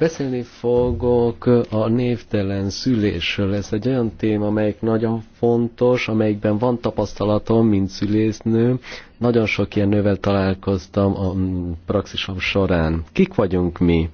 Beszélni fogok a névtelen szülésről. Ez egy olyan téma, amelyik nagyon fontos, amelyikben van tapasztalatom, mint szülésznő. Nagyon sok ilyen nővel találkoztam a praxisom során. Kik vagyunk mi?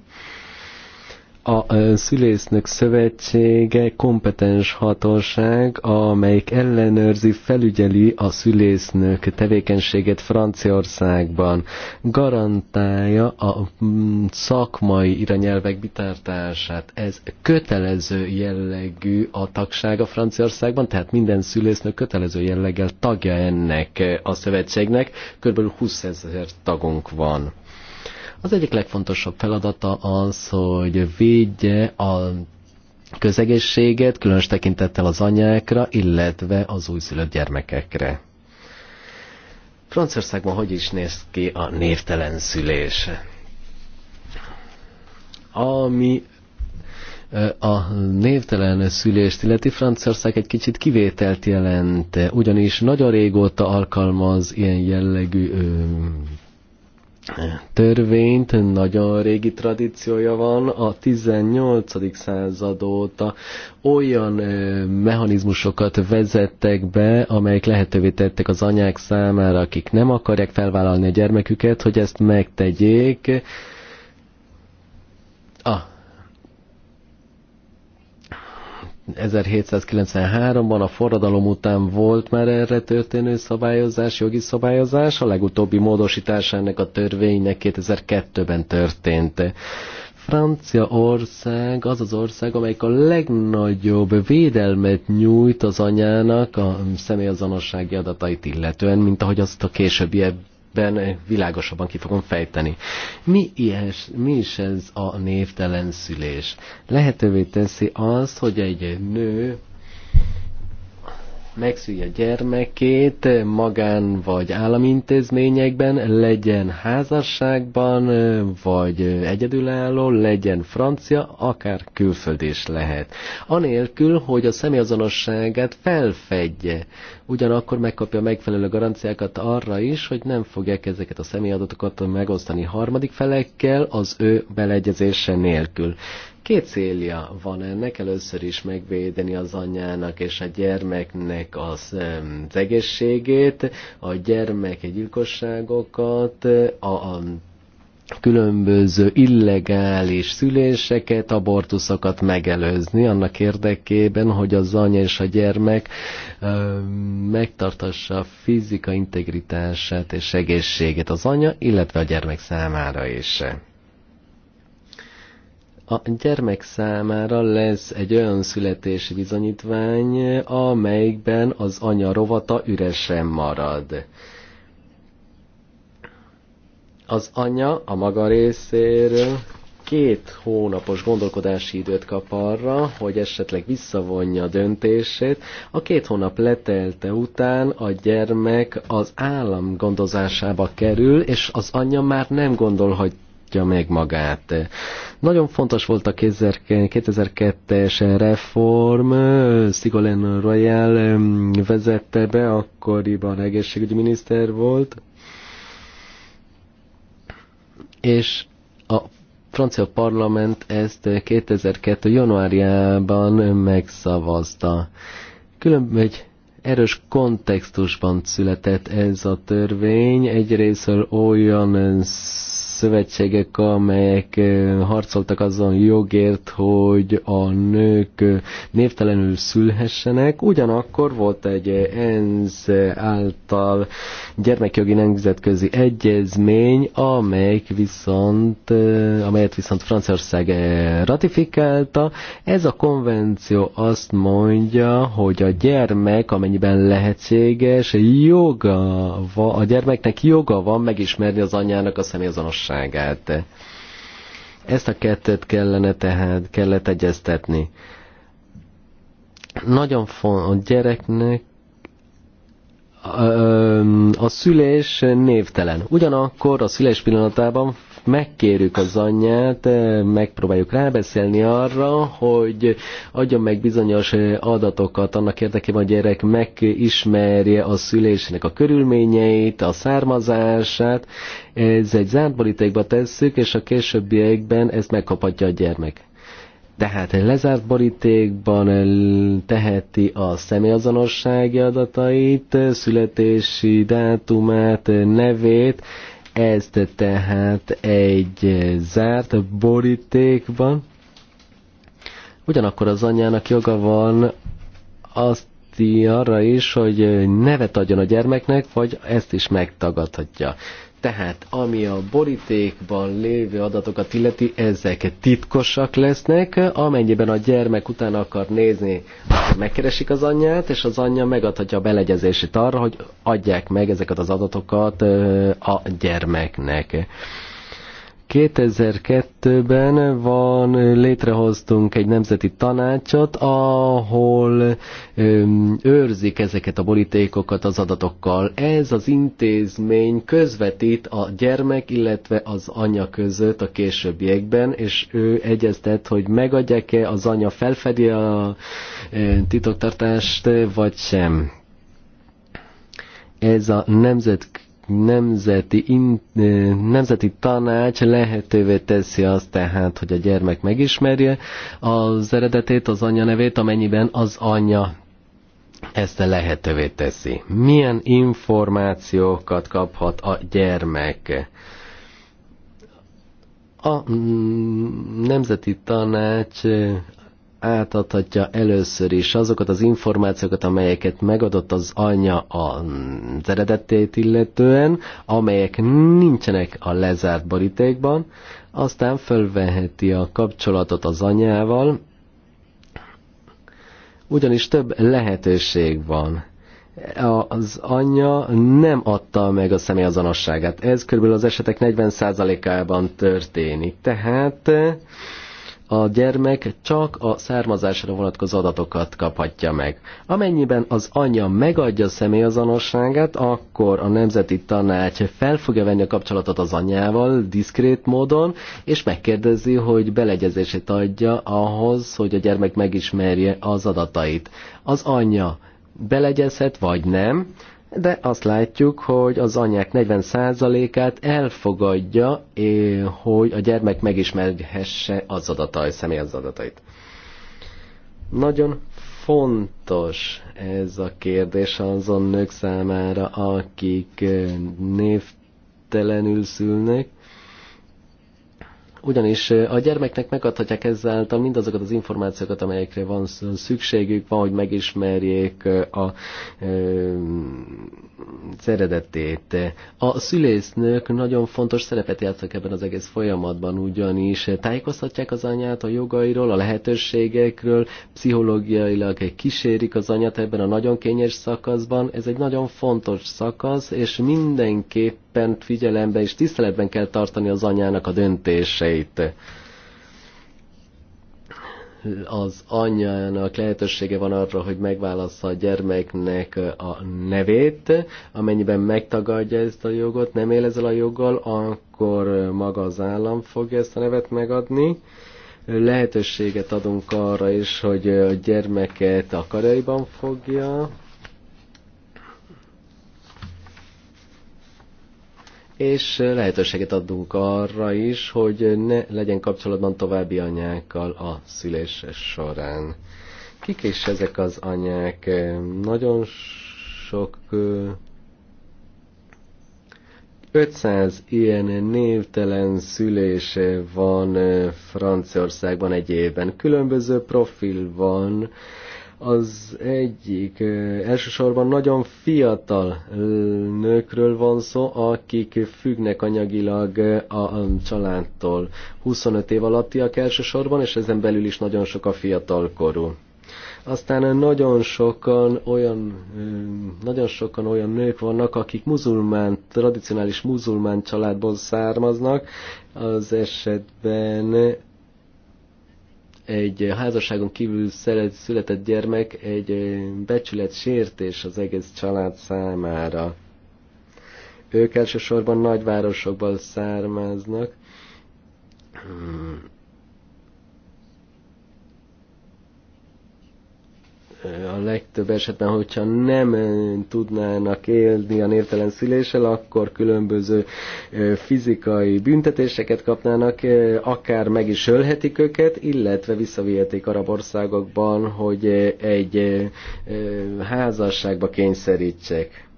a Szülésznek Szövetsége kompetens hatóság, amelyik ellenőrzi, felügyeli a szülésznök tevékenységét Franciaországban. Garantálja a mm, szakmai irányelvek bitartását. Ez kötelező jellegű a tagsága Franciaországban, tehát minden szülésznök kötelező jelleggel tagja ennek a szövetségnek. Körülbelül 20 ezer tagunk van. Az egyik legfontosabb feladata az, hogy védje a közegészséget, különös tekintettel az anyákra, illetve az újszülött gyermekekre. Franciaországban hogy is néz ki a névtelen szülés? Ami a névtelen szülést illeti Franciaország egy kicsit kivételt jelent, ugyanis nagyon régóta alkalmaz ilyen jellegű törvényt, nagyon régi tradíciója van, a 18. század óta olyan mechanizmusokat vezettek be, amelyek lehetővé tettek az anyák számára, akik nem akarják felvállalni a gyermeküket, hogy ezt megtegyék, 1793-ban a forradalom után volt már erre történő szabályozás, jogi szabályozás, a legutóbbi módosítás ennek a törvénynek 2002-ben történt. Franciaország az az ország, amelyik a legnagyobb védelmet nyújt az anyának a személyazonossági adatait illetően, mint ahogy azt a későbbi ben világosabban ki fogom fejteni. Mi, ilyes, mi is ez a névtelen szülés? Lehetővé teszi azt, hogy egy nő megszülje gyermekét magán vagy állami intézményekben, legyen házasságban, vagy egyedülálló, legyen francia, akár külföld is lehet. Anélkül, hogy a személyazonosságát felfedje, ugyanakkor megkapja megfelelő garanciákat arra is, hogy nem fogják ezeket a személyadatokat megosztani harmadik felekkel az ő beleegyezése nélkül. Két célja van ennek, először is megvédeni az anyának és a gyermeknek az, az egészségét, a gyermek gyilkosságokat, a, a különböző illegális szüléseket, abortuszokat megelőzni, annak érdekében, hogy az anya és a gyermek ö, megtartassa a fizika integritását és egészségét az anya, illetve a gyermek számára is a gyermek számára lesz egy olyan születési bizonyítvány, amelyikben az anya rovata üresen marad. Az anya a maga részéről két hónapos gondolkodási időt kap arra, hogy esetleg visszavonja a döntését. A két hónap letelte után a gyermek az állam gondozásába kerül, és az anya már nem gondolhat mutatja meg magát. Nagyon fontos volt a 2002-es reform, Szigolen Royal vezette be, akkoriban egészségügyi miniszter volt, és a francia parlament ezt 2002. januárjában megszavazta. Különböző egy erős kontextusban született ez a törvény. Egyrészt olyan szövetségek, amelyek harcoltak azon jogért, hogy a nők névtelenül szülhessenek. Ugyanakkor volt egy ENSZ által gyermekjogi nemzetközi egyezmény, amelyik viszont, amelyet viszont Franciaország ratifikálta. Ez a konvenció azt mondja, hogy a gyermek, amennyiben lehetséges, joga, a gyermeknek joga van megismerni az anyának a személyazonosságát fontosságát. Ezt a kettőt kellene tehát, kellett egyeztetni. Nagyon font, a gyereknek a, a szülés névtelen. Ugyanakkor a szülés pillanatában megkérjük az anyját, eh, megpróbáljuk rábeszélni arra, hogy adjon meg bizonyos eh, adatokat annak érdekében, hogy a gyerek megismerje a szülésnek a körülményeit, a származását. Ez egy zárt borítékba tesszük, és a későbbiekben ezt megkaphatja a gyermek. Tehát lezárt borítékban eh, teheti a személyazonossági adatait, születési dátumát, nevét, ezt tehát egy zárt borítékban. Ugyanakkor az anyának joga van azt arra is, hogy nevet adjon a gyermeknek, vagy ezt is megtagadhatja. Tehát ami a borítékban lévő adatokat illeti, ezek titkosak lesznek, amennyiben a gyermek utána akar nézni, akkor megkeresik az anyját, és az anyja megadhatja a beleegyezését arra, hogy adják meg ezeket az adatokat a gyermeknek. 2002-ben van, létrehoztunk egy nemzeti tanácsot, ahol öm, őrzik ezeket a borítékokat az adatokkal. Ez az intézmény közvetít a gyermek, illetve az anya között a későbbiekben, és ő egyeztet, hogy megadják-e az anya felfedi a titoktartást, vagy sem. Ez a nemzetközi nemzeti, in, nemzeti tanács lehetővé teszi azt tehát, hogy a gyermek megismerje az eredetét, az anya nevét, amennyiben az anya ezt lehetővé teszi. Milyen információkat kaphat a gyermek? A mm, Nemzeti Tanács átadhatja először is azokat az információkat, amelyeket megadott az anyja az eredetét illetően, amelyek nincsenek a lezárt borítékban, aztán fölveheti a kapcsolatot az anyával, ugyanis több lehetőség van az anyja nem adta meg a személyazonosságát. Ez körülbelül az esetek 40%-ában történik. Tehát a gyermek csak a származásra vonatkozó adatokat kaphatja meg. Amennyiben az anya megadja a személyazonosságát, akkor a Nemzeti Tanács fel fogja venni a kapcsolatot az anyával diszkrét módon, és megkérdezi, hogy belegyezését adja ahhoz, hogy a gyermek megismerje az adatait. Az anya belegyezhet, vagy nem, de azt látjuk, hogy az anyák 40%-át elfogadja, hogy a gyermek megismerhesse az adatai, személyes adatait. Nagyon fontos ez a kérdés azon nők számára, akik eh, névtelenül szülnek, ugyanis a gyermeknek megadhatják ezáltal mindazokat az információkat, amelyekre van szükségük, van, hogy megismerjék a szeredetét. A szülésznők nagyon fontos szerepet játszak ebben az egész folyamatban, ugyanis tájékoztatják az anyát a jogairól, a lehetőségekről, pszichológiailag kísérik az anyát ebben a nagyon kényes szakaszban. Ez egy nagyon fontos szakasz, és mindenképp mindenképpen figyelembe és tiszteletben kell tartani az anyának a döntéseit az anyjának lehetősége van arra, hogy megválaszza a gyermeknek a nevét, amennyiben megtagadja ezt a jogot, nem él ezzel a joggal, akkor maga az állam fogja ezt a nevet megadni. Lehetőséget adunk arra is, hogy a gyermeket a karaiban fogja és lehetőséget adunk arra is, hogy ne legyen kapcsolatban további anyákkal a szülés során. Kik is ezek az anyák? Nagyon sok 500 ilyen névtelen szülés van Franciaországban egy évben. Különböző profil van, az egyik elsősorban nagyon fiatal nőkről van szó, akik függnek anyagilag a családtól. 25 év alattiak elsősorban, és ezen belül is nagyon sok a fiatalkorú aztán nagyon sokan olyan, nagyon sokan olyan nők vannak, akik muzulmán, tradicionális muzulmán családból származnak, az esetben egy házasságon kívül született gyermek egy becsület sértés az egész család számára. Ők elsősorban nagyvárosokból származnak, hmm. a legtöbb esetben, hogyha nem tudnának élni a névtelen szüléssel, akkor különböző fizikai büntetéseket kapnának, akár meg is ölhetik őket, illetve visszavihetik arab országokban, hogy egy házasságba kényszerítsék.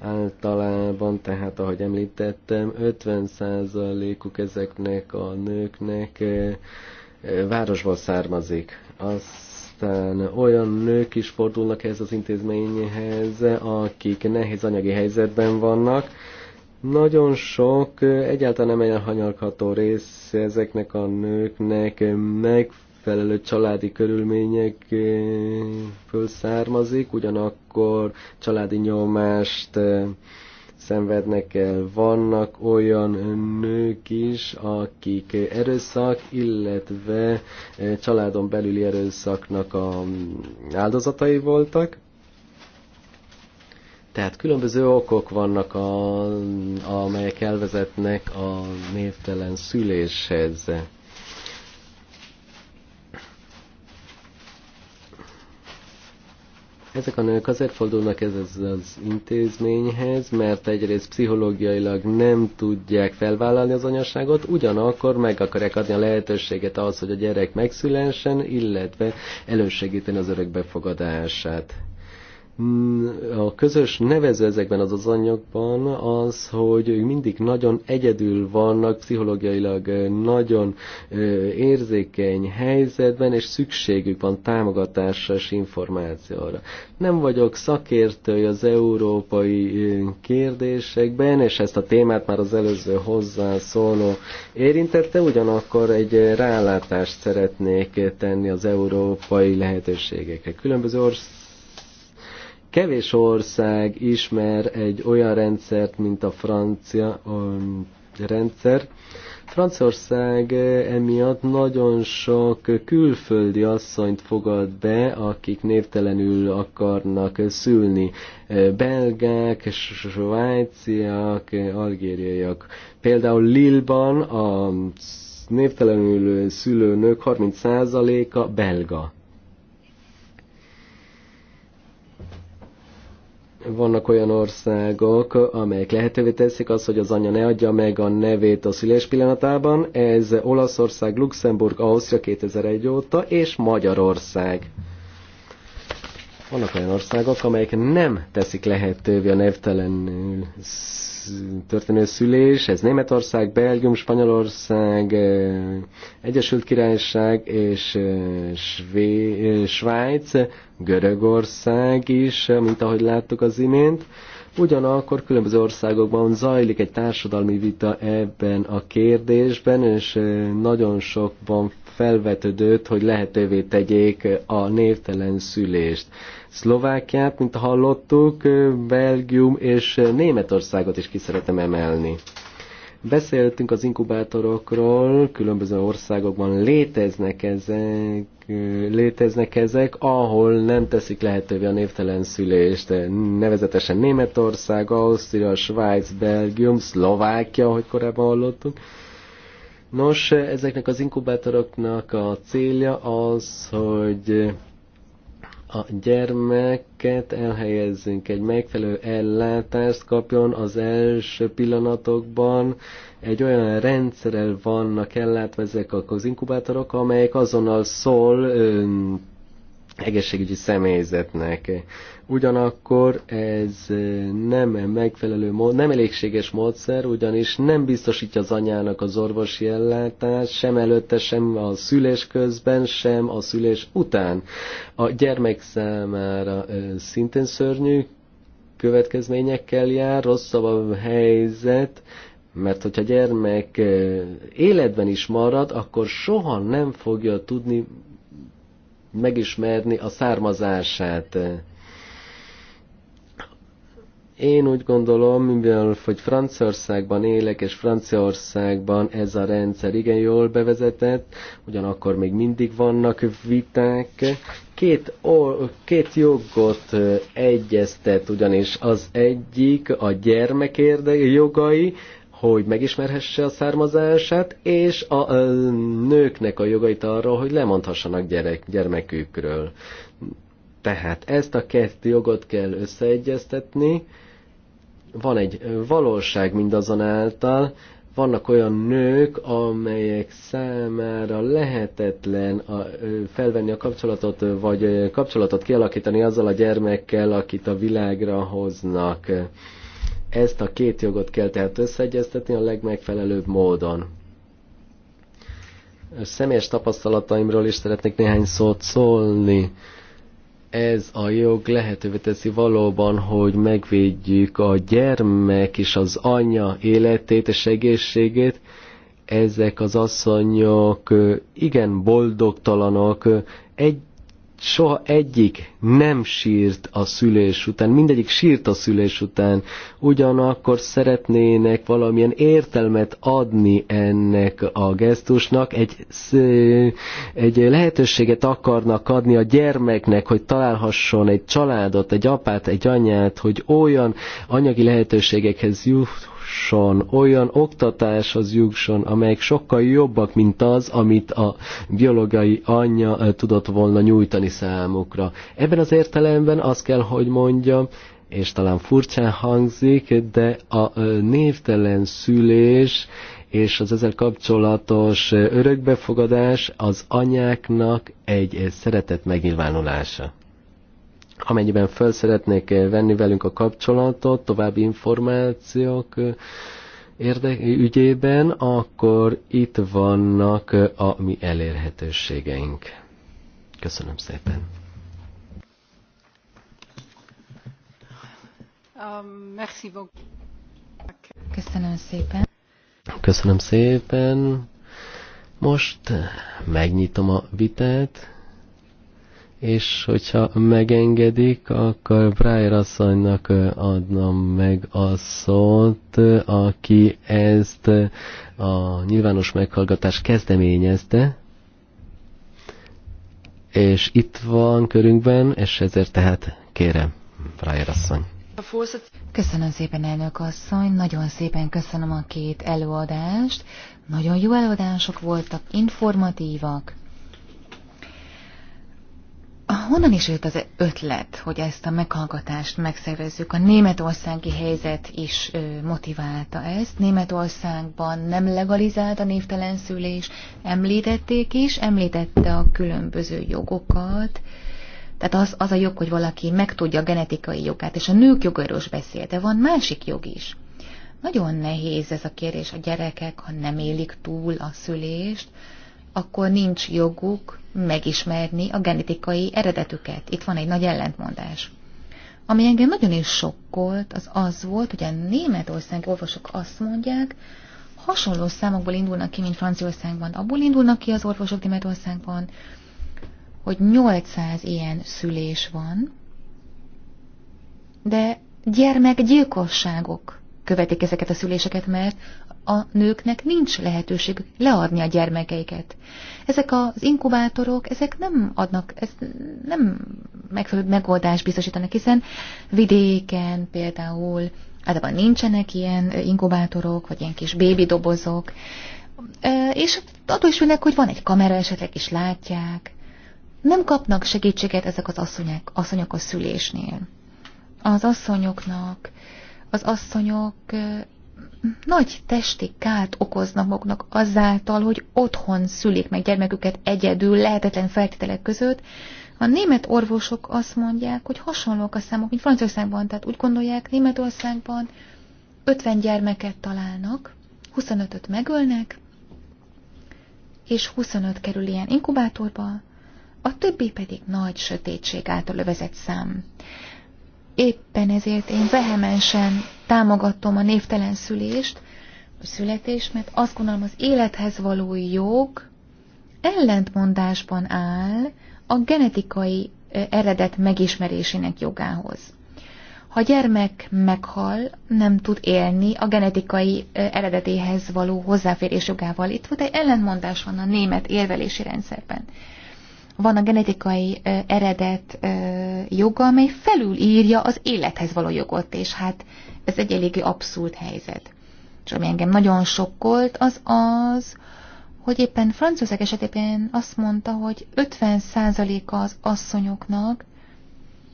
Általában, tehát ahogy említettem, 50%-uk ezeknek a nőknek városból származik. Aztán olyan nők is fordulnak ez az intézményhez, akik nehéz anyagi helyzetben vannak. Nagyon sok egyáltalán nem elhanyagható rész ezeknek a nőknek megfelelő családi körülmények fölszármazik, ugyanakkor családi nyomást szenvednek el. Vannak olyan nők is, akik erőszak, illetve e, családon belüli erőszaknak a mm, áldozatai voltak. Tehát különböző okok vannak, a, amelyek elvezetnek a névtelen szüléshez. Ezek a nők azért fordulnak ez az, az intézményhez, mert egyrészt pszichológiailag nem tudják felvállalni az anyaságot, ugyanakkor meg akarják adni a lehetőséget ahhoz, hogy a gyerek megszülensen, illetve elősegíteni az örökbefogadását. Mm, a közös nevező ezekben az az anyagban az, hogy ők mindig nagyon egyedül vannak, pszichológiailag nagyon érzékeny helyzetben, és szükségük van támogatásra és információra. Nem vagyok szakértő az európai kérdésekben, és ezt a témát már az előző hozzászóló érintette, ugyanakkor egy rálátást szeretnék tenni az európai lehetőségekre. Különböző országokban. Kevés ország ismer egy olyan rendszert, mint a francia um, rendszer. Franciaország eh, emiatt nagyon sok külföldi asszonyt fogad be, akik névtelenül akarnak szülni. Eh, belgák, svájciak, eh, algériaiak. Például Lilban a névtelenül szülőnök 30%-a belga. vannak olyan országok, amelyek lehetővé teszik azt, hogy az anya ne adja meg a nevét a szülés pillanatában. Ez Olaszország, Luxemburg, Ausztria 2001 óta, és Magyarország. Vannak olyan országok, amelyek nem teszik lehetővé a nevtelenül történő szülés, ez Németország, Belgium, Spanyolország, eh, Egyesült Királyság és eh, Své eh, Svájc, Görögország is, mint ahogy láttuk az imént. Ugyanakkor különböző országokban zajlik egy társadalmi vita ebben a kérdésben, és nagyon sokban felvetődött, hogy lehetővé tegyék a névtelen szülést. Szlovákiát, mint hallottuk, Belgium és Németországot is ki szeretem emelni. Beszéltünk az inkubátorokról, különböző országokban léteznek ezek, léteznek ezek, ahol nem teszik lehetővé a névtelen szülést, nevezetesen Németország, Ausztria, Svájc, Belgium, Szlovákia, ahogy korábban hallottunk. Nos, ezeknek az inkubátoroknak a célja az, hogy a gyermeket elhelyezzünk, egy megfelelő ellátást kapjon az első pillanatokban. Egy olyan rendszerrel vannak ellátva ezek az inkubátorok, amelyek azonnal szól ö, egészségügyi személyzetnek ugyanakkor ez eh, nem megfelelő, nem elégséges módszer, ugyanis nem biztosítja az anyának az orvosi ellátást, sem előtte, sem a szülés közben, sem a szülés után. A gyermek számára eh, szintén szörnyű következményekkel jár, rosszabb a helyzet, mert hogyha gyermek eh, életben is marad, akkor soha nem fogja tudni megismerni a származását én úgy gondolom, mivel hogy Franciaországban élek, és Franciaországban ez a rendszer igen jól bevezetett, ugyanakkor még mindig vannak viták. Két, két jogot egyeztet, ugyanis az egyik a gyermek jogai, hogy megismerhesse a származását, és a, a nőknek a jogait arról, hogy lemondhassanak gyerek, gyermekükről. Tehát ezt a két jogot kell összeegyeztetni, van egy valóság mindazonáltal, vannak olyan nők, amelyek számára lehetetlen a, felvenni a kapcsolatot, vagy kapcsolatot kialakítani azzal a gyermekkel, akit a világra hoznak. Ezt a két jogot kell tehát összeegyeztetni a legmegfelelőbb módon. Személyes tapasztalataimról is szeretnék néhány szót szólni ez a jog lehetővé teszi valóban, hogy megvédjük a gyermek és az anya életét és egészségét. Ezek az asszonyok igen boldogtalanok, egy soha egyik nem sírt a szülés után, mindegyik sírt a szülés után, ugyanakkor szeretnének valamilyen értelmet adni ennek a gesztusnak, egy, egy lehetőséget akarnak adni a gyermeknek, hogy találhasson egy családot, egy apát, egy anyát, hogy olyan anyagi lehetőségekhez jut, jusson, olyan oktatáshoz jusson, amelyek sokkal jobbak, mint az, amit a biológiai anyja eh, tudott volna nyújtani számukra. Ebben az értelemben azt kell, hogy mondjam, és talán furcsán hangzik, de a eh, névtelen szülés és az ezzel kapcsolatos eh, örökbefogadás az anyáknak egy szeretet megnyilvánulása amennyiben fel szeretnék venni velünk a kapcsolatot, további információk érde- ügyében, akkor itt vannak a mi elérhetőségeink. Köszönöm szépen. Köszönöm szépen. Köszönöm szépen. Most megnyitom a vitát és hogyha megengedik, akkor Breyer asszonynak adnom meg a szót, aki ezt a nyilvános meghallgatást kezdeményezte, és itt van körünkben, és ezért tehát kérem, Breyer asszony. Köszönöm szépen, elnök asszony, nagyon szépen köszönöm a két előadást. Nagyon jó előadások voltak, informatívak, Honnan is jött az ötlet, hogy ezt a meghallgatást megszervezzük? A németországi helyzet is motiválta ezt. Németországban nem legalizált a névtelen szülés, említették is, említette a különböző jogokat. Tehát az, az a jog, hogy valaki megtudja a genetikai jogát, és a nők jogairól beszél, de van másik jog is. Nagyon nehéz ez a kérdés a gyerekek, ha nem élik túl a szülést, akkor nincs joguk megismerni a genetikai eredetüket. Itt van egy nagy ellentmondás. Ami engem nagyon is sokkolt, az az volt, hogy a Németország orvosok azt mondják, hasonló számokból indulnak ki, mint Franciaországban. Abból indulnak ki az orvosok Németországban, hogy 800 ilyen szülés van, de gyermekgyilkosságok követik ezeket a szüléseket, mert a nőknek nincs lehetőség leadni a gyermekeiket. Ezek az inkubátorok, ezek nem adnak, ez nem megfelelő megoldást biztosítanak, hiszen vidéken például általában nincsenek ilyen inkubátorok, vagy ilyen kis bébidobozok, e, és attól is hogy van egy kamera, esetleg is látják. Nem kapnak segítséget ezek az asszonyok, asszonyok a szülésnél. Az asszonyoknak, az asszonyok nagy testi kárt okoznak maguknak azáltal, hogy otthon szülik meg gyermeküket egyedül, lehetetlen feltételek között. A német orvosok azt mondják, hogy hasonlók a számok, mint Franciaországban, tehát úgy gondolják, Németországban 50 gyermeket találnak, 25-öt megölnek, és 25 kerül ilyen inkubátorba, a többi pedig nagy sötétség által övezett szám. Éppen ezért én vehemensen támogatom a névtelen szülést, a születést, mert azt gondolom az élethez való jog ellentmondásban áll a genetikai eredet megismerésének jogához. Ha gyermek meghal, nem tud élni a genetikai eredetéhez való hozzáférés jogával. Itt volt egy ellentmondás van a német érvelési rendszerben van a genetikai eredet joga, amely felülírja az élethez való jogot, és hát ez egy eléggé abszurd helyzet. És ami engem nagyon sokkolt, az az, hogy éppen Franciaország esetében azt mondta, hogy 50%-a az asszonyoknak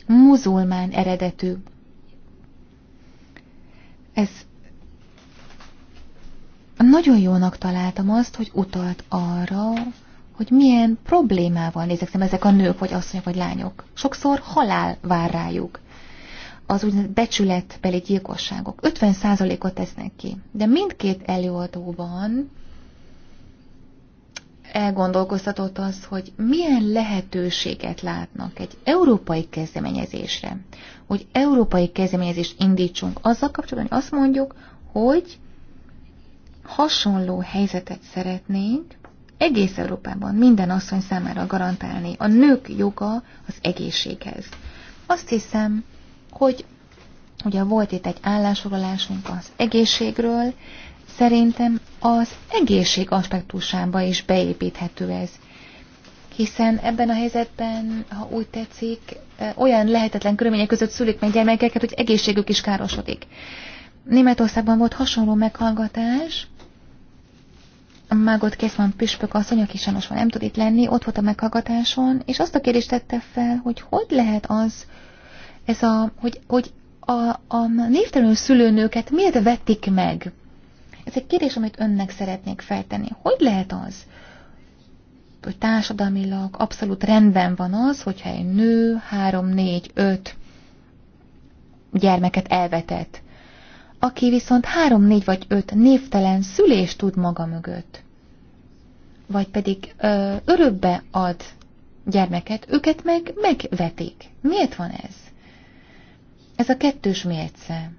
muzulmán eredetű. Ez nagyon jónak találtam azt, hogy utalt arra, hogy milyen problémával nézek szem ezek a nők, vagy asszonyok, vagy lányok. Sokszor halál vár rájuk. Az úgynevezett becsületbeli gyilkosságok. 50%-ot tesznek ki. De mindkét előadóban elgondolkoztatott az, hogy milyen lehetőséget látnak egy európai kezdeményezésre, hogy európai kezdeményezést indítsunk azzal kapcsolatban, hogy azt mondjuk, hogy hasonló helyzetet szeretnénk, egész Európában minden asszony számára garantálni a nők joga az egészséghez. Azt hiszem, hogy ugye volt itt egy állásfoglalásunk az egészségről, szerintem az egészség aspektusába is beépíthető ez. Hiszen ebben a helyzetben, ha úgy tetszik, e, olyan lehetetlen körülmények között szülik meg gyermekeket, hogy egészségük is károsodik. Németországban volt hasonló meghallgatás, Mágot Készman Püspök asszony, aki sajnos van nem tud itt lenni, ott volt a meghallgatáson, és azt a kérdést tette fel, hogy hogy lehet az, ez a, hogy, hogy a, a névtelenül szülőnőket miért vették meg? Ez egy kérdés, amit önnek szeretnék feltenni. Hogy lehet az, hogy társadalmilag abszolút rendben van az, hogyha egy nő három, négy, öt gyermeket elvetett, aki viszont három, négy vagy öt névtelen szülést tud maga mögött vagy pedig ö, örökbe ad gyermeket, őket meg megvetik. Miért van ez? Ez a kettős mérce.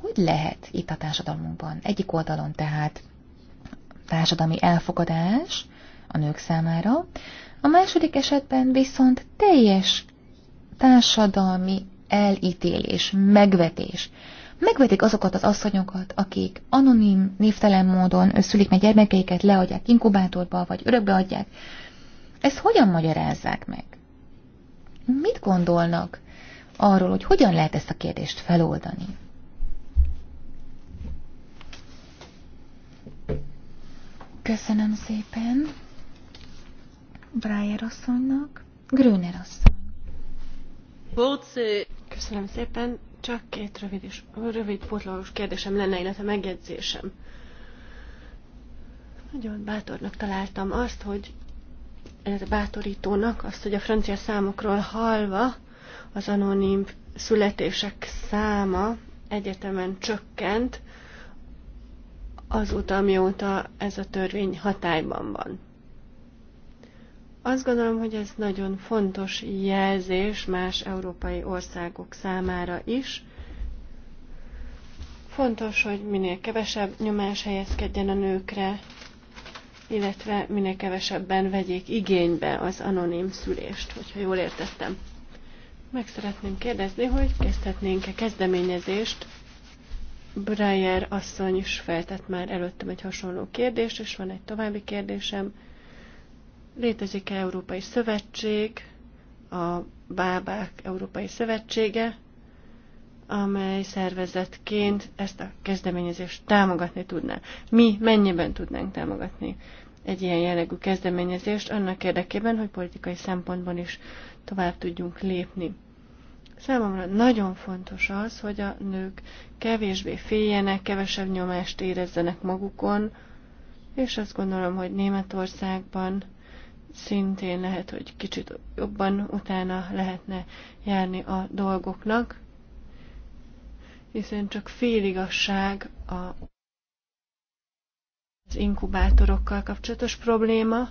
Hogy lehet itt a társadalmunkban? Egyik oldalon tehát társadalmi elfogadás a nők számára, a második esetben viszont teljes társadalmi elítélés, megvetés megvetik azokat az asszonyokat, akik anonim, névtelen módon szülik meg gyermekeiket, leadják inkubátorba, vagy örökbe adják. Ezt hogyan magyarázzák meg? Mit gondolnak arról, hogy hogyan lehet ezt a kérdést feloldani? Köszönöm szépen Breyer asszonynak, Gröner asszony. Köszönöm szépen. Csak két rövid, is, rövid potlagos kérdésem lenne, illetve megjegyzésem. Nagyon bátornak találtam azt, hogy ez bátorítónak azt, hogy a francia számokról halva az anonim születések száma egyetemen csökkent azóta, mióta ez a törvény hatályban van. Azt gondolom, hogy ez nagyon fontos jelzés más európai országok számára is. Fontos, hogy minél kevesebb nyomás helyezkedjen a nőkre, illetve minél kevesebben vegyék igénybe az anonim szülést, hogyha jól értettem. Meg szeretném kérdezni, hogy kezdhetnénk-e kezdeményezést. Breyer asszony is feltett már előttem egy hasonló kérdést, és van egy további kérdésem. Létezik-e Európai Szövetség, a Bábák Európai Szövetsége, amely szervezetként ezt a kezdeményezést támogatni tudná. Mi mennyiben tudnánk támogatni egy ilyen jellegű kezdeményezést annak érdekében, hogy politikai szempontból is tovább tudjunk lépni. Számomra nagyon fontos az, hogy a nők kevésbé féljenek, kevesebb nyomást érezzenek magukon, és azt gondolom, hogy Németországban szintén lehet, hogy kicsit jobban utána lehetne járni a dolgoknak, hiszen csak féligasság a, az inkubátorokkal kapcsolatos probléma.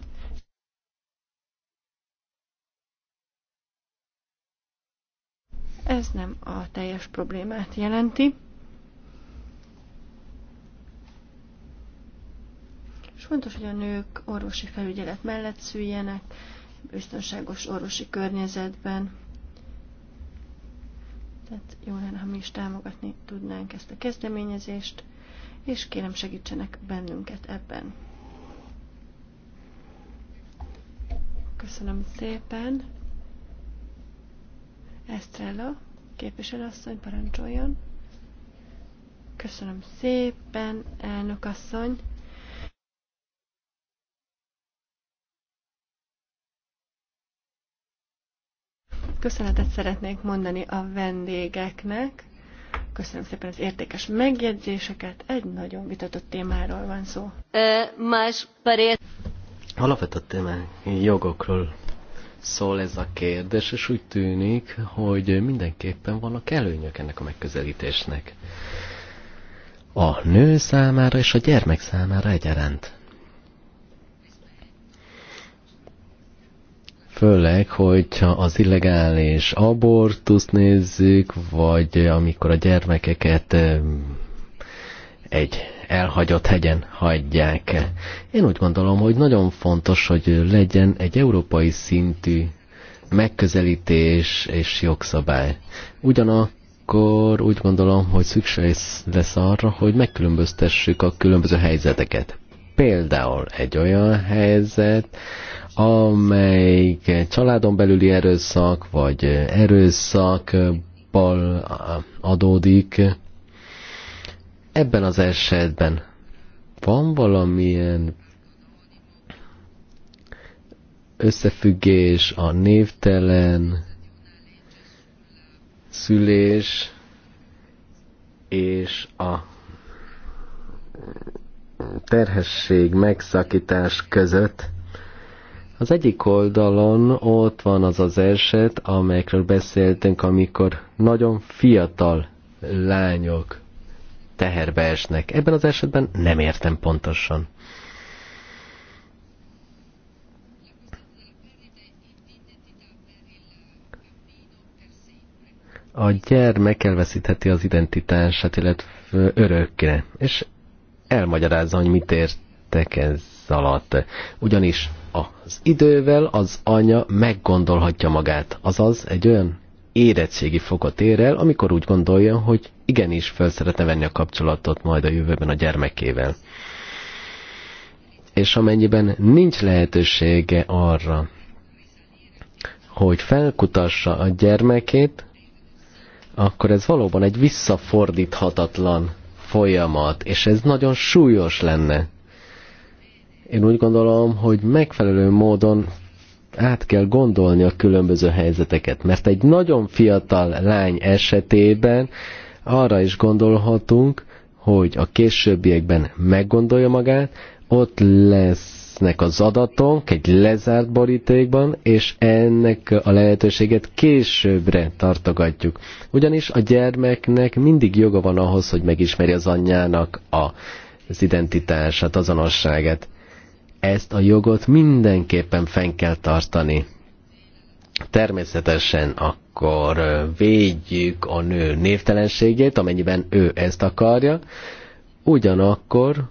Ez nem a teljes problémát jelenti. Fontos, hogy a nők orvosi felügyelet mellett szüljenek, biztonságos orvosi környezetben. Tehát jó lenne, ha mi is támogatni tudnánk ezt a kezdeményezést, és kérem segítsenek bennünket ebben. Köszönöm szépen. Estrella, képviselőasszony, parancsoljon. Köszönöm szépen, elnök asszony. Köszönetet szeretnék mondani a vendégeknek. Köszönöm szépen az értékes megjegyzéseket. Egy nagyon vitatott témáról van szó. Más peré... Alapvetett téma jogokról szól ez a kérdés, és úgy tűnik, hogy mindenképpen vannak előnyök ennek a megközelítésnek. A nő számára és a gyermek számára egyaránt. Főleg, hogyha az illegális abortuszt nézzük, vagy amikor a gyermekeket egy elhagyott hegyen hagyják. Én úgy gondolom, hogy nagyon fontos, hogy legyen egy európai szintű megközelítés és jogszabály. Ugyanakkor úgy gondolom, hogy szükség lesz arra, hogy megkülönböztessük a különböző helyzeteket. Például egy olyan helyzet, amelyik családon belüli erőszak, vagy erőszakból adódik. Ebben az esetben van valamilyen összefüggés a névtelen szülés és a terhesség megszakítás között az egyik oldalon ott van az az eset, amelyekről beszéltünk, amikor nagyon fiatal lányok teherbe esnek. Ebben az esetben nem értem pontosan. A gyermek elveszítheti az identitását, illetve örökre, és elmagyarázza, hogy mit értek ez alatt. Ugyanis az idővel az anya meggondolhatja magát, azaz egy olyan érettségi fokot ér el, amikor úgy gondolja, hogy igenis fel szeretne venni a kapcsolatot majd a jövőben a gyermekével. És amennyiben nincs lehetősége arra, hogy felkutassa a gyermekét, akkor ez valóban egy visszafordíthatatlan folyamat, és ez nagyon súlyos lenne. Én úgy gondolom, hogy megfelelő módon át kell gondolni a különböző helyzeteket, mert egy nagyon fiatal lány esetében arra is gondolhatunk, hogy a későbbiekben meggondolja magát, ott lesznek az adatok egy lezárt borítékban, és ennek a lehetőséget későbbre tartogatjuk. Ugyanis a gyermeknek mindig joga van ahhoz, hogy megismeri az anyjának a, az identitását, azonosságát ezt a jogot mindenképpen fenn kell tartani. Természetesen akkor védjük a nő névtelenségét, amennyiben ő ezt akarja, ugyanakkor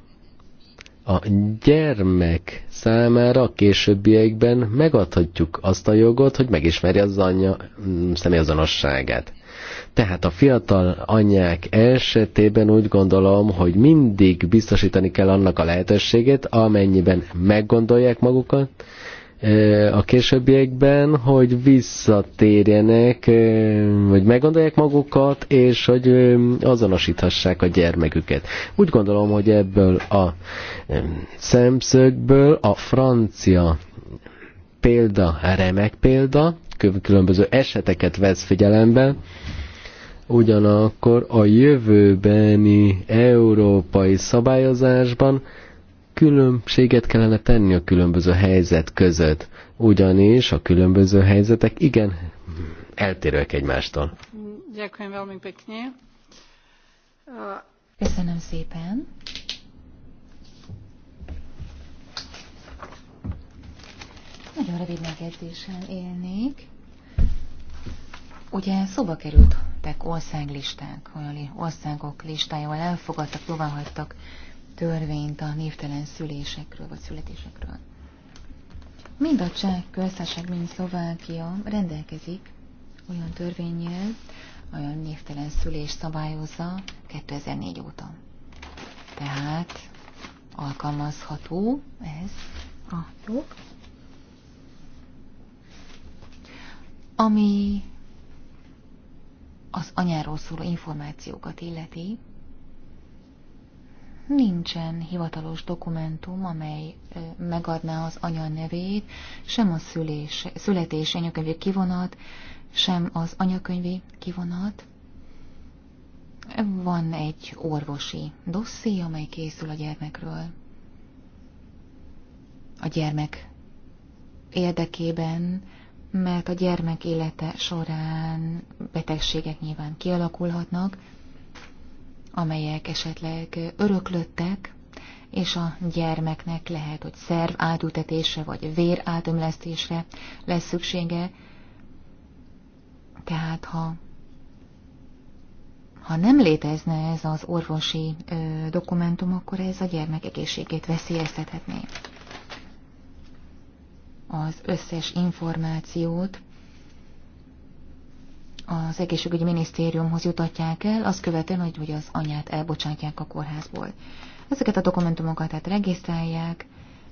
a gyermek számára a későbbiekben megadhatjuk azt a jogot, hogy megismerje az anyja mm, személyazonosságát. Tehát a fiatal anyák esetében úgy gondolom, hogy mindig biztosítani kell annak a lehetőséget, amennyiben meggondolják magukat, a későbbiekben, hogy visszatérjenek, vagy meggondolják magukat, és hogy azonosíthassák a gyermeküket. Úgy gondolom, hogy ebből a szemszögből a francia példa remek példa, különböző eseteket vesz figyelembe, Ugyanakkor a jövőbeni európai szabályozásban különbséget kellene tenni a különböző helyzet között, ugyanis a különböző helyzetek igen eltérőek egymástól. Köszönöm szépen. Nagyon rövid megedzésen élnék. Ugye szóba kerültek országlisták, olyan országok listájával elfogadtak, jóváhagytak törvényt a névtelen szülésekről vagy születésekről. Mind a cseh köztársaság, mind Szlovákia rendelkezik olyan törvényjel, olyan névtelen szülés szabályozza 2004 óta. Tehát alkalmazható ez a jog. Ami az anyáról szóló információkat illeti, nincsen hivatalos dokumentum, amely megadná az anya nevét, sem a szülés, születés anyakönyvi kivonat, sem az anyakönyvi kivonat. Van egy orvosi dosszi, amely készül a gyermekről. A gyermek érdekében mert a gyermek élete során betegségek nyilván kialakulhatnak, amelyek esetleg öröklöttek, és a gyermeknek lehet, hogy szerv átültetésre vagy vér átömlesztésre lesz szüksége. Tehát ha, ha nem létezne ez az orvosi ö, dokumentum, akkor ez a gyermek egészségét veszélyeztethetné az összes információt az egészségügyi minisztériumhoz jutatják el, azt követően, hogy, hogy az anyát elbocsátják a kórházból. Ezeket a dokumentumokat tehát regisztrálják,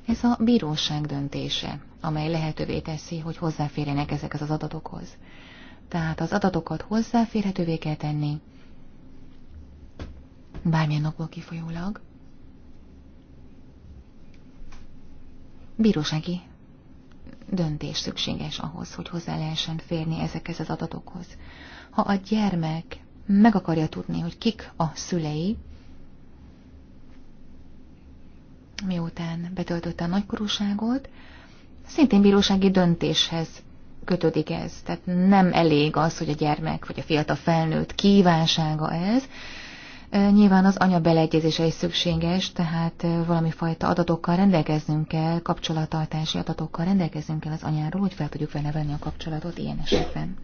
ez a bíróság döntése, amely lehetővé teszi, hogy hozzáférjenek ezek az adatokhoz. Tehát az adatokat hozzáférhetővé kell tenni, bármilyen napból kifolyólag, bírósági döntés szükséges ahhoz, hogy hozzá lehessen férni ezekhez az adatokhoz. Ha a gyermek meg akarja tudni, hogy kik a szülei, miután betöltötte a nagykorúságot, szintén bírósági döntéshez kötődik ez. Tehát nem elég az, hogy a gyermek vagy a fiatal felnőtt kívánsága ez, Nyilván az anya beleegyezése is szükséges, tehát valami fajta adatokkal rendelkeznünk kell, kapcsolattartási adatokkal rendelkeznünk kell az anyáról, hogy fel tudjuk vele venni a kapcsolatot ilyen esetben.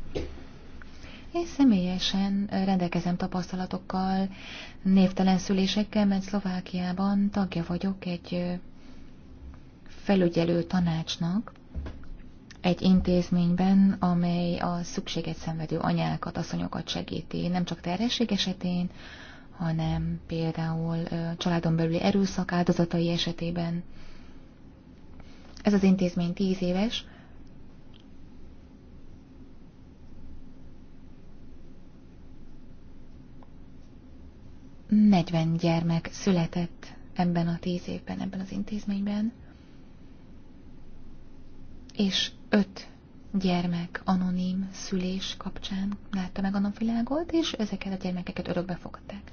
Én személyesen rendelkezem tapasztalatokkal, névtelen szülésekkel, mert Szlovákiában tagja vagyok egy felügyelő tanácsnak, egy intézményben, amely a szükséget szenvedő anyákat, asszonyokat segíti, nem csak terhesség esetén, hanem például családon belüli erőszak áldozatai esetében. Ez az intézmény tíz éves, Negyven gyermek született ebben a tíz évben, ebben az intézményben, és öt gyermek anonim szülés kapcsán látta meg a napvilágot, és ezeket a gyermekeket örökbe fogadták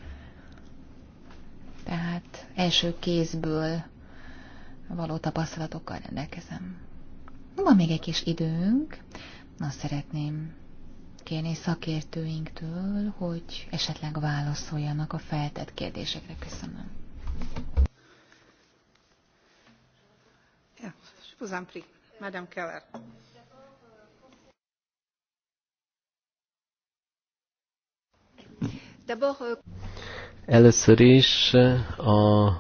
tehát első kézből való tapasztalatokkal rendelkezem. Van még egy kis időnk, azt szeretném kérni szakértőinktől, hogy esetleg válaszoljanak a feltett kérdésekre. Köszönöm. Ja, Madam Keller. D'abord, Keller. Euh, Először is a,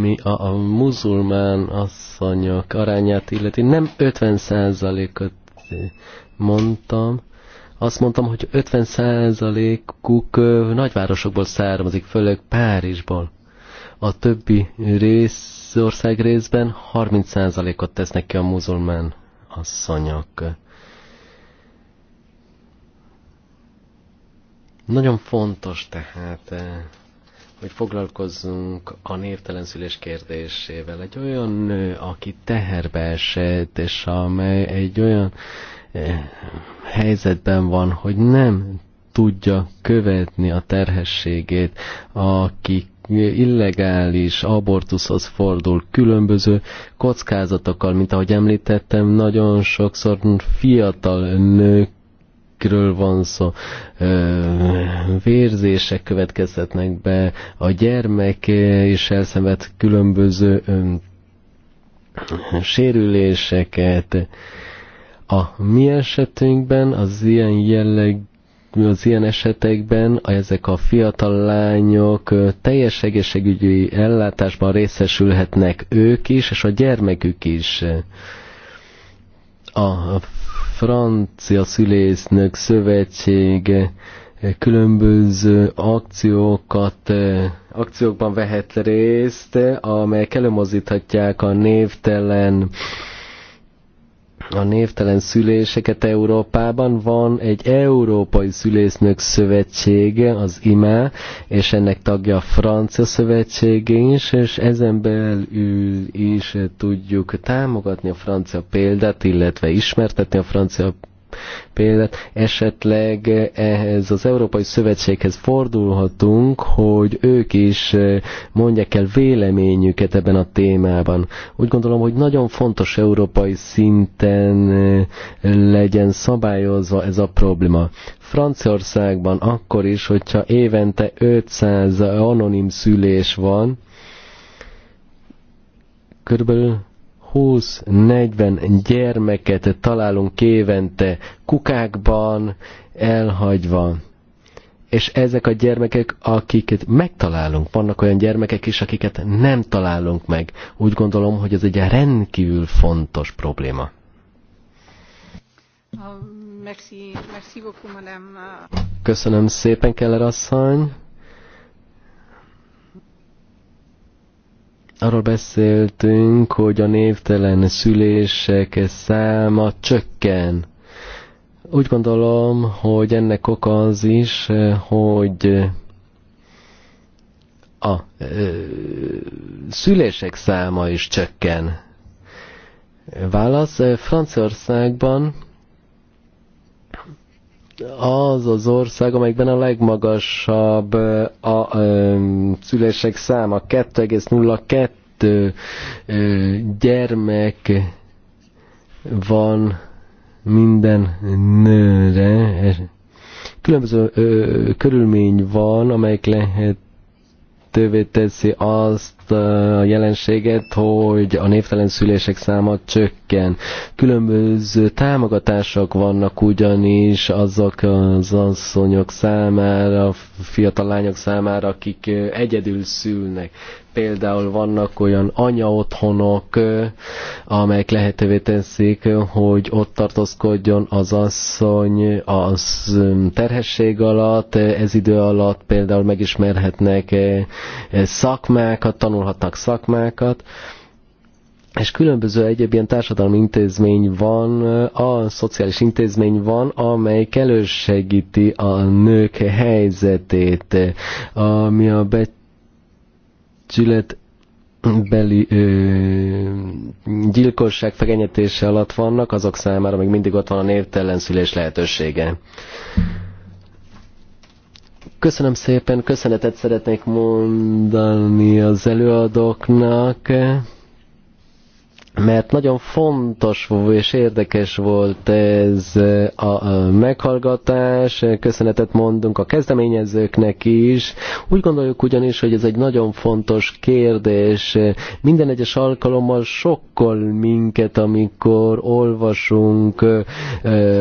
mi, a, a muzulmán asszonyok arányát illeti nem 50%-ot mondtam, azt mondtam, hogy 50%-uk nagyvárosokból származik, főleg Párizsból. A többi rész, ország részben 30%-ot tesznek ki a muzulmán asszonyok. Nagyon fontos tehát hogy foglalkozzunk a névtelen szülés kérdésével. Egy olyan nő, aki teherbe esett, és amely egy olyan eh, helyzetben van, hogy nem tudja követni a terhességét, aki illegális abortuszhoz fordul, különböző kockázatokkal, mint ahogy említettem, nagyon sokszor fiatal nők betegségről van szó, vérzések következhetnek be, a gyermek is elszenved különböző sérüléseket. A mi esetünkben az ilyen jelleg az ilyen esetekben ezek a fiatal lányok teljes egészségügyi ellátásban részesülhetnek ők is, és a gyermekük is. A francia szülésznök szövetsége különböző akciókat, eh, akciókban vehet részt, amelyek előmozíthatják a névtelen a névtelen szüléseket Európában. Van egy Európai Szülésznök Szövetsége, az IMA, e, és ennek tagja a Francia Szövetsége is, és ezen belül is tudjuk támogatni a francia példát, illetve ismertetni a francia példát, esetleg ehhez az Európai Szövetséghez fordulhatunk, hogy ők is eh, mondják el véleményüket ebben a témában. Úgy gondolom, hogy nagyon fontos európai szinten eh, legyen szabályozva ez a probléma. Franciaországban akkor is, hogyha évente 500 anonim szülés van, körülbelül 20-40 gyermeket találunk évente kukákban, elhagyva. És ezek a gyermekek, akiket megtalálunk, vannak olyan gyermekek is, akiket nem találunk meg. Úgy gondolom, hogy ez egy rendkívül fontos probléma. Ah, Köszönöm szépen, Keller asszony. arról beszéltünk, hogy a névtelen szülések száma csökken. Úgy gondolom, hogy ennek oka az is, hogy a szülések száma is csökken. Válasz, Franciaországban az az ország, amelyikben a legmagasabb a, a, a szülések száma, 2,02 gyermek van minden nőre. Különböző ö, körülmény van, amelyik lehet tövé teszi azt, a jelenséget, hogy a névtelen szülések száma csökken. Különböző támogatások vannak ugyanis azok az asszonyok számára, fiatal lányok számára, akik egyedül szülnek. Például vannak olyan anyaotthonok, amelyek lehetővé teszik, hogy ott tartózkodjon az asszony az terhesség alatt, ez idő alatt például megismerhetnek szakmákat, tanulhatnak szakmákat, és különböző egyéb ilyen társadalmi intézmény van, a szociális intézmény van, amely elősegíti a nők helyzetét, ami a bet Szület beli ö, gyilkosság fenyegetése alatt vannak, azok számára még mindig ott van a névtelen szülés lehetősége. Köszönöm szépen, köszönetet szeretnék mondani az előadóknak mert nagyon fontos és érdekes volt ez a meghallgatás. Köszönetet mondunk a kezdeményezőknek is. Úgy gondoljuk ugyanis, hogy ez egy nagyon fontos kérdés. Minden egyes alkalommal sokkol minket, amikor olvasunk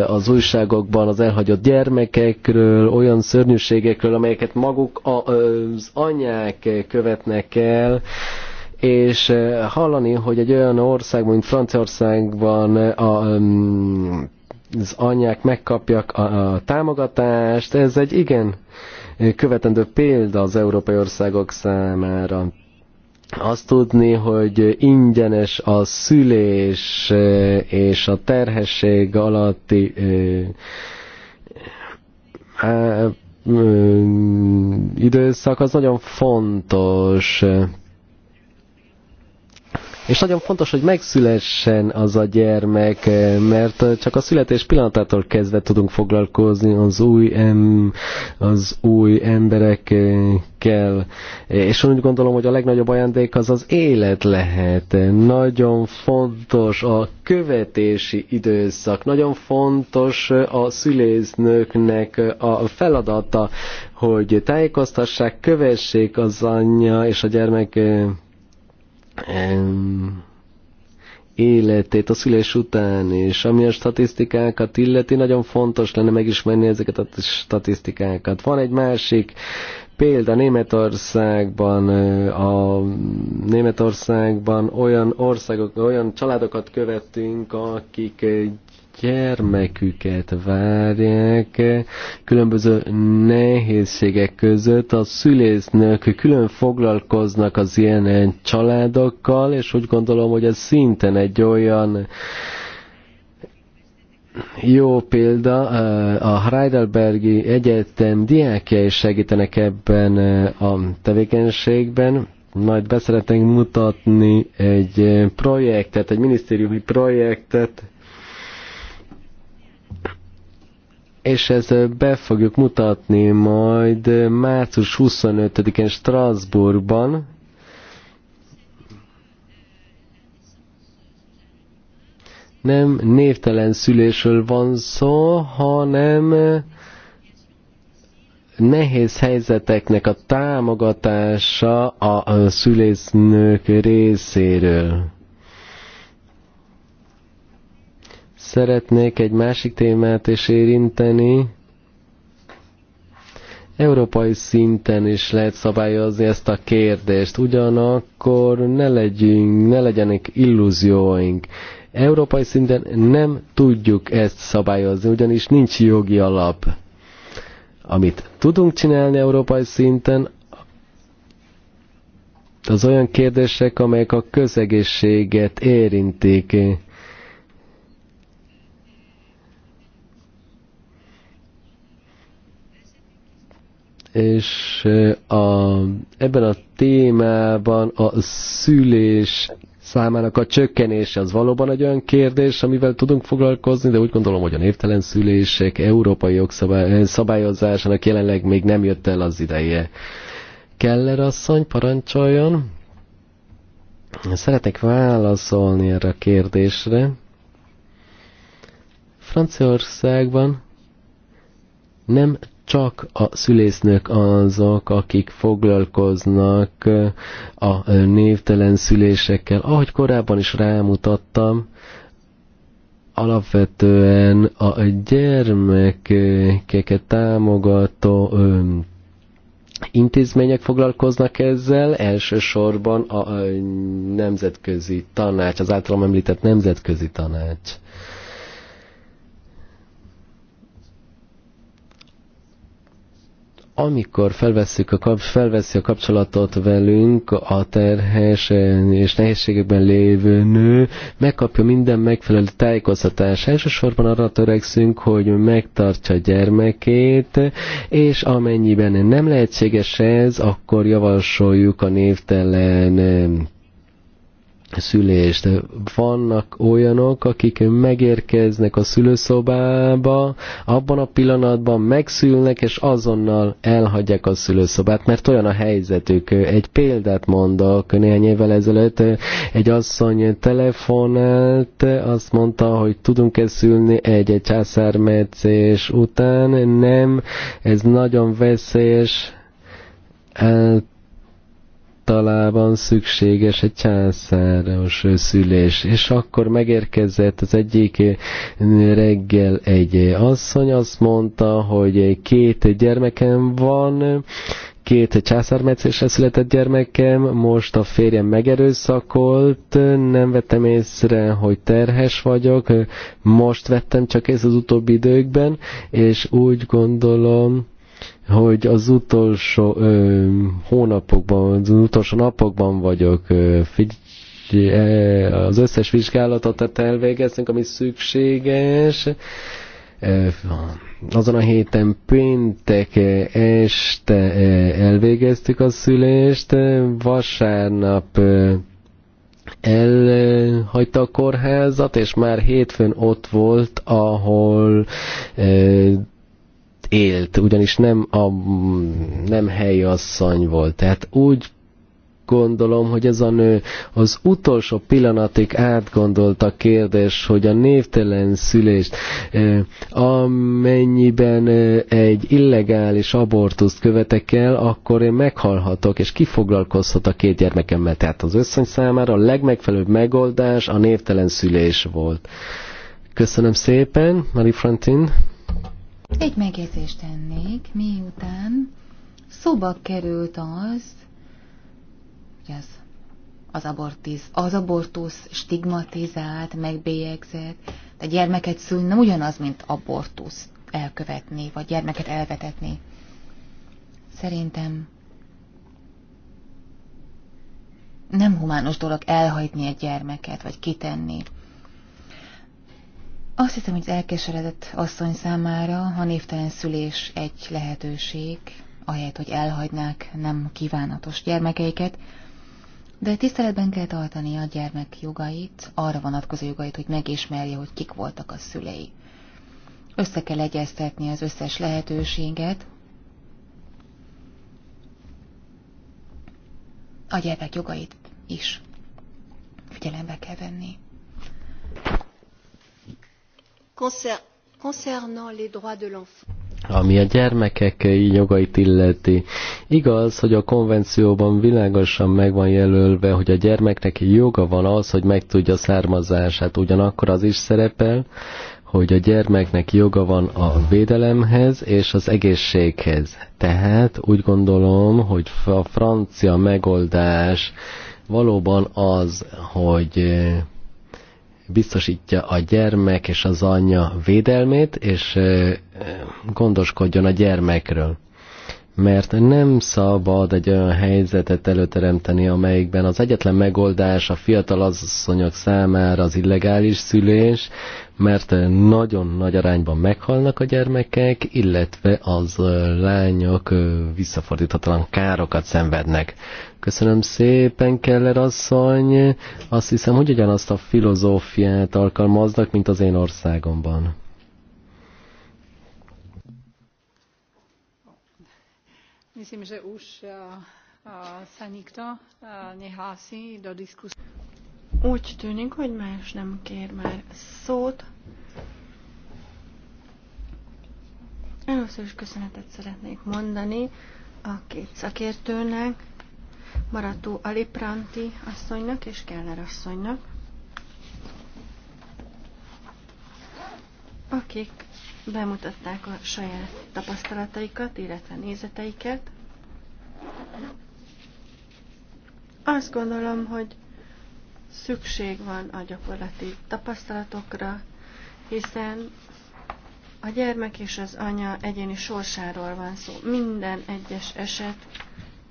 az újságokban az elhagyott gyermekekről, olyan szörnyűségekről, amelyeket maguk az anyák követnek el és eh, hallani, hogy egy olyan ország, mint Franciaországban eh, a, mm, az anyák megkapják a, a támogatást, ez egy igen eh, követendő példa az európai országok számára azt tudni, hogy ingyenes a szülés és a terhesség alatti mm, időszak, az nagyon fontos. És nagyon fontos, hogy megszülessen az a gyermek, eh, mert eh, csak a születés pillanatától kezdve tudunk foglalkozni az új, em, az új emberekkel. Eh, és úgy gondolom, hogy a legnagyobb ajándék az az élet lehet. Nagyon fontos a követési időszak, nagyon fontos a szülésznőknek a feladata, hogy tájékoztassák, kövessék az anyja és a gyermek életét a szülés után, és ami a statisztikákat illeti, nagyon fontos lenne megismerni ezeket a statisztikákat. Van egy másik példa Németországban, a Németországban olyan országok, olyan családokat követtünk, akik egy gyermeküket várják különböző nehézségek között. A szülésznők külön foglalkoznak az ilyen családokkal, és úgy gondolom, hogy ez szinten egy olyan jó példa, a Heidelbergi Egyetem diákjai segítenek ebben a tevékenységben. Majd beszeretnénk mutatni egy projektet, egy minisztériumi projektet, és ezt be fogjuk mutatni majd március 25-én Strasbourgban, nem névtelen szülésről van szó, hanem nehéz helyzeteknek a támogatása a szülésznők részéről. Szeretnék egy másik témát is érinteni. Európai szinten is lehet szabályozni ezt a kérdést, ugyanakkor ne, legyünk, ne legyenek illúzióink. Európai szinten nem tudjuk ezt szabályozni, ugyanis nincs jogi alap. Amit tudunk csinálni európai szinten, az olyan kérdések, amelyek a közegészséget érintik. és a, ebben a témában a szülés számának a csökkenése az valóban egy olyan kérdés, amivel tudunk foglalkozni, de úgy gondolom, hogy a névtelen szülések európai jogszabályozásának eh, jelenleg még nem jött el az ideje. Keller asszony, parancsoljon! Szeretek válaszolni erre a kérdésre. Franciaországban nem csak a szülésznők azok, akik foglalkoznak eh, a eh, névtelen szülésekkel. Ahogy korábban is rámutattam, alapvetően a gyermekeket támogató eh, intézmények foglalkoznak ezzel, elsősorban a nemzetközi tanács, az általam említett nemzetközi tanács. amikor a kap, felveszi a kapcsolatot velünk a terhes és nehézségekben lévő nő, megkapja minden megfelelő tájékoztatást. Elsősorban arra törekszünk, hogy megtartsa gyermekét, és amennyiben nem lehetséges ez, akkor javasoljuk a névtelen szülést. Vannak olyanok, akik megérkeznek a szülőszobába, abban a pillanatban megszülnek, és azonnal elhagyják a szülőszobát, mert olyan a helyzetük. Egy példát mondok, néhány évvel ezelőtt egy asszony telefonált, azt mondta, hogy tudunk-e szülni egy, egy császármetszés után, nem, ez nagyon veszélyes, hát, általában szükséges egy császáros szülés. És akkor megérkezett az egyik reggel egy asszony, azt mondta, hogy két gyermekem van, két császármetszésre született gyermekem, most a férjem megerőszakolt, nem vettem észre, hogy terhes vagyok, most vettem csak ez az utóbbi időkben, és úgy gondolom, hogy az utolsó ö, hónapokban, az utolsó napokban vagyok ö, figy- az összes vizsgálatot elvégeztünk, ami szükséges. azon a héten péntek este elvégeztük a szülést, vasárnap elhagyta a kórházat, és már hétfőn ott volt, ahol élt, ugyanis nem, a, nem helyi asszony volt. Tehát úgy gondolom, hogy ez a nő az utolsó pillanatig átgondolt a kérdés, hogy a névtelen szülést amennyiben egy illegális abortuszt követek el, akkor én meghalhatok, és kifoglalkozhat a két gyermekemmel. Tehát az összony számára a legmegfelelőbb megoldás a névtelen szülés volt. Köszönöm szépen, Marie Frantin. Egy megjegyzést tennék, miután szóba került az, hogy az, az, abortiz, az abortusz stigmatizált, megbélyegzett, de gyermeket szülni nem ugyanaz, mint abortusz elkövetni, vagy gyermeket elvetetni. Szerintem nem humános dolog elhagyni egy gyermeket, vagy kitenni azt hiszem, hogy az elkeseredett asszony számára a névtelen szülés egy lehetőség, ahelyett, hogy elhagynák nem kívánatos gyermekeiket, de tiszteletben kell tartani a gyermek jogait, arra vonatkozó jogait, hogy megismerje, hogy kik voltak a szülei. Össze kell egyeztetni az összes lehetőséget, a gyermek jogait is figyelembe kell venni concernant les droits de l'enfant. Ami a gyermekek jogait illeti, igaz, hogy a konvencióban világosan meg van jelölve, hogy a gyermeknek joga van az, hogy megtudja származását, ugyanakkor az is szerepel, hogy a gyermeknek joga van a védelemhez és az egészséghez. Tehát úgy gondolom, hogy a francia megoldás valóban az, hogy biztosítja a gyermek és az anyja védelmét, és gondoskodjon a gyermekről. Mert nem szabad egy olyan helyzetet előteremteni, amelyikben az egyetlen megoldás a fiatal asszonyok számára az illegális szülés, mert nagyon nagy arányban meghalnak a gyermekek, illetve az lányok visszafordíthatatlan károkat szenvednek. Köszönöm szépen, Keller asszony. Azt hiszem, hogy ugyanazt a filozófiát alkalmaznak, mint az én országomban. Myslím, že už e, e, sa nikto e, nehlási do diskusie. Úgy tűnik, hogy más nem kér már szót. Először is köszönetet szeretnék mondani a két szakértőnek, Marató Alipranti asszonynak és Keller asszonynak, akik bemutatták a saját tapasztalataikat, illetve nézeteiket. Azt gondolom, hogy szükség van a gyakorlati tapasztalatokra, hiszen a gyermek és az anya egyéni sorsáról van szó. Minden egyes eset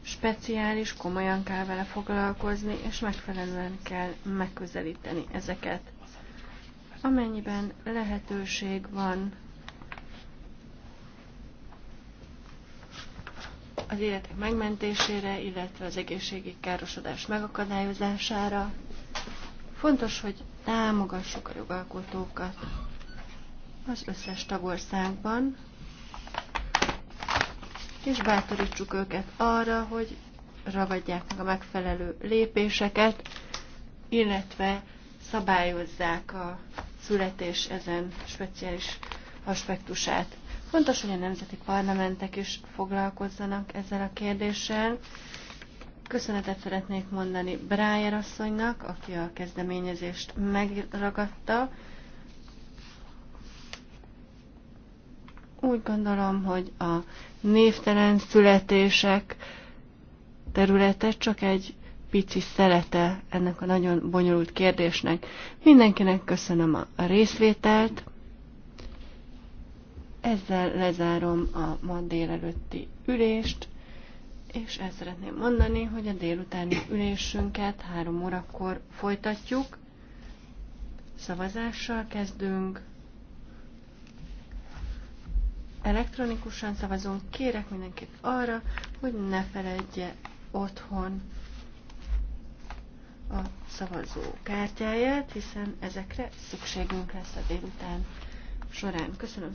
speciális, komolyan kell vele foglalkozni, és megfelelően kell megközelíteni ezeket. Amennyiben lehetőség van az életek megmentésére, illetve az egészségi károsodás megakadályozására, fontos, hogy támogassuk a jogalkotókat az összes tagországban, és bátorítsuk őket arra, hogy ragadják meg a megfelelő lépéseket, illetve szabályozzák a születés ezen speciális aspektusát. Fontos, hogy a nemzeti parlamentek is foglalkozzanak ezzel a kérdéssel. Köszönetet szeretnék mondani Brájer asszonynak, aki a kezdeményezést megragadta, Úgy gondolom, hogy a névtelen születések területe csak egy pici szelete ennek a nagyon bonyolult kérdésnek. Mindenkinek köszönöm a részvételt. Ezzel lezárom a ma délelőtti ülést, és ezt szeretném mondani, hogy a délutáni ülésünket három órakor folytatjuk. Szavazással kezdünk elektronikusan szavazunk. Kérek mindenkit arra, hogy ne feledje otthon a szavazó kártyáját, hiszen ezekre szükségünk lesz a délután során. Köszönöm